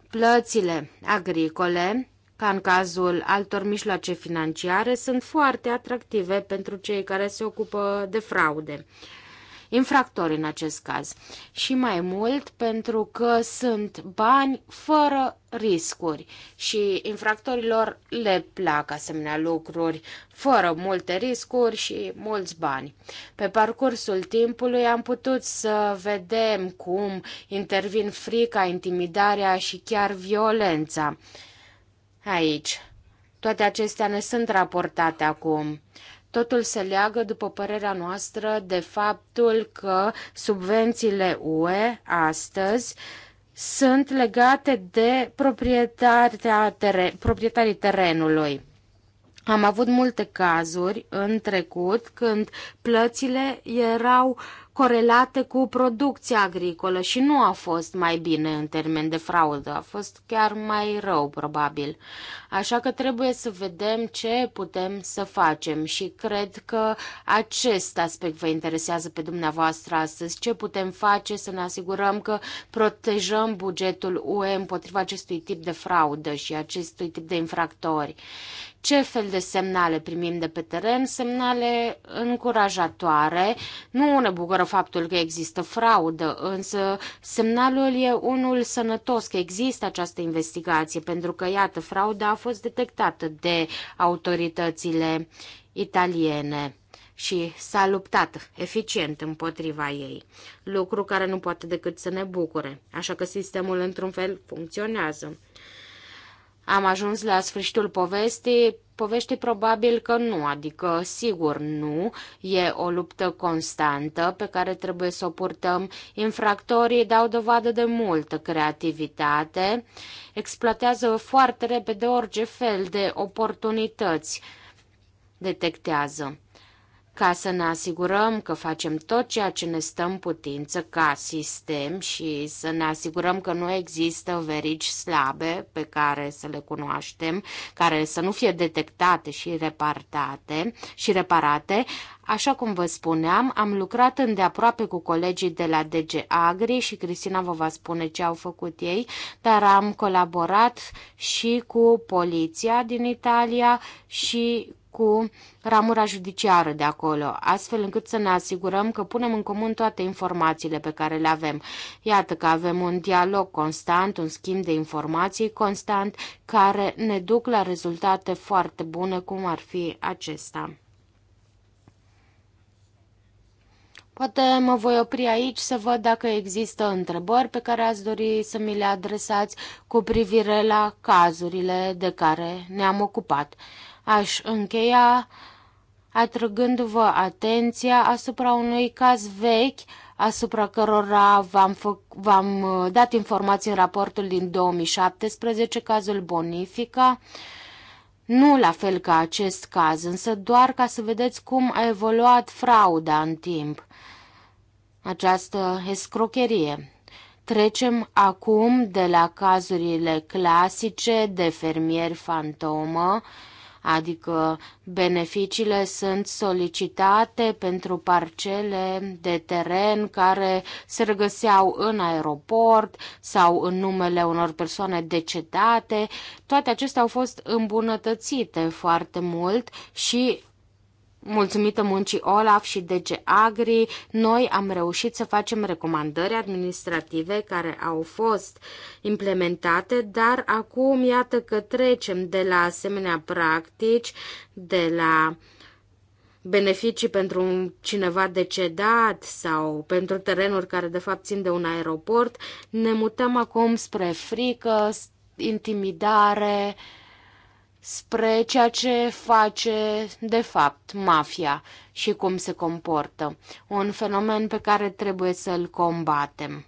Plățile agricole, ca în cazul altor mijloace financiare, sunt foarte atractive pentru cei care se ocupă de fraude infractori în acest caz. Și mai mult pentru că sunt bani fără riscuri și infractorilor le plac asemenea lucruri fără multe riscuri și mulți bani. Pe parcursul timpului am putut să vedem cum intervin frica, intimidarea și chiar violența. Aici. Toate acestea ne sunt raportate acum. Totul se leagă, după părerea noastră, de faptul că subvențiile UE astăzi sunt legate de teren, proprietarii terenului. Am avut multe cazuri în trecut când plățile erau uh, corelate cu producția agricolă și nu a fost mai bine în termen de fraudă, a fost chiar mai rău probabil. Așa că trebuie să vedem ce putem să facem și cred că acest aspect vă interesează pe dumneavoastră astăzi, ce putem face să ne asigurăm că protejăm bugetul UE împotriva acestui tip de fraudă și acestui tip de infractori ce fel de semnale primim de pe teren, semnale încurajatoare. Nu ne bucură faptul că există fraudă, însă semnalul e unul sănătos că există această investigație, pentru că, iată, frauda a fost detectată de autoritățile italiene și s-a luptat eficient împotriva ei, lucru care nu poate decât să ne bucure, așa că sistemul într-un fel funcționează. Am ajuns la sfârșitul povestii, poveștii probabil că nu, adică sigur nu, e o luptă constantă pe care trebuie să o purtăm. Infractorii dau dovadă de multă creativitate, exploatează foarte repede orice fel de oportunități detectează ca să ne asigurăm că facem tot ceea ce ne stă în putință ca sistem și să ne asigurăm că nu există verici slabe pe care să le cunoaștem, care să nu fie detectate și repartate și reparate. Așa cum vă spuneam, am lucrat îndeaproape cu colegii de la DG Agri și Cristina vă va spune ce au făcut ei, dar am colaborat și cu poliția din Italia și cu ramura judiciară de acolo, astfel încât să ne asigurăm că punem în comun toate informațiile pe care le avem. Iată că avem un dialog constant, un schimb de informații constant, care ne duc la rezultate foarte bune, cum ar fi acesta. Poate mă voi opri aici să văd dacă există întrebări pe care ați dori să mi le adresați cu privire la cazurile de care ne-am ocupat. Aș încheia atrăgându-vă atenția asupra unui caz vechi asupra cărora v-am, v-am uh, dat informații în raportul din 2017, cazul Bonifica. Nu la fel ca acest caz, însă doar ca să vedeți cum a evoluat frauda în timp, această escrocherie. Trecem acum de la cazurile clasice de fermieri fantomă, adică beneficiile sunt solicitate pentru parcele de teren care se regăseau în aeroport sau în numele unor persoane decedate. Toate acestea au fost îmbunătățite foarte mult și mulțumită muncii Olaf și DG Agri, noi am reușit să facem recomandări administrative care au fost implementate, dar acum iată că trecem de la asemenea practici, de la beneficii pentru un cineva decedat sau pentru terenuri care de fapt țin de un aeroport, ne mutăm acum spre frică, intimidare, uh, spre ceea ce face, de fapt, mafia și cum se comportă. Un fenomen pe care trebuie să-l combatem.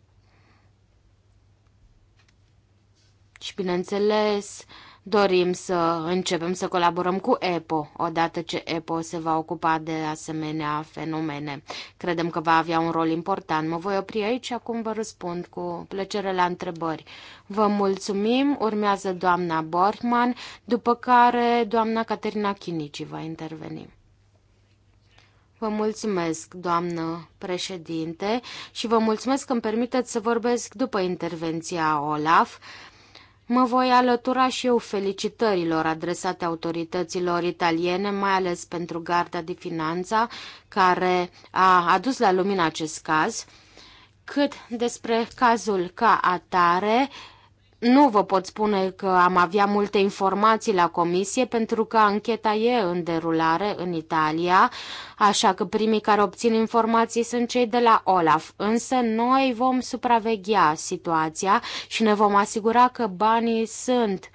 Și, bineînțeles, uh, Dorim să începem să colaborăm cu EPO, odată ce EPO se va ocupa de asemenea fenomene. Credem că va avea un rol important. Mă voi opri aici și acum vă răspund cu plăcere la întrebări. Vă mulțumim, urmează doamna Borman, după care doamna Caterina Chinici va interveni. Vă mulțumesc, doamnă președinte, și vă mulțumesc că îmi permiteți să vorbesc după intervenția Olaf. Mă voi alătura și eu felicitărilor adresate autorităților italiene, mai ales pentru Garda de Finanța, care a adus la lumină acest caz, cât despre cazul ca atare, nu vă pot spune că am avea multe informații la comisie pentru că ancheta e în derulare în Italia, așa că primii care obțin informații sunt cei de la Olaf. Însă noi vom supraveghea situația și ne vom asigura că banii sunt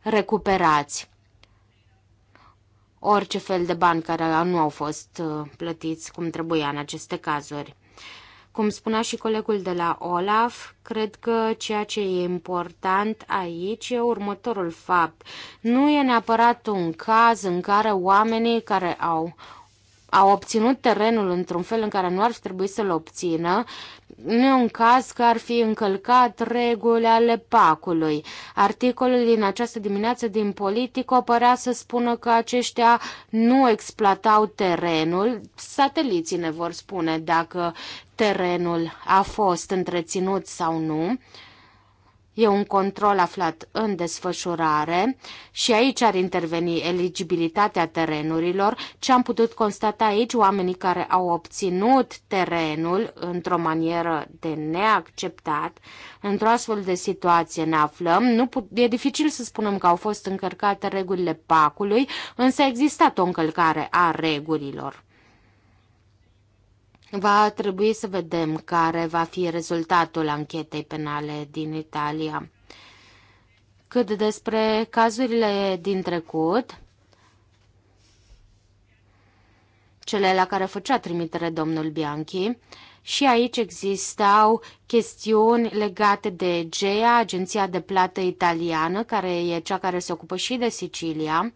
recuperați. Orice fel de bani care nu au fost uh, plătiți cum trebuia în aceste cazuri. Cum spunea și colegul de la Olaf, cred că ceea ce e important aici e următorul fapt. Nu e neapărat un caz în care oamenii care au au obținut terenul într-un fel în care nu ar fi trebuit să-l obțină, nu un caz că ar fi încălcat reguli ale pacului. Articolul din această dimineață din Politico părea să spună că aceștia nu exploatau terenul. Sateliții ne vor spune dacă terenul a fost întreținut sau nu. E un control aflat în desfășurare și aici ar interveni eligibilitatea terenurilor. Ce am putut constata aici, oamenii care au obținut terenul într-o manieră de neacceptat, într-o astfel de situație ne aflăm. Nu put, e dificil să spunem că au fost încărcate regulile pacului, însă a existat o încălcare a regulilor. Va trebui să vedem care va fi rezultatul anchetei penale din Italia. Cât despre cazurile din trecut, cele la care făcea trimitere domnul Bianchi, și aici existau chestiuni legate de GEA, Agenția de Plată Italiană, care e cea care se ocupă și de Sicilia,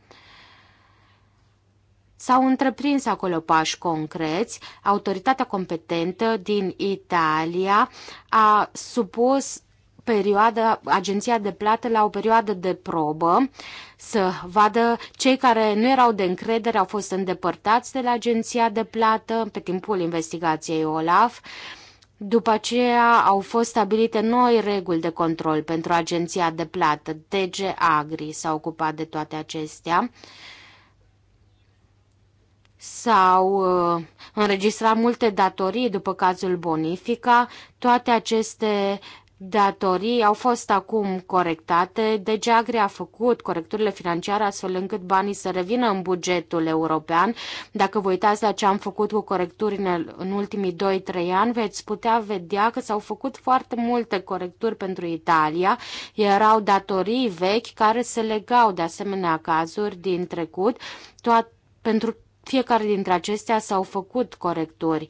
S-au întreprins acolo pași concreți. Autoritatea competentă din Italia a supus perioada, agenția de plată la o perioadă de probă să vadă cei care nu erau de încredere au fost îndepărtați de la agenția de plată pe timpul investigației OLAF. După aceea au fost stabilite noi reguli de control pentru agenția de plată. DG Agri s-a ocupat de toate acestea s-au uh, înregistrat multe datorii după cazul Bonifica. Toate aceste datorii au fost acum corectate. Deci Agri a făcut corecturile financiare astfel încât banii să revină în bugetul european. Dacă vă uitați la ce am făcut cu corecturile în ultimii 2-3 ani, veți putea vedea că s-au făcut foarte multe corecturi pentru Italia. Erau datorii vechi care se legau de asemenea cazuri din trecut. Toate pentru fiecare dintre acestea s-au făcut corecturi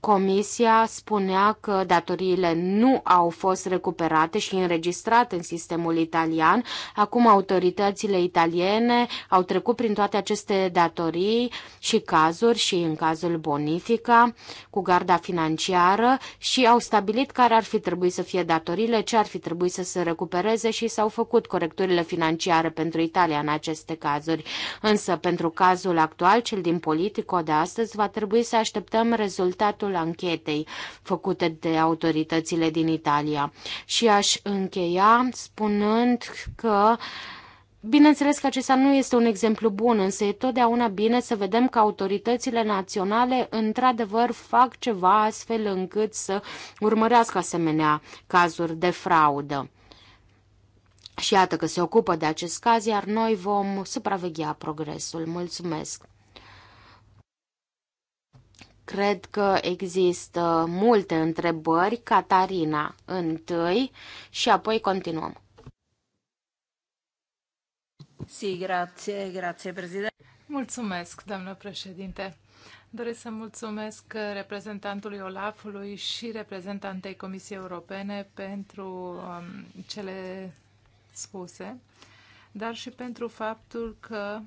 Comisia spunea că datoriile nu au fost recuperate și înregistrate în sistemul italian. Acum autoritățile italiene au trecut prin toate aceste datorii și cazuri și în cazul Bonifica cu garda financiară și au stabilit care ar fi trebuit să fie datorile, ce ar fi trebuit să se recupereze și s-au făcut corecturile financiare pentru Italia în aceste cazuri. Însă pentru cazul actual, cel din Politico de astăzi, va trebui să așteptăm rezultatul rezultatul anchetei făcute de autoritățile din Italia. Și aș încheia spunând că Bineînțeles că acesta nu este un exemplu bun, însă e totdeauna bine să vedem că autoritățile naționale într-adevăr fac ceva astfel încât să urmărească asemenea cazuri de fraudă. Și iată că se ocupă de acest caz, iar noi vom supraveghea progresul. Mulțumesc! Cred că există multe întrebări. Catarina întâi și apoi continuăm. Si, grație, grație, președinte. Mulțumesc, doamnă președinte. Doresc să mulțumesc reprezentantului Olafului și reprezentantei Comisiei Europene pentru um, cele spuse, dar și pentru faptul că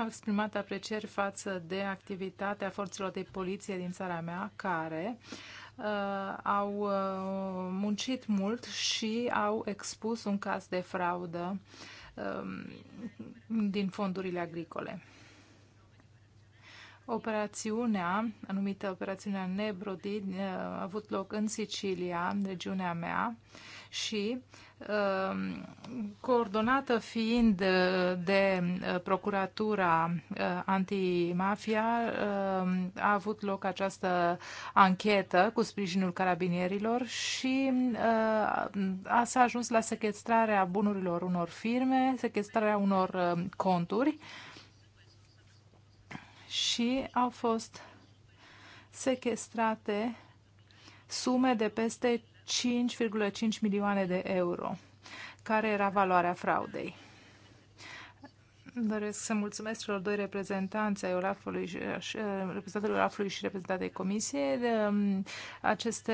au exprimat aprecieri față de activitatea forțelor de poliție din țara mea, care uh, au uh, muncit mult și au expus un caz de fraudă uh, din fondurile agricole. Operațiunea, anumită operațiunea Nebrodi, eh, a avut loc în Sicilia, în regiunea mea, și ehm, coordonată fiind eh, de eh, Procuratura Antimafia, ehm, a avut loc această anchetă cu sprijinul carabinierilor și a s-a ajuns la sequestrarea bunurilor unor firme, sequestrarea unor conturi, și au fost sequestrate sume de peste 5,5 milioane de euro, care era valoarea fraudei. Doresc să mulțumesc celor doi reprezentanți ai Olafului, reprezentantului Olafului și reprezentantei Comisiei. Um, aceste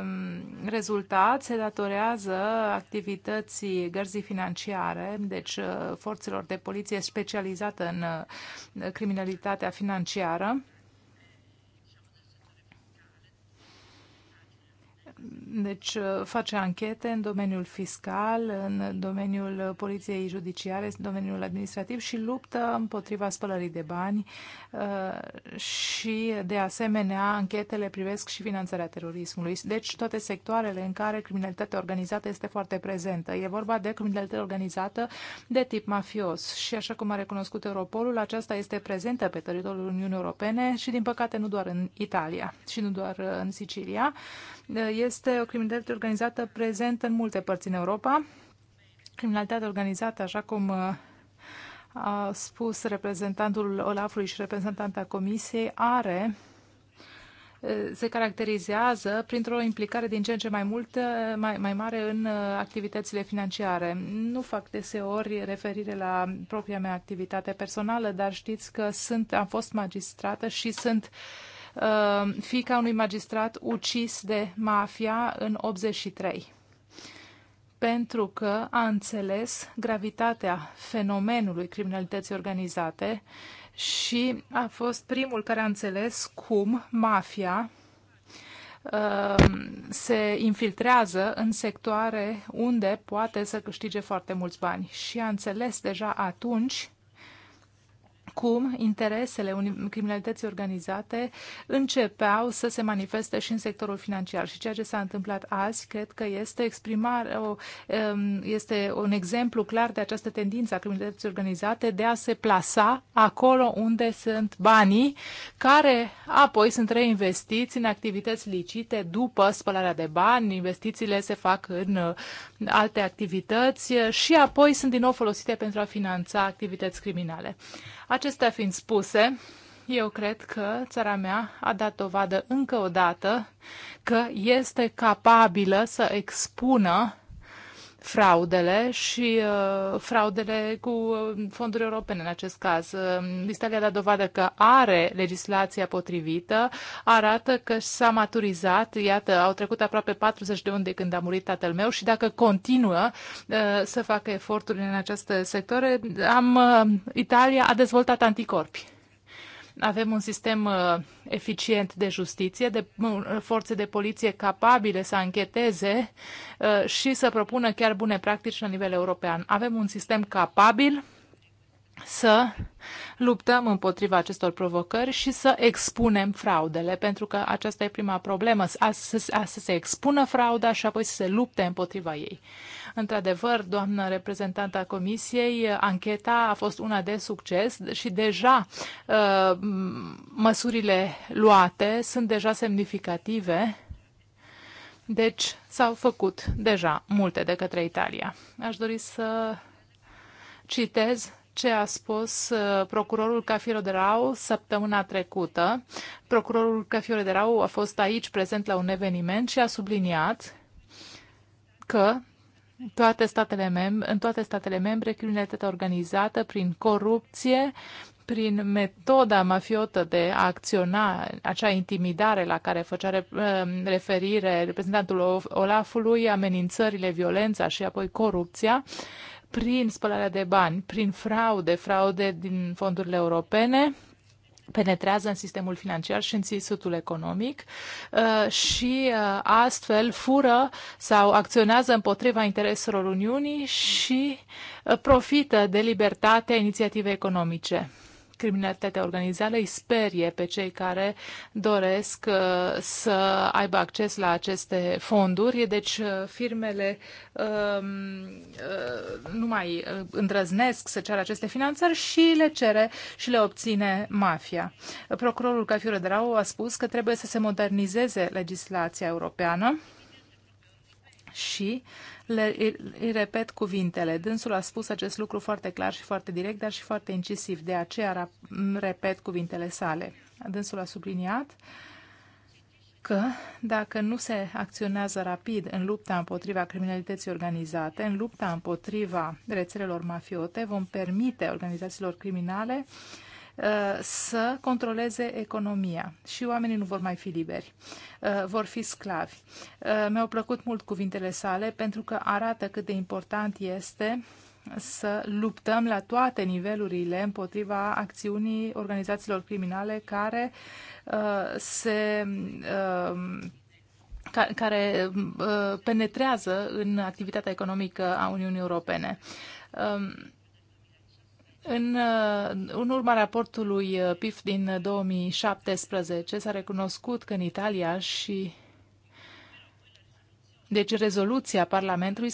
um, rezultate se datorează activității gărzii financiare, deci uh, forțelor de poliție specializată în uh, criminalitatea financiară deci uh, face anchete în domeniul fiscal, în domeniul poliției judiciare, în domeniul administrativ și luptă împotriva spălării de bani uh, și, de asemenea, anchetele privesc și finanțarea terorismului. Deci toate sectoarele în care criminalitatea organizată este foarte prezentă. E vorba de criminalitate organizată de tip mafios și, așa cum a recunoscut Europolul, aceasta este prezentă pe teritoriul Uniunii Europene și, din păcate, nu doar în Italia și nu doar uh, în Sicilia, este o criminalitate organizată prezentă în multe părți în Europa. Criminalitatea organizată, așa cum uh, a spus reprezentantul Olafului și reprezentanta Comisiei, are uh, se caracterizează printr-o implicare din ce în ce mai mult, uh, mai, mai mare în activitățile financiare. Nu fac deseori referire la propria mea activitate personală, dar știți că sunt, am fost magistrată și sunt uh, uh, fica unui magistrat ucis de mafia în 83 pentru că a înțeles gravitatea fenomenului criminalității organizate și a fost primul care a înțeles cum mafia uh, se infiltrează în sectoare unde poate să câștige foarte mulți bani. Și a înțeles deja atunci cum interesele criminalității organizate începeau să se manifeste și în sectorul financiar. Și ceea ce s-a întâmplat azi, cred că este exprimare, o, um, este un exemplu clar de această tendință a criminalității organizate de a se plasa acolo unde sunt banii, care apoi sunt reinvestiți în activități licite după spălarea de bani, investițiile se fac în uh, alte activități și apoi sunt din nou folosite pentru a finanța activități criminale. Acestea fiind spuse, eu cred că țara mea a dat dovadă încă o dată că este capabilă să expună fraudele și uh, fraudele cu uh, fonduri europene în acest caz. Uh, Italia a dat dovadă că are legislația potrivită, arată că s-a maturizat, iată, au trecut aproape 40 de ani de când a murit tatăl meu și dacă continuă uh, să facă eforturi în această sectoare, am, uh, Italia a dezvoltat anticorpi. Avem un sistem uh, eficient de justiție, de uh, forțe de poliție capabile să ancheteze uh, și să propună chiar bune practici la nivel european. Avem un sistem capabil să luptăm împotriva acestor provocări și să expunem fraudele, pentru că aceasta e prima problemă, să, să se expună frauda și apoi să se lupte împotriva ei. Într-adevăr, doamnă reprezentantă a Comisiei, uh, ancheta a fost una de succes și deja uh, măsurile luate sunt deja semnificative. Deci s-au făcut deja multe de către Italia. Aș dori să citez ce a spus uh, procurorul Cafiro de Rau săptămâna trecută. Procurorul Cafiro de Rau a fost aici prezent la un eveniment și a subliniat că toate statele mem- în toate statele membre, criminalitatea organizată prin corupție, prin metoda mafiotă de a acționa, acea intimidare la care făcea um, referire reprezentantul Olafului, amenințările, violența și apoi corupția, prin spălarea de bani, prin fraude, fraude din fondurile europene, penetrează în sistemul financiar și în țesutul economic uh, și uh, astfel fură sau acționează împotriva intereselor Uniunii și uh, profită de libertatea inițiativei economice criminalitatea organizată îi sperie pe cei care doresc uh, să aibă acces la aceste fonduri, deci uh, firmele um, uh, nu mai îndrăznesc să ceară aceste finanțări și le cere și le obține mafia. Procurorul Cafiură Drau a spus că trebuie să se modernizeze legislația europeană și le, îi repet cuvintele. Dânsul a spus acest lucru foarte clar și foarte direct, dar și foarte incisiv. De aceea repet cuvintele sale. Dânsul a subliniat că dacă nu se acționează rapid în lupta împotriva criminalității organizate, în lupta împotriva rețelelor mafiote, vom permite organizațiilor criminale uh, Uh, să controleze economia și oamenii nu vor mai fi liberi, uh, vor fi sclavi. Uh, mi-au plăcut mult cuvintele sale pentru că arată cât de important este să luptăm la toate nivelurile împotriva acțiunii organizațiilor criminale care se care penetrează în activitatea economică a Uniunii Europene. Um, în, uh, în urma raportului uh, PIF din 2017 uh, s-a recunoscut că în Italia și deci rezoluția Parlamentului,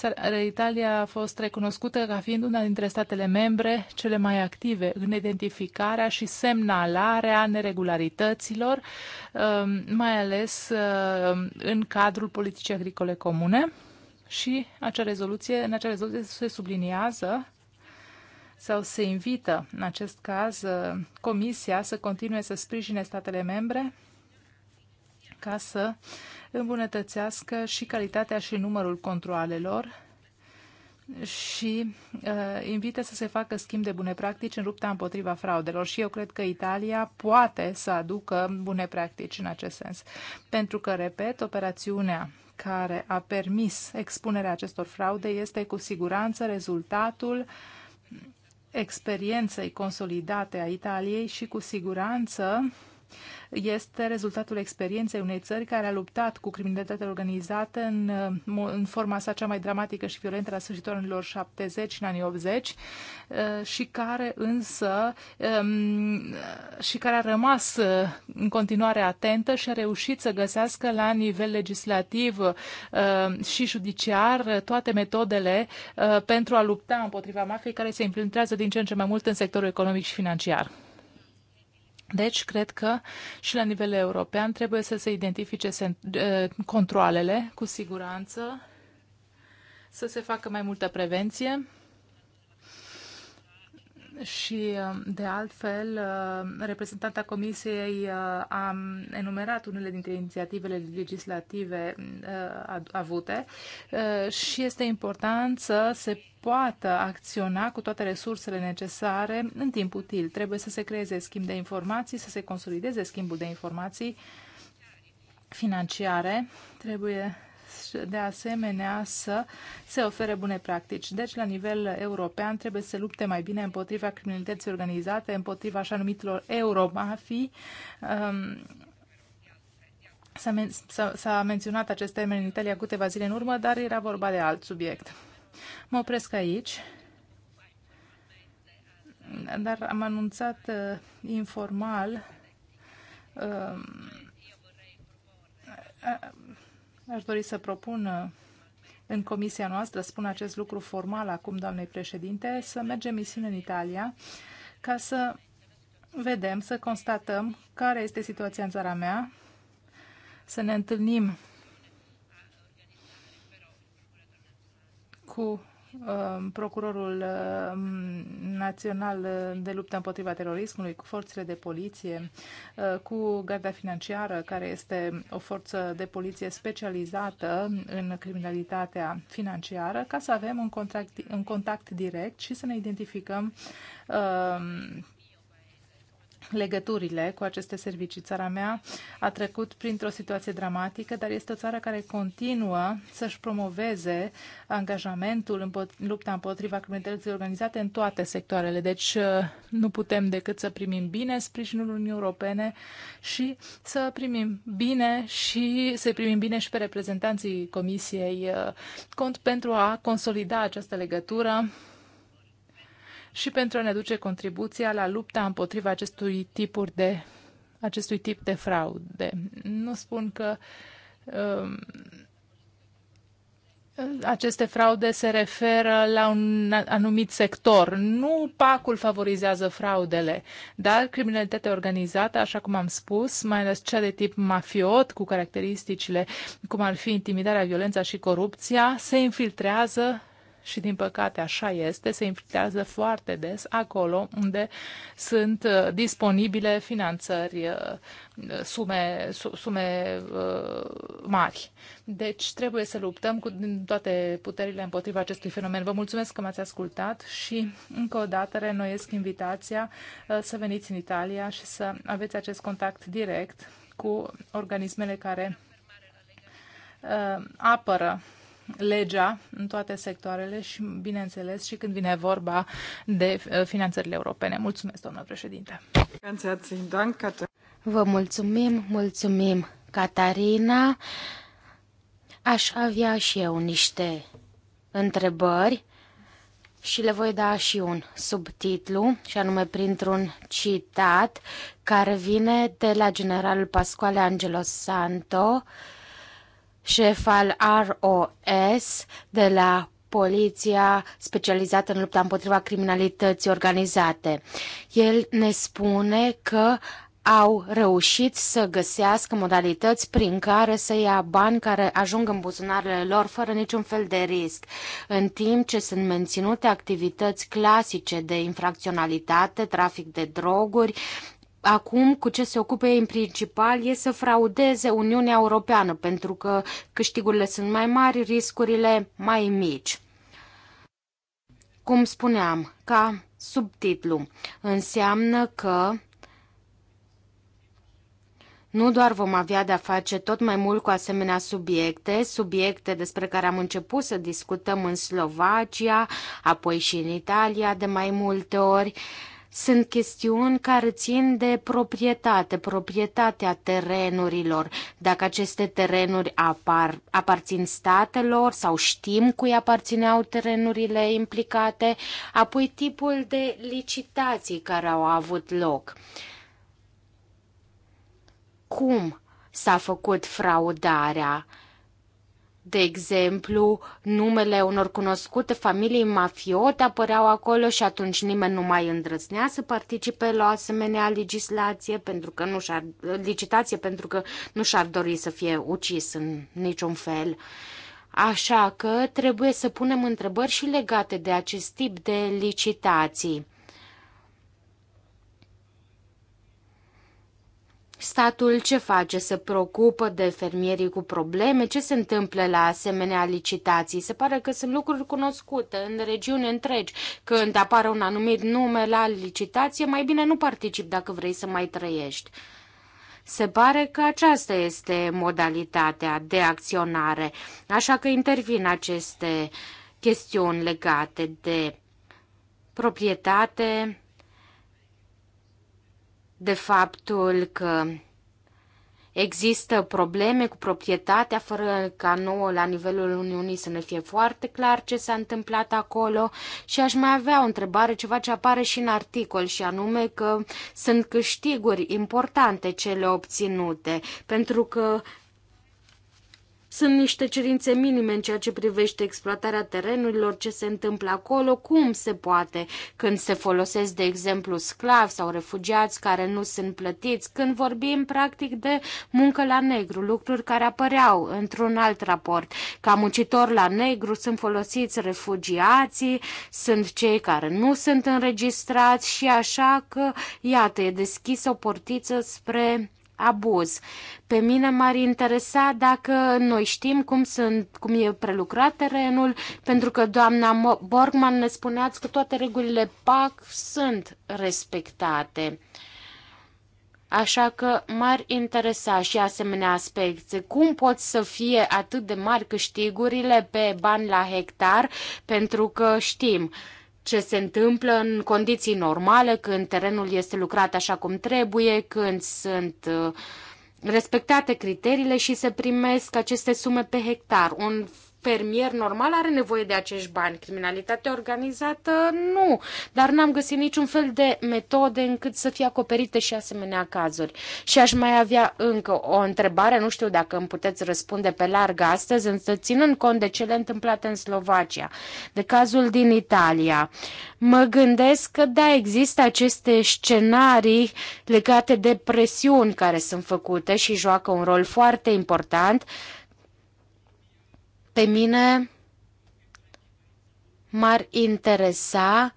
Italia a fost recunoscută ca fiind una dintre statele membre cele mai active în identificarea și semnalarea neregularităților, um, mai ales în cadrul politicii agricole comune. Și acea rezoluție, în acea rezoluție se subliniază sau se invită, în acest caz, uh, Comisia să continue să sprijine statele membre ca să îmbunătățească și calitatea și numărul controalelor și uh, invită să se facă schimb de bune practici în lupta împotriva fraudelor și eu cred că Italia poate să aducă bune practici în acest sens. Pentru că, repet, operațiunea care a permis expunerea acestor fraude este cu siguranță rezultatul uh, experienței consolidate a Italiei și cu siguranță este rezultatul experienței unei țări care a luptat cu criminalitatea organizată în, uh, în forma sa cea mai dramatică și violentă la sfârșitul anilor 70 și în anii 80 uh, și care însă um, și care a rămas uh, în continuare atentă și a reușit să găsească la nivel legislativ și judiciar toate metodele pentru a lupta împotriva mafiei care se infiltrează din ce în ce mai mult în sectorul economic și financiar. Deci, cred că și la nivel european trebuie să se identifice controlele cu siguranță, să se facă mai multă prevenție și, uh, de altfel, uh, reprezentanta Comisiei uh, a enumerat unele dintre inițiativele legislative avute și este important să se poată acționa cu toate resursele necesare în timp util. Trebuie să se creeze schimb de informații, să se consolideze schimbul de informații financiare. Trebuie de asemenea să se ofere bune practici. Deci, la nivel european, trebuie să lupte mai bine împotriva criminalității organizate, împotriva așa numitelor euromafii. Um, s-a menționat acest termen în Italia câteva zile în urmă, dar era vorba de alt subiect. Mă opresc aici dar am anunțat uh, informal uh, Aș dori să propun uh, în comisia noastră, spun acest lucru formal acum, doamnei președinte, să mergem misiune în Italia ca să vedem, să constatăm care este situația în țara mea, să ne întâlnim cu Um, procurorul um, Național de Luptă împotriva terorismului, cu forțele de poliție, uh, cu Garda Financiară, care este o forță de poliție specializată în criminalitatea financiară, ca să avem un contact, un contact direct și să ne identificăm um, legăturile cu aceste servicii. Țara mea a trecut printr-o situație dramatică, dar este o țară care continuă să-și promoveze angajamentul în lupta împotriva criminalității organizate în toate sectoarele. Deci uh, nu putem decât să primim bine sprijinul Uniunii Europene și să primim bine și să primim bine și pe reprezentanții Comisiei uh, Cont pentru a consolida această legătură și pentru a ne duce contribuția la lupta împotriva acestui tipuri de acestui tip de fraude. Nu spun că um, aceste fraude se referă la un anumit sector. Nu pacul favorizează fraudele, dar criminalitatea organizată, așa cum am spus, mai ales cea de tip mafiot, cu caracteristicile cum ar fi intimidarea, violența și corupția, se infiltrează și din păcate așa este, se infiltrează foarte des acolo unde sunt uh, disponibile finanțări, uh, sume, sume uh, mari. Deci trebuie să luptăm cu toate puterile împotriva acestui fenomen. Vă mulțumesc că m-ați ascultat și încă o dată renoiesc invitația să veniți în Italia și să aveți acest contact direct cu organismele care apără legea în toate sectoarele și, bineînțeles, și când vine vorba de uh, finanțările europene. Mulțumesc, doamnă președinte! Vă mulțumim, mulțumim, Catarina! Aș avea și eu niște întrebări și le voi da și un subtitlu, și anume printr-un citat care vine de la generalul Pasquale Angelo Santo, uh, șef al ROS de la poliția specializată în lupta împotriva criminalității organizate. El ne spune că au reușit să găsească modalități prin care să ia bani care ajung în buzunarele lor fără niciun fel de risc, în timp ce sunt menținute activități clasice de infracționalitate, trafic de droguri, acum cu ce se ocupe ei în principal e să fraudeze Uniunea Europeană, pentru că câștigurile sunt mai mari, riscurile mai mici. Cum spuneam, ca subtitlu, înseamnă că nu doar vom avea de-a face tot mai mult cu asemenea subiecte, subiecte despre care am început să discutăm în Slovacia, apoi și în Italia de mai multe ori, sunt chestiuni care țin de proprietate, proprietatea terenurilor. Dacă aceste terenuri apar, aparțin statelor sau știm cui aparțineau terenurile implicate, apoi tipul de licitații care au avut loc. Cum s-a făcut fraudarea? De exemplu, numele unor cunoscute familii mafiote apăreau acolo și atunci nimeni nu mai îndrăznea să participe la o asemenea legislație pentru că nu și-ar, licitație pentru că nu și-ar dori să fie ucis în niciun fel. Așa că trebuie să punem întrebări și legate de acest tip de licitații. statul ce face, se preocupă de fermierii cu probleme, ce se întâmplă la asemenea licitații. Se pare că sunt lucruri cunoscute în regiune întregi. Când apare un anumit nume la licitație, mai bine nu particip dacă vrei să mai trăiești. Se pare că aceasta este modalitatea de acționare, așa că intervin aceste chestiuni legate de proprietate, de faptul că există probleme cu proprietatea, fără ca nouă la nivelul Uniunii să ne fie foarte clar ce s-a întâmplat acolo și aș mai avea o întrebare, ceva ce apare și în articol și anume că sunt câștiguri importante cele obținute, pentru că sunt niște cerințe minime în ceea ce privește exploatarea terenurilor, ce se întâmplă acolo, cum se poate când se folosesc, de exemplu, sclavi sau refugiați care nu sunt plătiți, când vorbim practic de muncă la negru, lucruri care apăreau într-un alt raport. Ca mucitor la negru sunt folosiți refugiații, sunt cei care nu sunt înregistrați și așa că, iată, e deschisă o portiță spre abuz. Pe mine m-ar interesa dacă noi știm cum, sunt, cum e prelucrat terenul, pentru că doamna Borgman ne spuneați că toate regulile PAC sunt respectate. Așa că m-ar interesa și asemenea aspecte. Cum pot să fie atât de mari câștigurile pe bani la hectar? Pentru că știm, uh, ce se întâmplă în condiții normale, când terenul este lucrat așa cum trebuie, când sunt uh, respectate criteriile și se primesc aceste sume pe hectar, un fermier normal are nevoie de acești bani. Criminalitatea organizată nu, dar n-am găsit niciun fel de metode încât să fie acoperite și asemenea cazuri. Și aș mai avea încă o întrebare, nu știu dacă îmi puteți răspunde pe larg astăzi, însă ținând cont de cele întâmplate în Slovacia, de cazul din Italia. Mă gândesc că da, există aceste scenarii legate de presiuni care sunt făcute și joacă un rol foarte important, pe mine m-ar interesa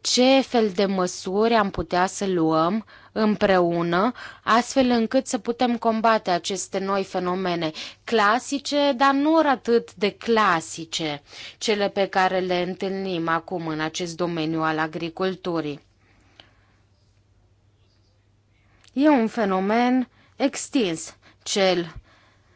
ce fel de măsuri am putea să luăm împreună, astfel încât să putem combate aceste noi fenomene clasice, dar nu atât de clasice, cele pe care le întâlnim acum în acest domeniu al agriculturii. E un fenomen extins, cel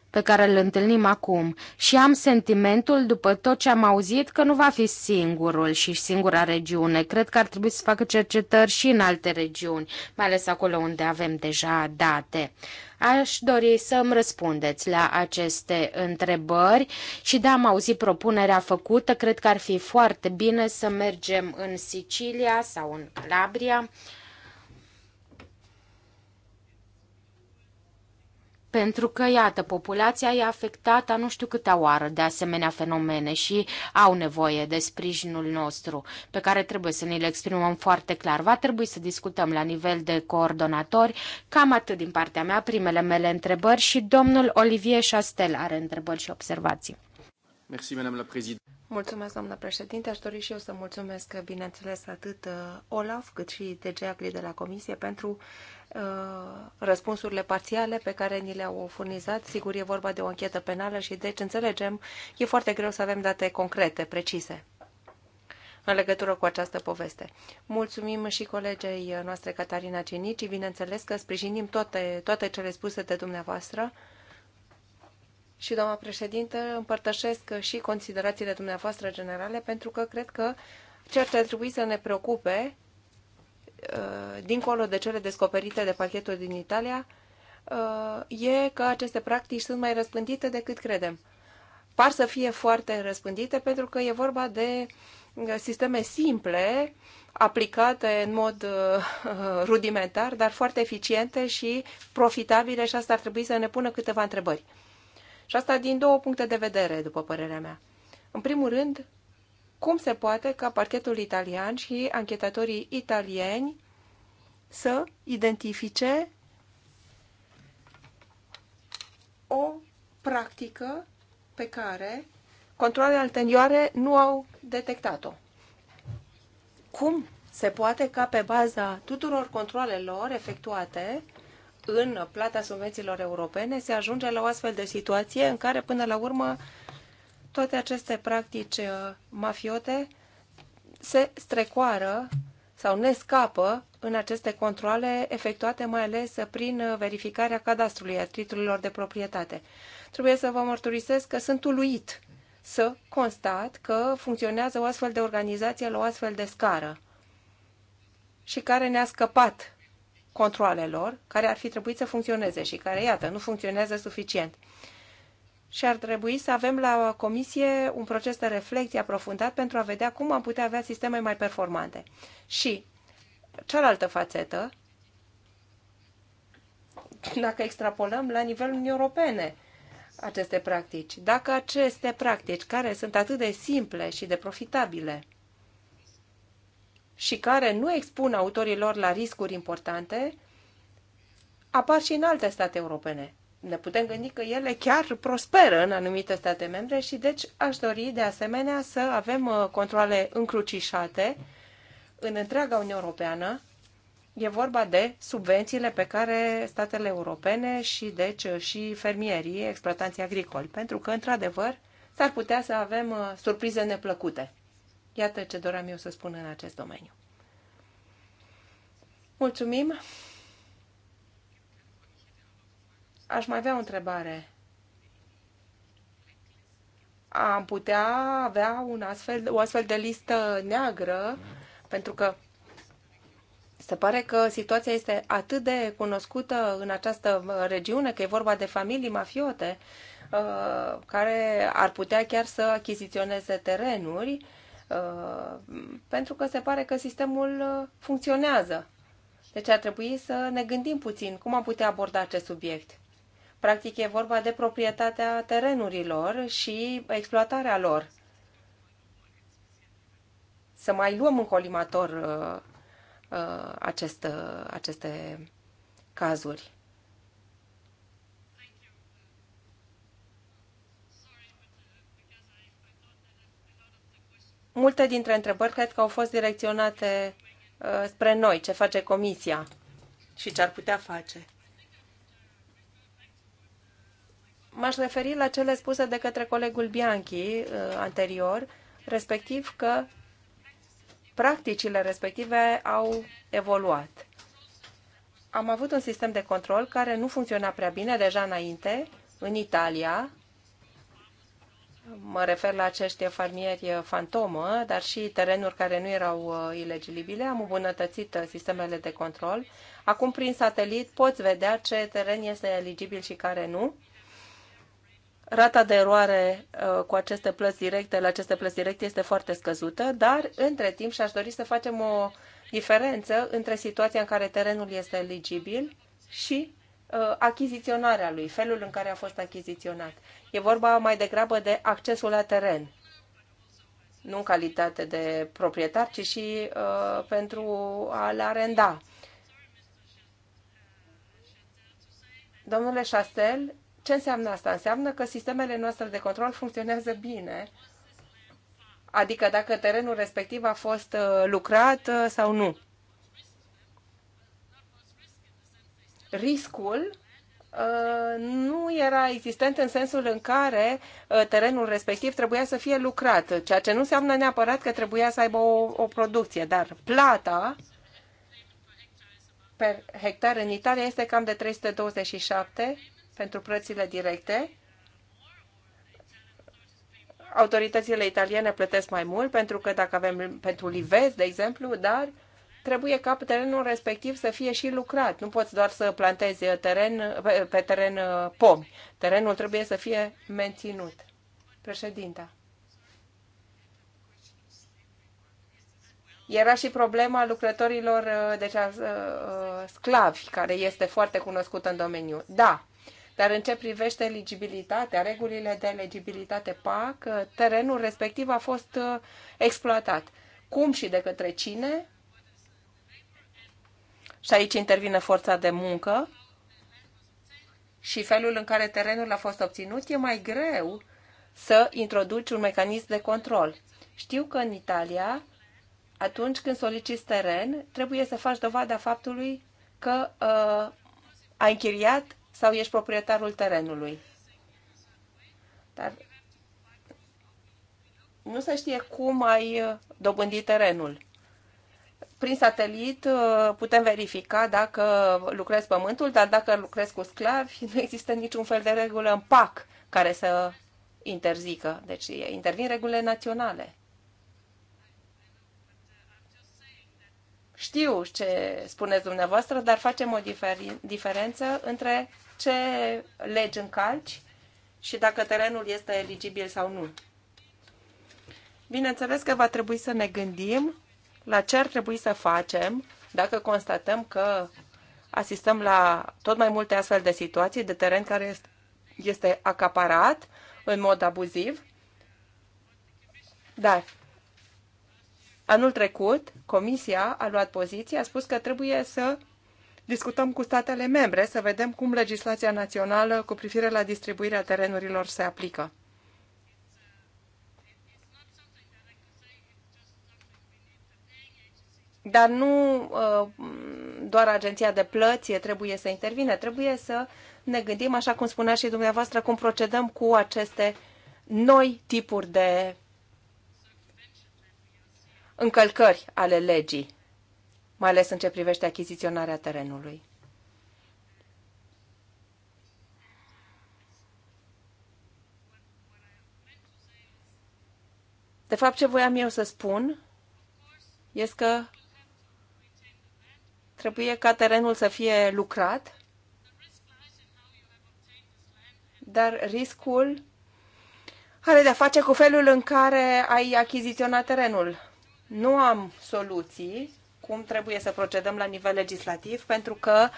pe care îl întâlnim acum și am sentimentul, după tot ce am auzit, că nu va fi singurul și singura regiune. Cred că ar trebui să facă cercetări și în alte regiuni, mai ales acolo unde avem deja date. Aș dori să îmi răspundeți la aceste întrebări și da, am auzit propunerea făcută, cred că ar fi foarte bine să mergem în Sicilia sau în Calabria pentru că, iată, populația e afectată nu știu câtea oară de asemenea fenomene și au nevoie de sprijinul nostru, pe care trebuie să ne-l exprimăm foarte clar. Va trebui să discutăm la nivel de coordonatori. Cam atât din partea mea, primele mele întrebări și domnul Olivier Chastel are întrebări și observații. Merci, Madame la Présidente. Mulțumesc, doamna președinte. Aș dori și eu să mulțumesc, bineînțeles, atât uh, Olaf cât și DG Agri de la Comisie pentru uh, răspunsurile parțiale pe care ni le-au furnizat. Sigur, e vorba de o anchetă penală și deci înțelegem, e foarte greu să avem date concrete, precise în legătură cu această poveste. Mulțumim și colegei noastre Catarina Cinici, bineînțeles că sprijinim toate, toate cele spuse de dumneavoastră și, doamna președintă, împărtășesc și considerațiile dumneavoastră generale, pentru că cred că ceea ce ar trebui să ne preocupe, uh, dincolo de cele descoperite de pachetul din Italia, uh, e că aceste practici sunt mai răspândite decât credem. Par să fie foarte răspândite pentru că e vorba de uh, sisteme simple, aplicate în mod rudimentar, dar foarte eficiente și profitabile și asta ar trebui să ne pună câteva întrebări. Și asta din două puncte de vedere, după părerea mea. În primul rând, cum se poate ca parchetul italian și anchetatorii italieni să identifice o practică pe care controlele anterioare nu au detectat-o. Cum se poate ca pe baza tuturor controlelor efectuate în plata subvențiilor europene, se ajunge la o astfel de situație în care, până la urmă, toate aceste practici uh, mafiote se strecoară sau ne scapă în aceste controle efectuate mai ales prin uh, verificarea cadastrului a titlurilor de proprietate. Trebuie să vă mărturisesc că sunt uluit să constat că funcționează o astfel de organizație la o astfel de scară și care ne-a scăpat controalelor care ar fi trebuit să funcționeze și care, iată, nu funcționează suficient. Și ar trebui să avem la comisie un proces de reflecție aprofundat pentru a vedea cum am putea avea sisteme mai performante. Și cealaltă fațetă, dacă extrapolăm la nivelul Uniunii Europene aceste practici, dacă aceste practici, care sunt atât de simple și de profitabile, și care nu expun autorii lor la riscuri importante, apar și în alte state europene. Ne putem gândi că ele chiar prosperă în anumite state membre și deci aș dori de asemenea să avem uh, controle încrucișate în întreaga Uniune Europeană. E vorba de subvențiile pe care statele europene și deci uh, și fermierii, exploatanții agricoli, pentru că într-adevăr s-ar putea să avem uh, surprize neplăcute. Iată ce doream eu să spun în acest domeniu. Mulțumim! Aș mai avea o întrebare. Am putea avea un astfel, o astfel de listă neagră, pentru că se pare că situația este atât de cunoscută în această regiune, că e vorba de familii mafiote uh, care ar putea chiar să achiziționeze terenuri Uh, pentru că se pare că sistemul uh, funcționează. Deci ar trebui să ne gândim puțin cum am putea aborda acest subiect. Practic e vorba de proprietatea terenurilor și exploatarea lor. Să mai luăm în colimator uh, acest, aceste cazuri. Multe dintre întrebări cred că au fost direcționate uh, spre noi, ce face Comisia și ce ar putea face. M-aș referi la cele spuse de către colegul Bianchi uh, anterior, respectiv că practicile respective au evoluat. Am avut un sistem de control care nu funcționa prea bine deja înainte, în Italia, Mă refer la acești farmieri fantomă, dar și terenuri care nu erau uh, ilegibile. Am îmbunătățit uh, sistemele de control. Acum, prin satelit, poți vedea ce teren este eligibil și care nu. Rata de eroare uh, cu aceste plăți directe, la aceste plăți directe, este foarte scăzută, dar, între timp, și-aș dori să facem o diferență între situația în care terenul este eligibil și achiziționarea lui, felul în care a fost achiziționat. E vorba mai degrabă de accesul la teren, nu în calitate de proprietar, ci și uh, pentru a-l arenda. Domnule Chastel, ce înseamnă asta? Înseamnă că sistemele noastre de control funcționează bine, adică dacă terenul respectiv a fost uh, lucrat uh, sau nu. Riscul Uh, nu era existent în sensul în care uh, terenul respectiv trebuia să fie lucrat, ceea ce nu înseamnă neapărat că trebuia să aibă o, o producție, dar plata per hectare în Italia este cam de 327 pentru prețile directe. Autoritățile italiene plătesc mai mult pentru că dacă avem pentru livezi, de exemplu, dar uh, trebuie ca terenul respectiv să fie și lucrat. Nu poți doar să plantezi teren, pe, teren uh, pomi. Terenul trebuie să fie menținut. Președinta. Era și problema lucrătorilor, uh, deci uh, sclavi, care este foarte cunoscută în domeniu. Da, dar în ce privește eligibilitatea, regulile de eligibilitate PAC, terenul respectiv a fost exploatat. Cum și de către cine? și aici intervine forța de muncă și felul în care terenul a fost obținut, e mai greu să introduci un mecanism de control. Știu că în Italia, atunci când soliciți teren, trebuie să faci dovada faptului că uh, ai închiriat sau ești proprietarul terenului. Dar nu se știe cum ai dobândit terenul prin satelit uh, putem verifica dacă lucrez pământul, dar dacă lucrez cu sclavi, nu există niciun fel de regulă în PAC care să interzică. Deci intervin regulile naționale. Știu ce spuneți dumneavoastră, dar facem o diferi- diferență între ce legi încalci și dacă terenul este eligibil sau nu. Bineînțeles că va trebui să ne gândim la ce ar trebui să facem dacă constatăm că asistăm la tot mai multe astfel de situații de teren care este acaparat în mod abuziv. Dar anul trecut, Comisia a luat poziție, a spus că trebuie să discutăm cu statele membre, să vedem cum legislația națională cu privire la distribuirea terenurilor se aplică. Dar nu uh, doar agenția de plăți trebuie să intervine, trebuie să ne gândim, așa cum spunea și dumneavoastră, cum procedăm cu aceste noi tipuri de încălcări ale legii, mai ales în ce privește achiziționarea terenului. De fapt, ce voiam eu să spun este că Trebuie ca terenul să fie lucrat, dar riscul are de-a face cu felul în care ai achiziționat terenul. Nu am soluții cum trebuie să procedăm la nivel legislativ, pentru că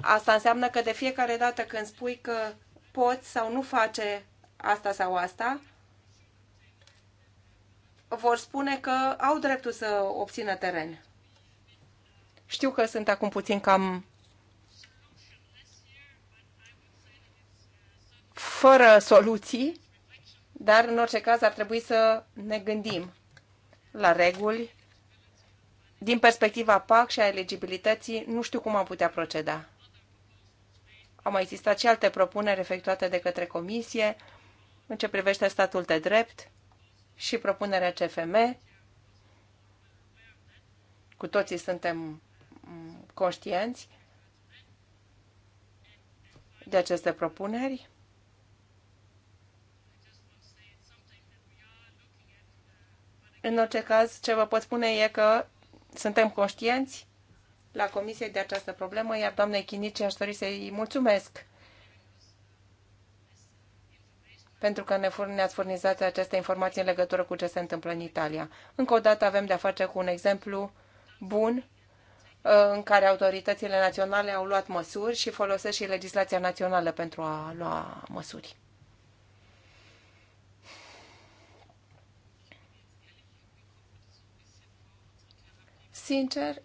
asta înseamnă că de fiecare dată când spui că poți sau nu face asta sau asta, vor spune că au dreptul să obțină teren. Știu că sunt acum puțin cam fără soluții, dar în orice caz ar trebui să ne gândim la reguli. Din perspectiva PAC și a eligibilității, nu știu cum am putea proceda. Au mai existat și alte propuneri efectuate de către Comisie în ce privește statul de drept și propunerea CFM. Cu toții suntem conștienți de aceste propuneri. În orice caz, ce vă pot spune e că suntem conștienți la comisie de această problemă, iar doamnei Chinici aș dori să-i mulțumesc pentru că ne ne-ați furnizat aceste informații în legătură cu ce se întâmplă în Italia. Încă o dată avem de-a face cu un exemplu bun în care autoritățile naționale au luat măsuri și folosesc și legislația națională pentru a lua măsuri. Sincer,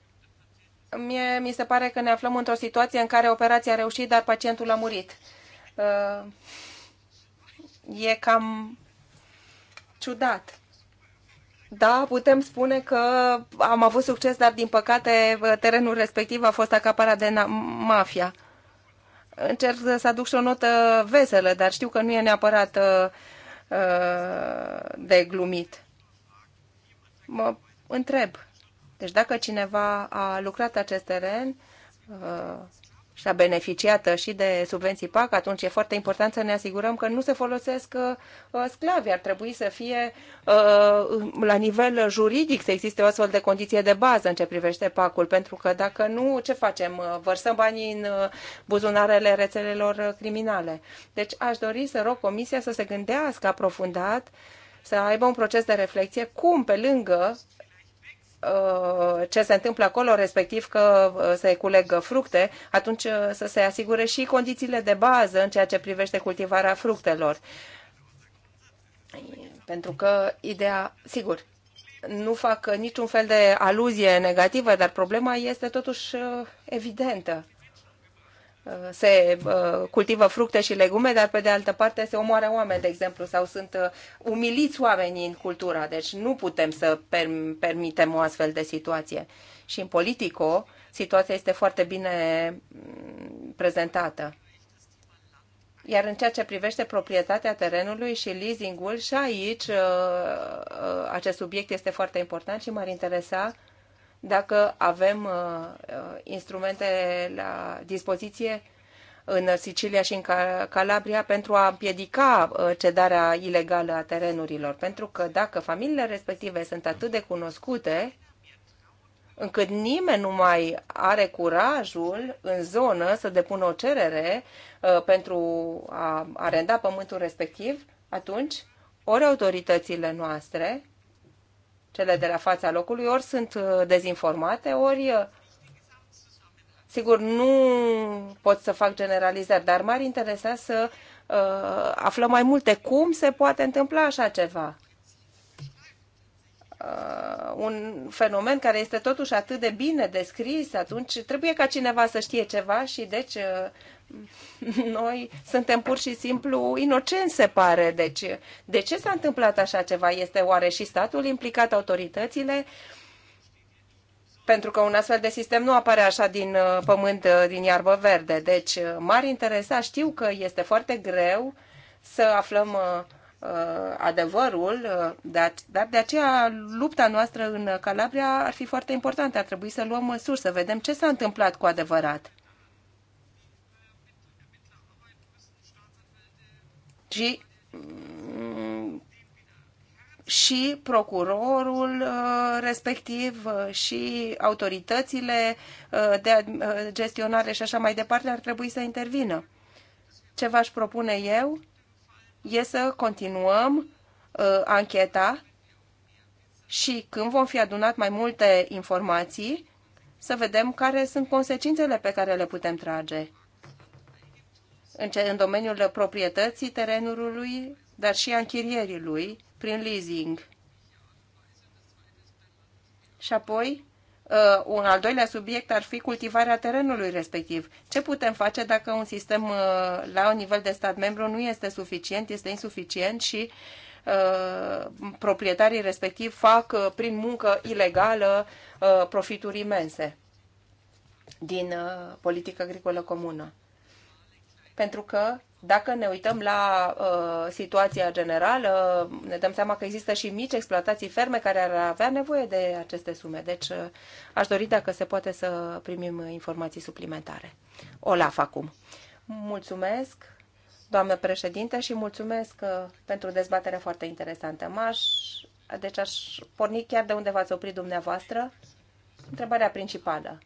mie mi se pare că ne aflăm într-o situație în care operația a reușit, dar pacientul a murit. Uh, e cam ciudat. Da, putem spune că am avut succes, dar din păcate terenul respectiv a fost acaparat de mafia. Încerc să aduc și o notă veselă, dar știu că nu e neapărat uh, uh de glumit. Mă întreb. Deci dacă cineva a lucrat acest teren, uh, și a beneficiat și de subvenții PAC, atunci e foarte important să ne asigurăm că nu se folosesc uh, uh, sclavi. Ar trebui să fie uh, la nivel juridic să existe o astfel de condiție de bază în ce privește PAC-ul, pentru că dacă nu, ce facem? Vărsăm banii în buzunarele rețelelor criminale. Deci aș dori să rog Comisia să se gândească aprofundat să aibă un proces de reflexie cum, pe lângă Uh, ce se întâmplă acolo, respectiv că uh, se culeg fructe, atunci uh, să se asigure și condițiile de bază în ceea ce privește cultivarea fructelor. Pentru că ideea, sigur, nu fac niciun fel de aluzie negativă, dar problema este totuși evidentă se uh, cultivă fructe și legume, dar pe de altă parte se omoară oameni, de exemplu, sau sunt uh, umiliți oamenii în cultura. Deci nu putem să permitem o astfel de situație. Și în Politico, situația este foarte bine mm, prezentată. Iar în ceea ce privește proprietatea terenului și leasingul, și aici uh, acest subiect este foarte important și m-ar interesa dacă avem uh, uh, instrumente la dispoziție în Sicilia și în Calabria pentru a împiedica uh, cedarea ilegală a terenurilor. Pentru că dacă familiile respective sunt atât de cunoscute, încât nimeni nu mai are curajul în zonă să depună o cerere pentru a arenda pământul respectiv, atunci ori autoritățile noastre cele de la fața locului, ori sunt uh, dezinformate, ori uh, Sigur, nu pot să fac generalizări, dar m-ar interesa să uh, aflăm mai multe. Cum se poate întâmpla așa ceva? Uh, un fenomen care este totuși atât de bine descris, atunci trebuie ca cineva să știe ceva și deci uh, noi suntem pur și simplu inocenți, se pare. Deci, de ce s-a întâmplat așa ceva? Este oare și statul implicat, autoritățile? Pentru că un astfel de sistem nu apare așa din uh, pământ, uh, din iarbă verde. Deci, uh, m-ar interesa, știu că este foarte greu să aflăm adevărul, dar de aceea lupta noastră în Calabria ar fi foarte importantă. Ar trebui să luăm măsuri, să vedem ce s-a întâmplat cu adevărat. și mm, și procurorul uh, respectiv uh, și autoritățile uh, de gestionare și așa mai departe ar trebui să intervină. Ce v-aș propune eu e să continuăm ancheta și când vom fi adunat mai multe informații, să vedem care sunt consecințele pe care le putem trage în, ce, în domeniul proprietății terenului, dar și a închirierii lui prin leasing. Și apoi, uh, un al doilea subiect ar fi cultivarea terenului respectiv. Ce putem face dacă un sistem uh, la un nivel de stat membru nu este suficient, este insuficient și uh, proprietarii respectiv fac uh, prin muncă ilegală profituri imense din politică agricolă comună pentru că dacă ne uităm la uh, situația generală, ne dăm seama că există și mici exploatații ferme care ar avea nevoie de aceste sume. Deci uh, aș dori dacă se poate să primim informații suplimentare. Olaf acum. Mulțumesc, doamnă președinte, și mulțumesc uh, pentru dezbaterea foarte interesantă. M-aș, deci aș porni chiar de unde v-ați oprit dumneavoastră. Întrebarea principală.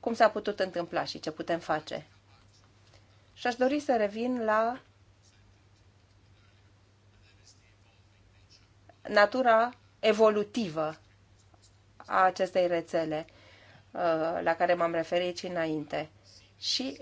Cum s-a putut întâmpla și ce putem face? Și aș dori să revin la natura evolutivă a acestei rețele uh, la care m-am referit și înainte. Și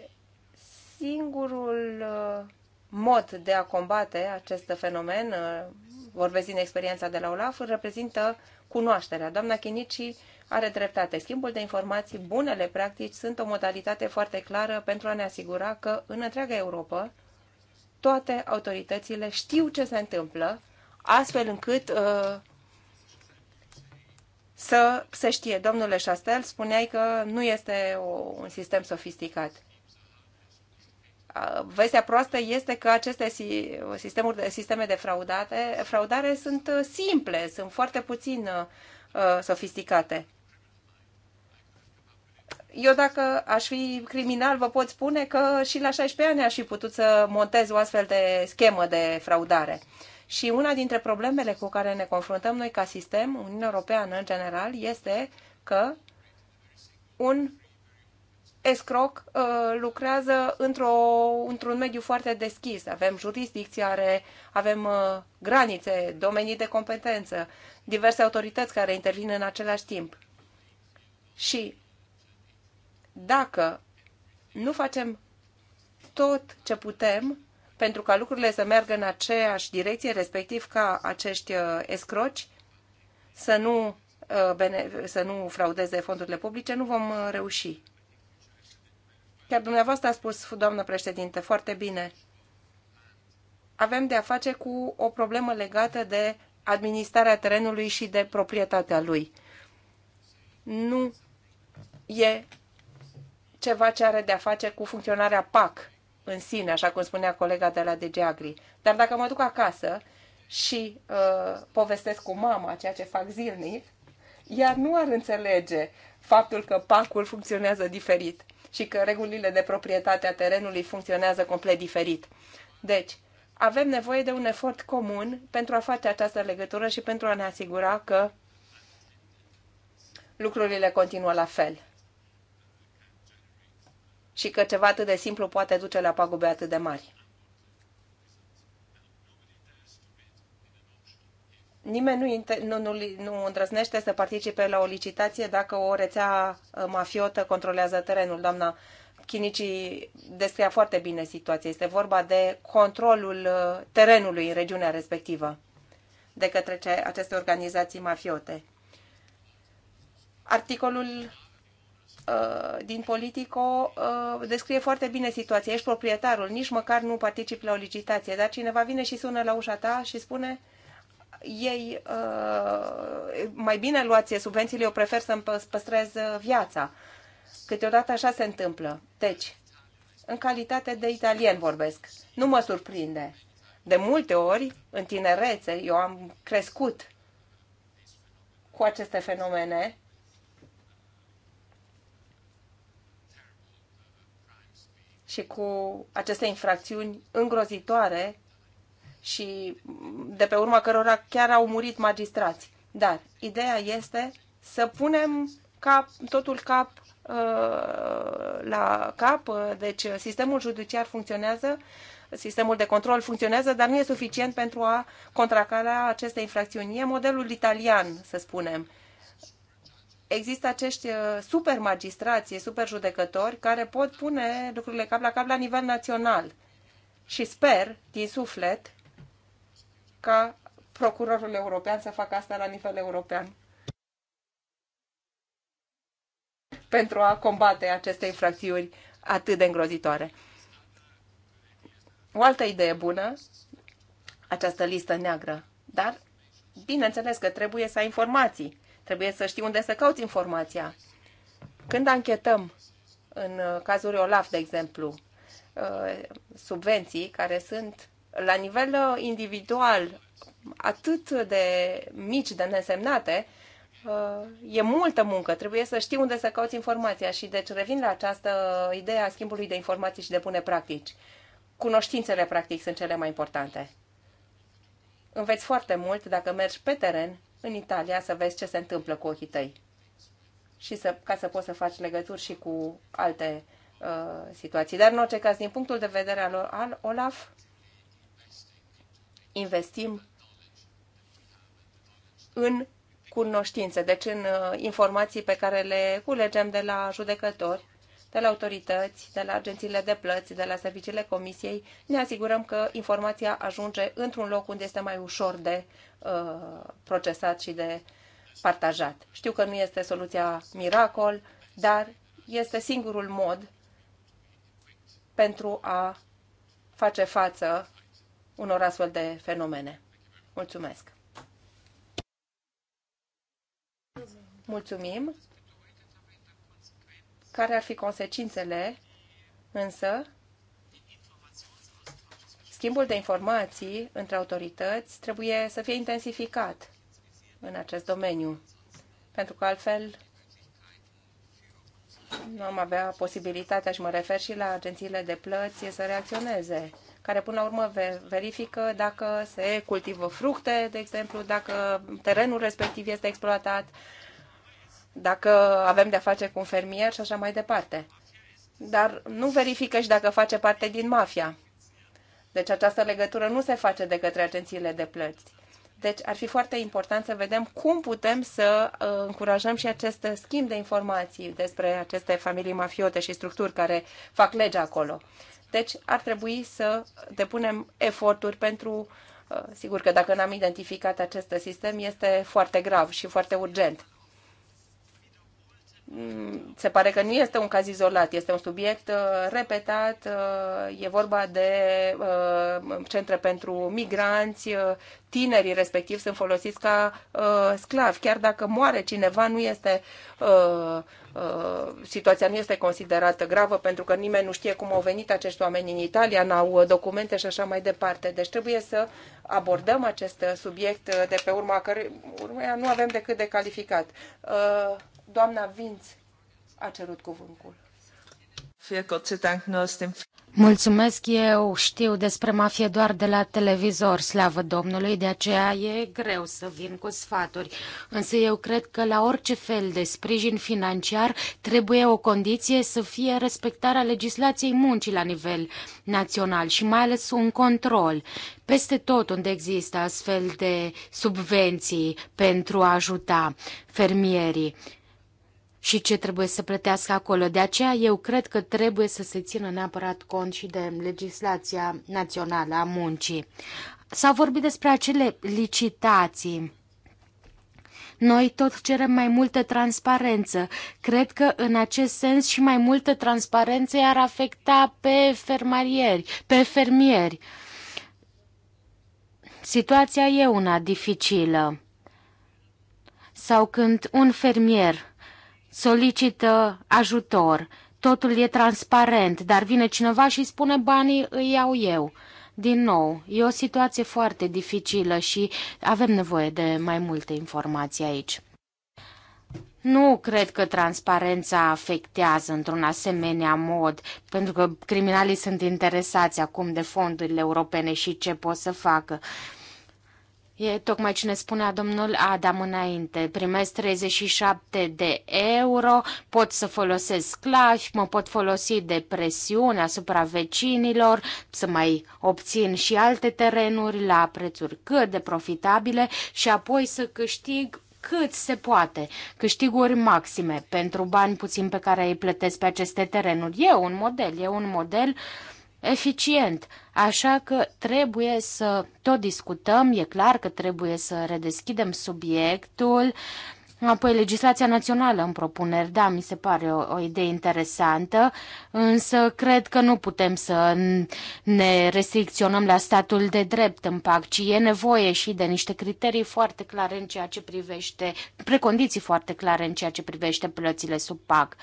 singurul uh, mod de a combate acest fenomen, uh, vorbesc din experiența de la OLAF, reprezintă cunoașterea. Doamna Chinici are dreptate. Schimbul de informații, bunele practici sunt o modalitate foarte clară pentru a ne asigura că în întreaga Europa toate autoritățile știu ce se întâmplă, astfel încât uh, să se știe. Domnule Chastel, spuneai că nu este o, un sistem sofisticat. Uh, vestea proastă este că aceste sistemuri, sisteme de fraudate, fraudare sunt uh, simple, sunt foarte puțin uh, sofisticate eu dacă aș fi criminal, vă pot spune că și la 16 ani aș fi putut să montez o astfel de schemă de fraudare. Și una dintre problemele cu care ne confruntăm noi ca sistem, Uniunea Europeană în general, este că un escroc uh, lucrează într-o, într-un mediu foarte deschis. Avem jurisdicție, are, avem uh, granițe, domenii de competență, diverse autorități care intervin în același timp. Și dacă nu facem tot ce putem pentru ca lucrurile să meargă în aceeași direcție, respectiv ca acești uh, escroci să nu, uh, să nu fraudeze fondurile publice, nu vom uh, reuși. Chiar dumneavoastră a spus, doamnă președinte, foarte bine. Avem de a face cu o problemă legată de administrarea terenului și de proprietatea lui. Nu e ceva ce are de-a face cu funcționarea PAC în sine, așa cum spunea colega de la DG Agri. Dar dacă mă duc acasă și uh, povestesc cu mama ceea ce fac zilnic, ea nu ar înțelege faptul că PAC-ul funcționează diferit și că regulile de proprietate a terenului funcționează complet diferit. Deci, avem nevoie de un efort comun pentru a face această legătură și pentru a ne asigura că lucrurile continuă la fel și că ceva atât de simplu poate duce la pagube atât de mari. Nimeni nu, nu, nu îndrăznește să participe la o licitație dacă o rețea uh, mafiotă controlează terenul. Doamna Chinici descria foarte bine situația. Este vorba de controlul uh, terenului în regiunea respectivă de către aceste organizații mafiote. Articolul Uh, din Politico uh, descrie foarte bine situația. Ești proprietarul, nici măcar nu participi la o licitație, dar cineva vine și sună la ușa ta și spune ei uh, mai bine luați subvențiile, eu prefer să-mi păstrez viața. Câteodată așa se întâmplă. Deci, în calitate de italien vorbesc. Nu mă surprinde. De multe ori, în tinerețe, eu am crescut cu aceste fenomene și cu aceste infracțiuni îngrozitoare și de pe urma cărora chiar au murit magistrați. Dar ideea este să punem cap, totul cap uh, la cap, uh, deci sistemul judiciar funcționează, sistemul de control funcționează, dar nu e suficient pentru a contracara aceste infracțiuni. E modelul italian, să spunem există acești uh, super magistrații, super judecători care pot pune lucrurile cap la cap la nivel național. Și sper din suflet ca procurorul european să facă asta la nivel european pentru a combate aceste infracțiuni atât de îngrozitoare. O altă idee bună, această listă neagră, dar bineînțeles că trebuie să ai informații Trebuie să știi unde să cauți informația. Când anchetăm, în uh, cazuri OLAF, de exemplu, uh, subvenții care sunt la nivel uh, individual atât de mici, de nesemnate, e multă muncă, trebuie să știi unde să cauți informația și deci revin la această idee a schimbului de informații și de bune practici. Cunoștințele practic sunt cele mai importante. Înveți foarte mult dacă mergi pe teren în Italia să vezi ce se întâmplă cu ochii tăi și să, ca să poți să faci legături și cu alte uh, situații. Dar, în orice caz, din punctul de vedere al, al OLAF, investim în cunoștințe, deci în uh, informații pe care le culegem de la judecători de la autorități, de la agențiile de plăți, de la serviciile comisiei, ne asigurăm că informația ajunge într-un loc unde este mai ușor de uh, procesat și de partajat. Știu că nu este soluția miracol, dar este singurul mod pentru a face față unor astfel de fenomene. Mulțumesc! Mulțumim! care ar fi consecințele, însă schimbul de informații între autorități trebuie să fie intensificat în acest domeniu, pentru că altfel nu am avea posibilitatea, și mă refer și la agențiile de plăți, să reacționeze, care până la urmă verifică dacă se cultivă fructe, de exemplu, dacă terenul respectiv este exploatat, dacă avem de-a face cu un fermier și așa mai departe. Dar nu verifică și dacă face parte din mafia. Deci această legătură nu se face de către agențiile de plăți. Deci ar fi foarte important să vedem cum putem să uh, încurajăm și acest schimb de informații despre aceste familii mafiote și structuri care fac legea acolo. Deci ar trebui să depunem eforturi pentru, uh, sigur că dacă n-am identificat acest sistem, este foarte grav și foarte urgent. Mm, se pare că nu este un caz izolat, este un subiect uh, repetat, uh, e vorba de uh, centre pentru migranți, tinerii respectiv sunt folosiți ca sclavi. Chiar dacă moare cineva, nu este, situația nu este considerată gravă pentru că nimeni nu știe cum au venit acești oameni în Italia, n-au documente și așa mai departe. Deci trebuie să abordăm acest subiect de pe urma cărui nu avem decât de calificat. Doamna Vinț a cerut cuvântul. Mulțumesc, eu știu despre mafie doar de la televizor, slavă Domnului, de aceea e greu să vin cu sfaturi. Însă eu cred că la orice fel de sprijin financiar trebuie o condiție să fie respectarea legislației muncii la nivel național și mai ales un control. Peste tot unde există astfel de subvenții pentru a ajuta fermierii și ce trebuie să plătească acolo. De aceea eu cred că trebuie să se țină neapărat cont și de legislația națională a muncii. S-a vorbit despre acele licitații. Noi tot cerem mai multă transparență. Cred că în acest sens și mai multă transparență i-ar afecta pe fermarieri, pe fermieri. Situația e una dificilă. Sau când un fermier solicită ajutor, totul e transparent, dar vine cineva și spune banii îi iau eu. Din nou, e o situație foarte dificilă și avem nevoie de mai multe informații aici. Nu cred că transparența afectează într-un asemenea mod, pentru că criminalii sunt interesați acum de fondurile europene și ce pot să facă. E tocmai ne spunea domnul Adam înainte, primesc 37 de euro, pot să folosesc sclavi, mă pot folosi de presiune asupra vecinilor, să mai obțin și alte terenuri la prețuri cât de profitabile și apoi să câștig cât se poate, câștiguri maxime pentru bani puțin pe care îi plătesc pe aceste terenuri. E un model, e un model uh, eficient. Așa că trebuie să tot discutăm, e clar că trebuie să redeschidem subiectul. Apoi legislația națională în propuneri, da, mi se pare o, o idee interesantă, însă cred că nu putem să ne restricționăm la statul de drept în PAC, ci e nevoie și de niște criterii foarte clare în ceea ce privește, precondiții foarte clare în ceea ce privește plățile sub PAC.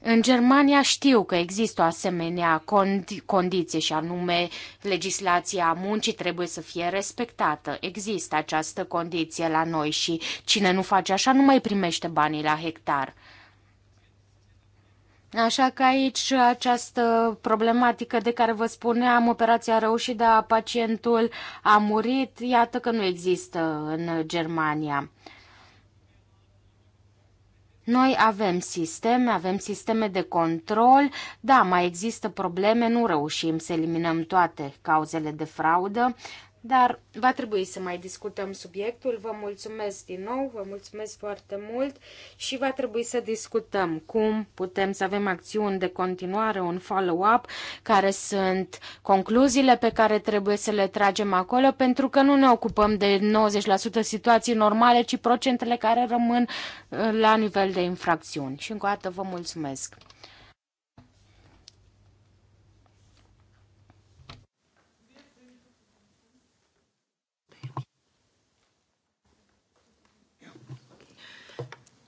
În Germania știu că există o asemenea condi- condiție și anume legislația muncii trebuie să fie respectată. Există această condiție la noi și cine nu face așa nu mai primește banii la hectar. Așa că aici această problematică de care vă spuneam, operația dar pacientul a murit, iată că nu există în Germania. Noi avem sisteme, avem sisteme de control, da, mai există probleme, nu reușim să eliminăm toate cauzele de fraudă, dar va trebui să mai discutăm subiectul. Vă mulțumesc din nou, vă mulțumesc foarte mult și va trebui să discutăm cum putem să avem acțiuni de continuare, un follow-up, care sunt concluziile pe care trebuie să le tragem acolo, pentru că nu ne ocupăm de 90% situații normale, ci procentele care rămân uh, la nivel de infracțiuni. Și încă o dată vă mulțumesc.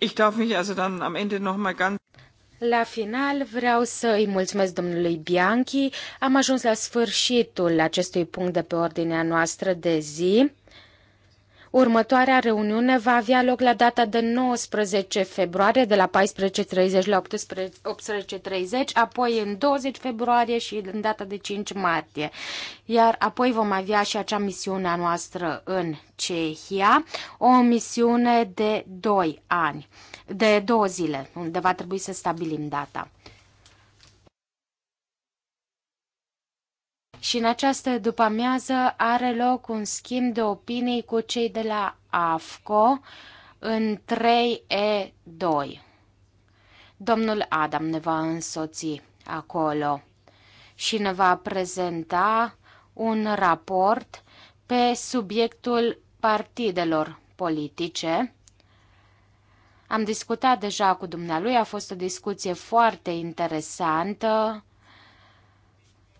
Ich darf mich also dann am Ende noch mal ganz la final vreau să îi mulțumesc domnului Bianchi. Am ajuns la sfârșitul acestui punct de pe ordinea noastră de zi. Următoarea reuniune va avea loc la data de 19 februarie de la 14.30 la 18.30, apoi în 20 februarie și în data de 5 martie. Iar apoi vom avea și acea misiune a noastră în Cehia, o misiune de 2 ani, de 2 zile, unde va trebui să stabilim data. și în această după-amiază are loc un schimb de opinii cu cei de la AFCO în 3E2. Domnul Adam ne va însoți acolo și ne va prezenta un raport pe subiectul partidelor politice. Am discutat deja cu dumnealui, a fost o discuție foarte interesantă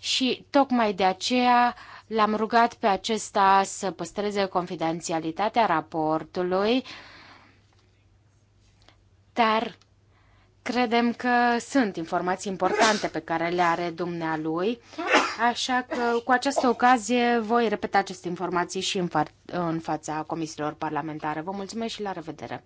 și tocmai de aceea l-am rugat pe acesta să păstreze confidențialitatea raportului, dar credem că sunt informații importante pe care le are dumnealui, așa că cu această ocazie voi repeta aceste informații și în, fa- în fața comisiilor parlamentare. Vă mulțumesc și la revedere!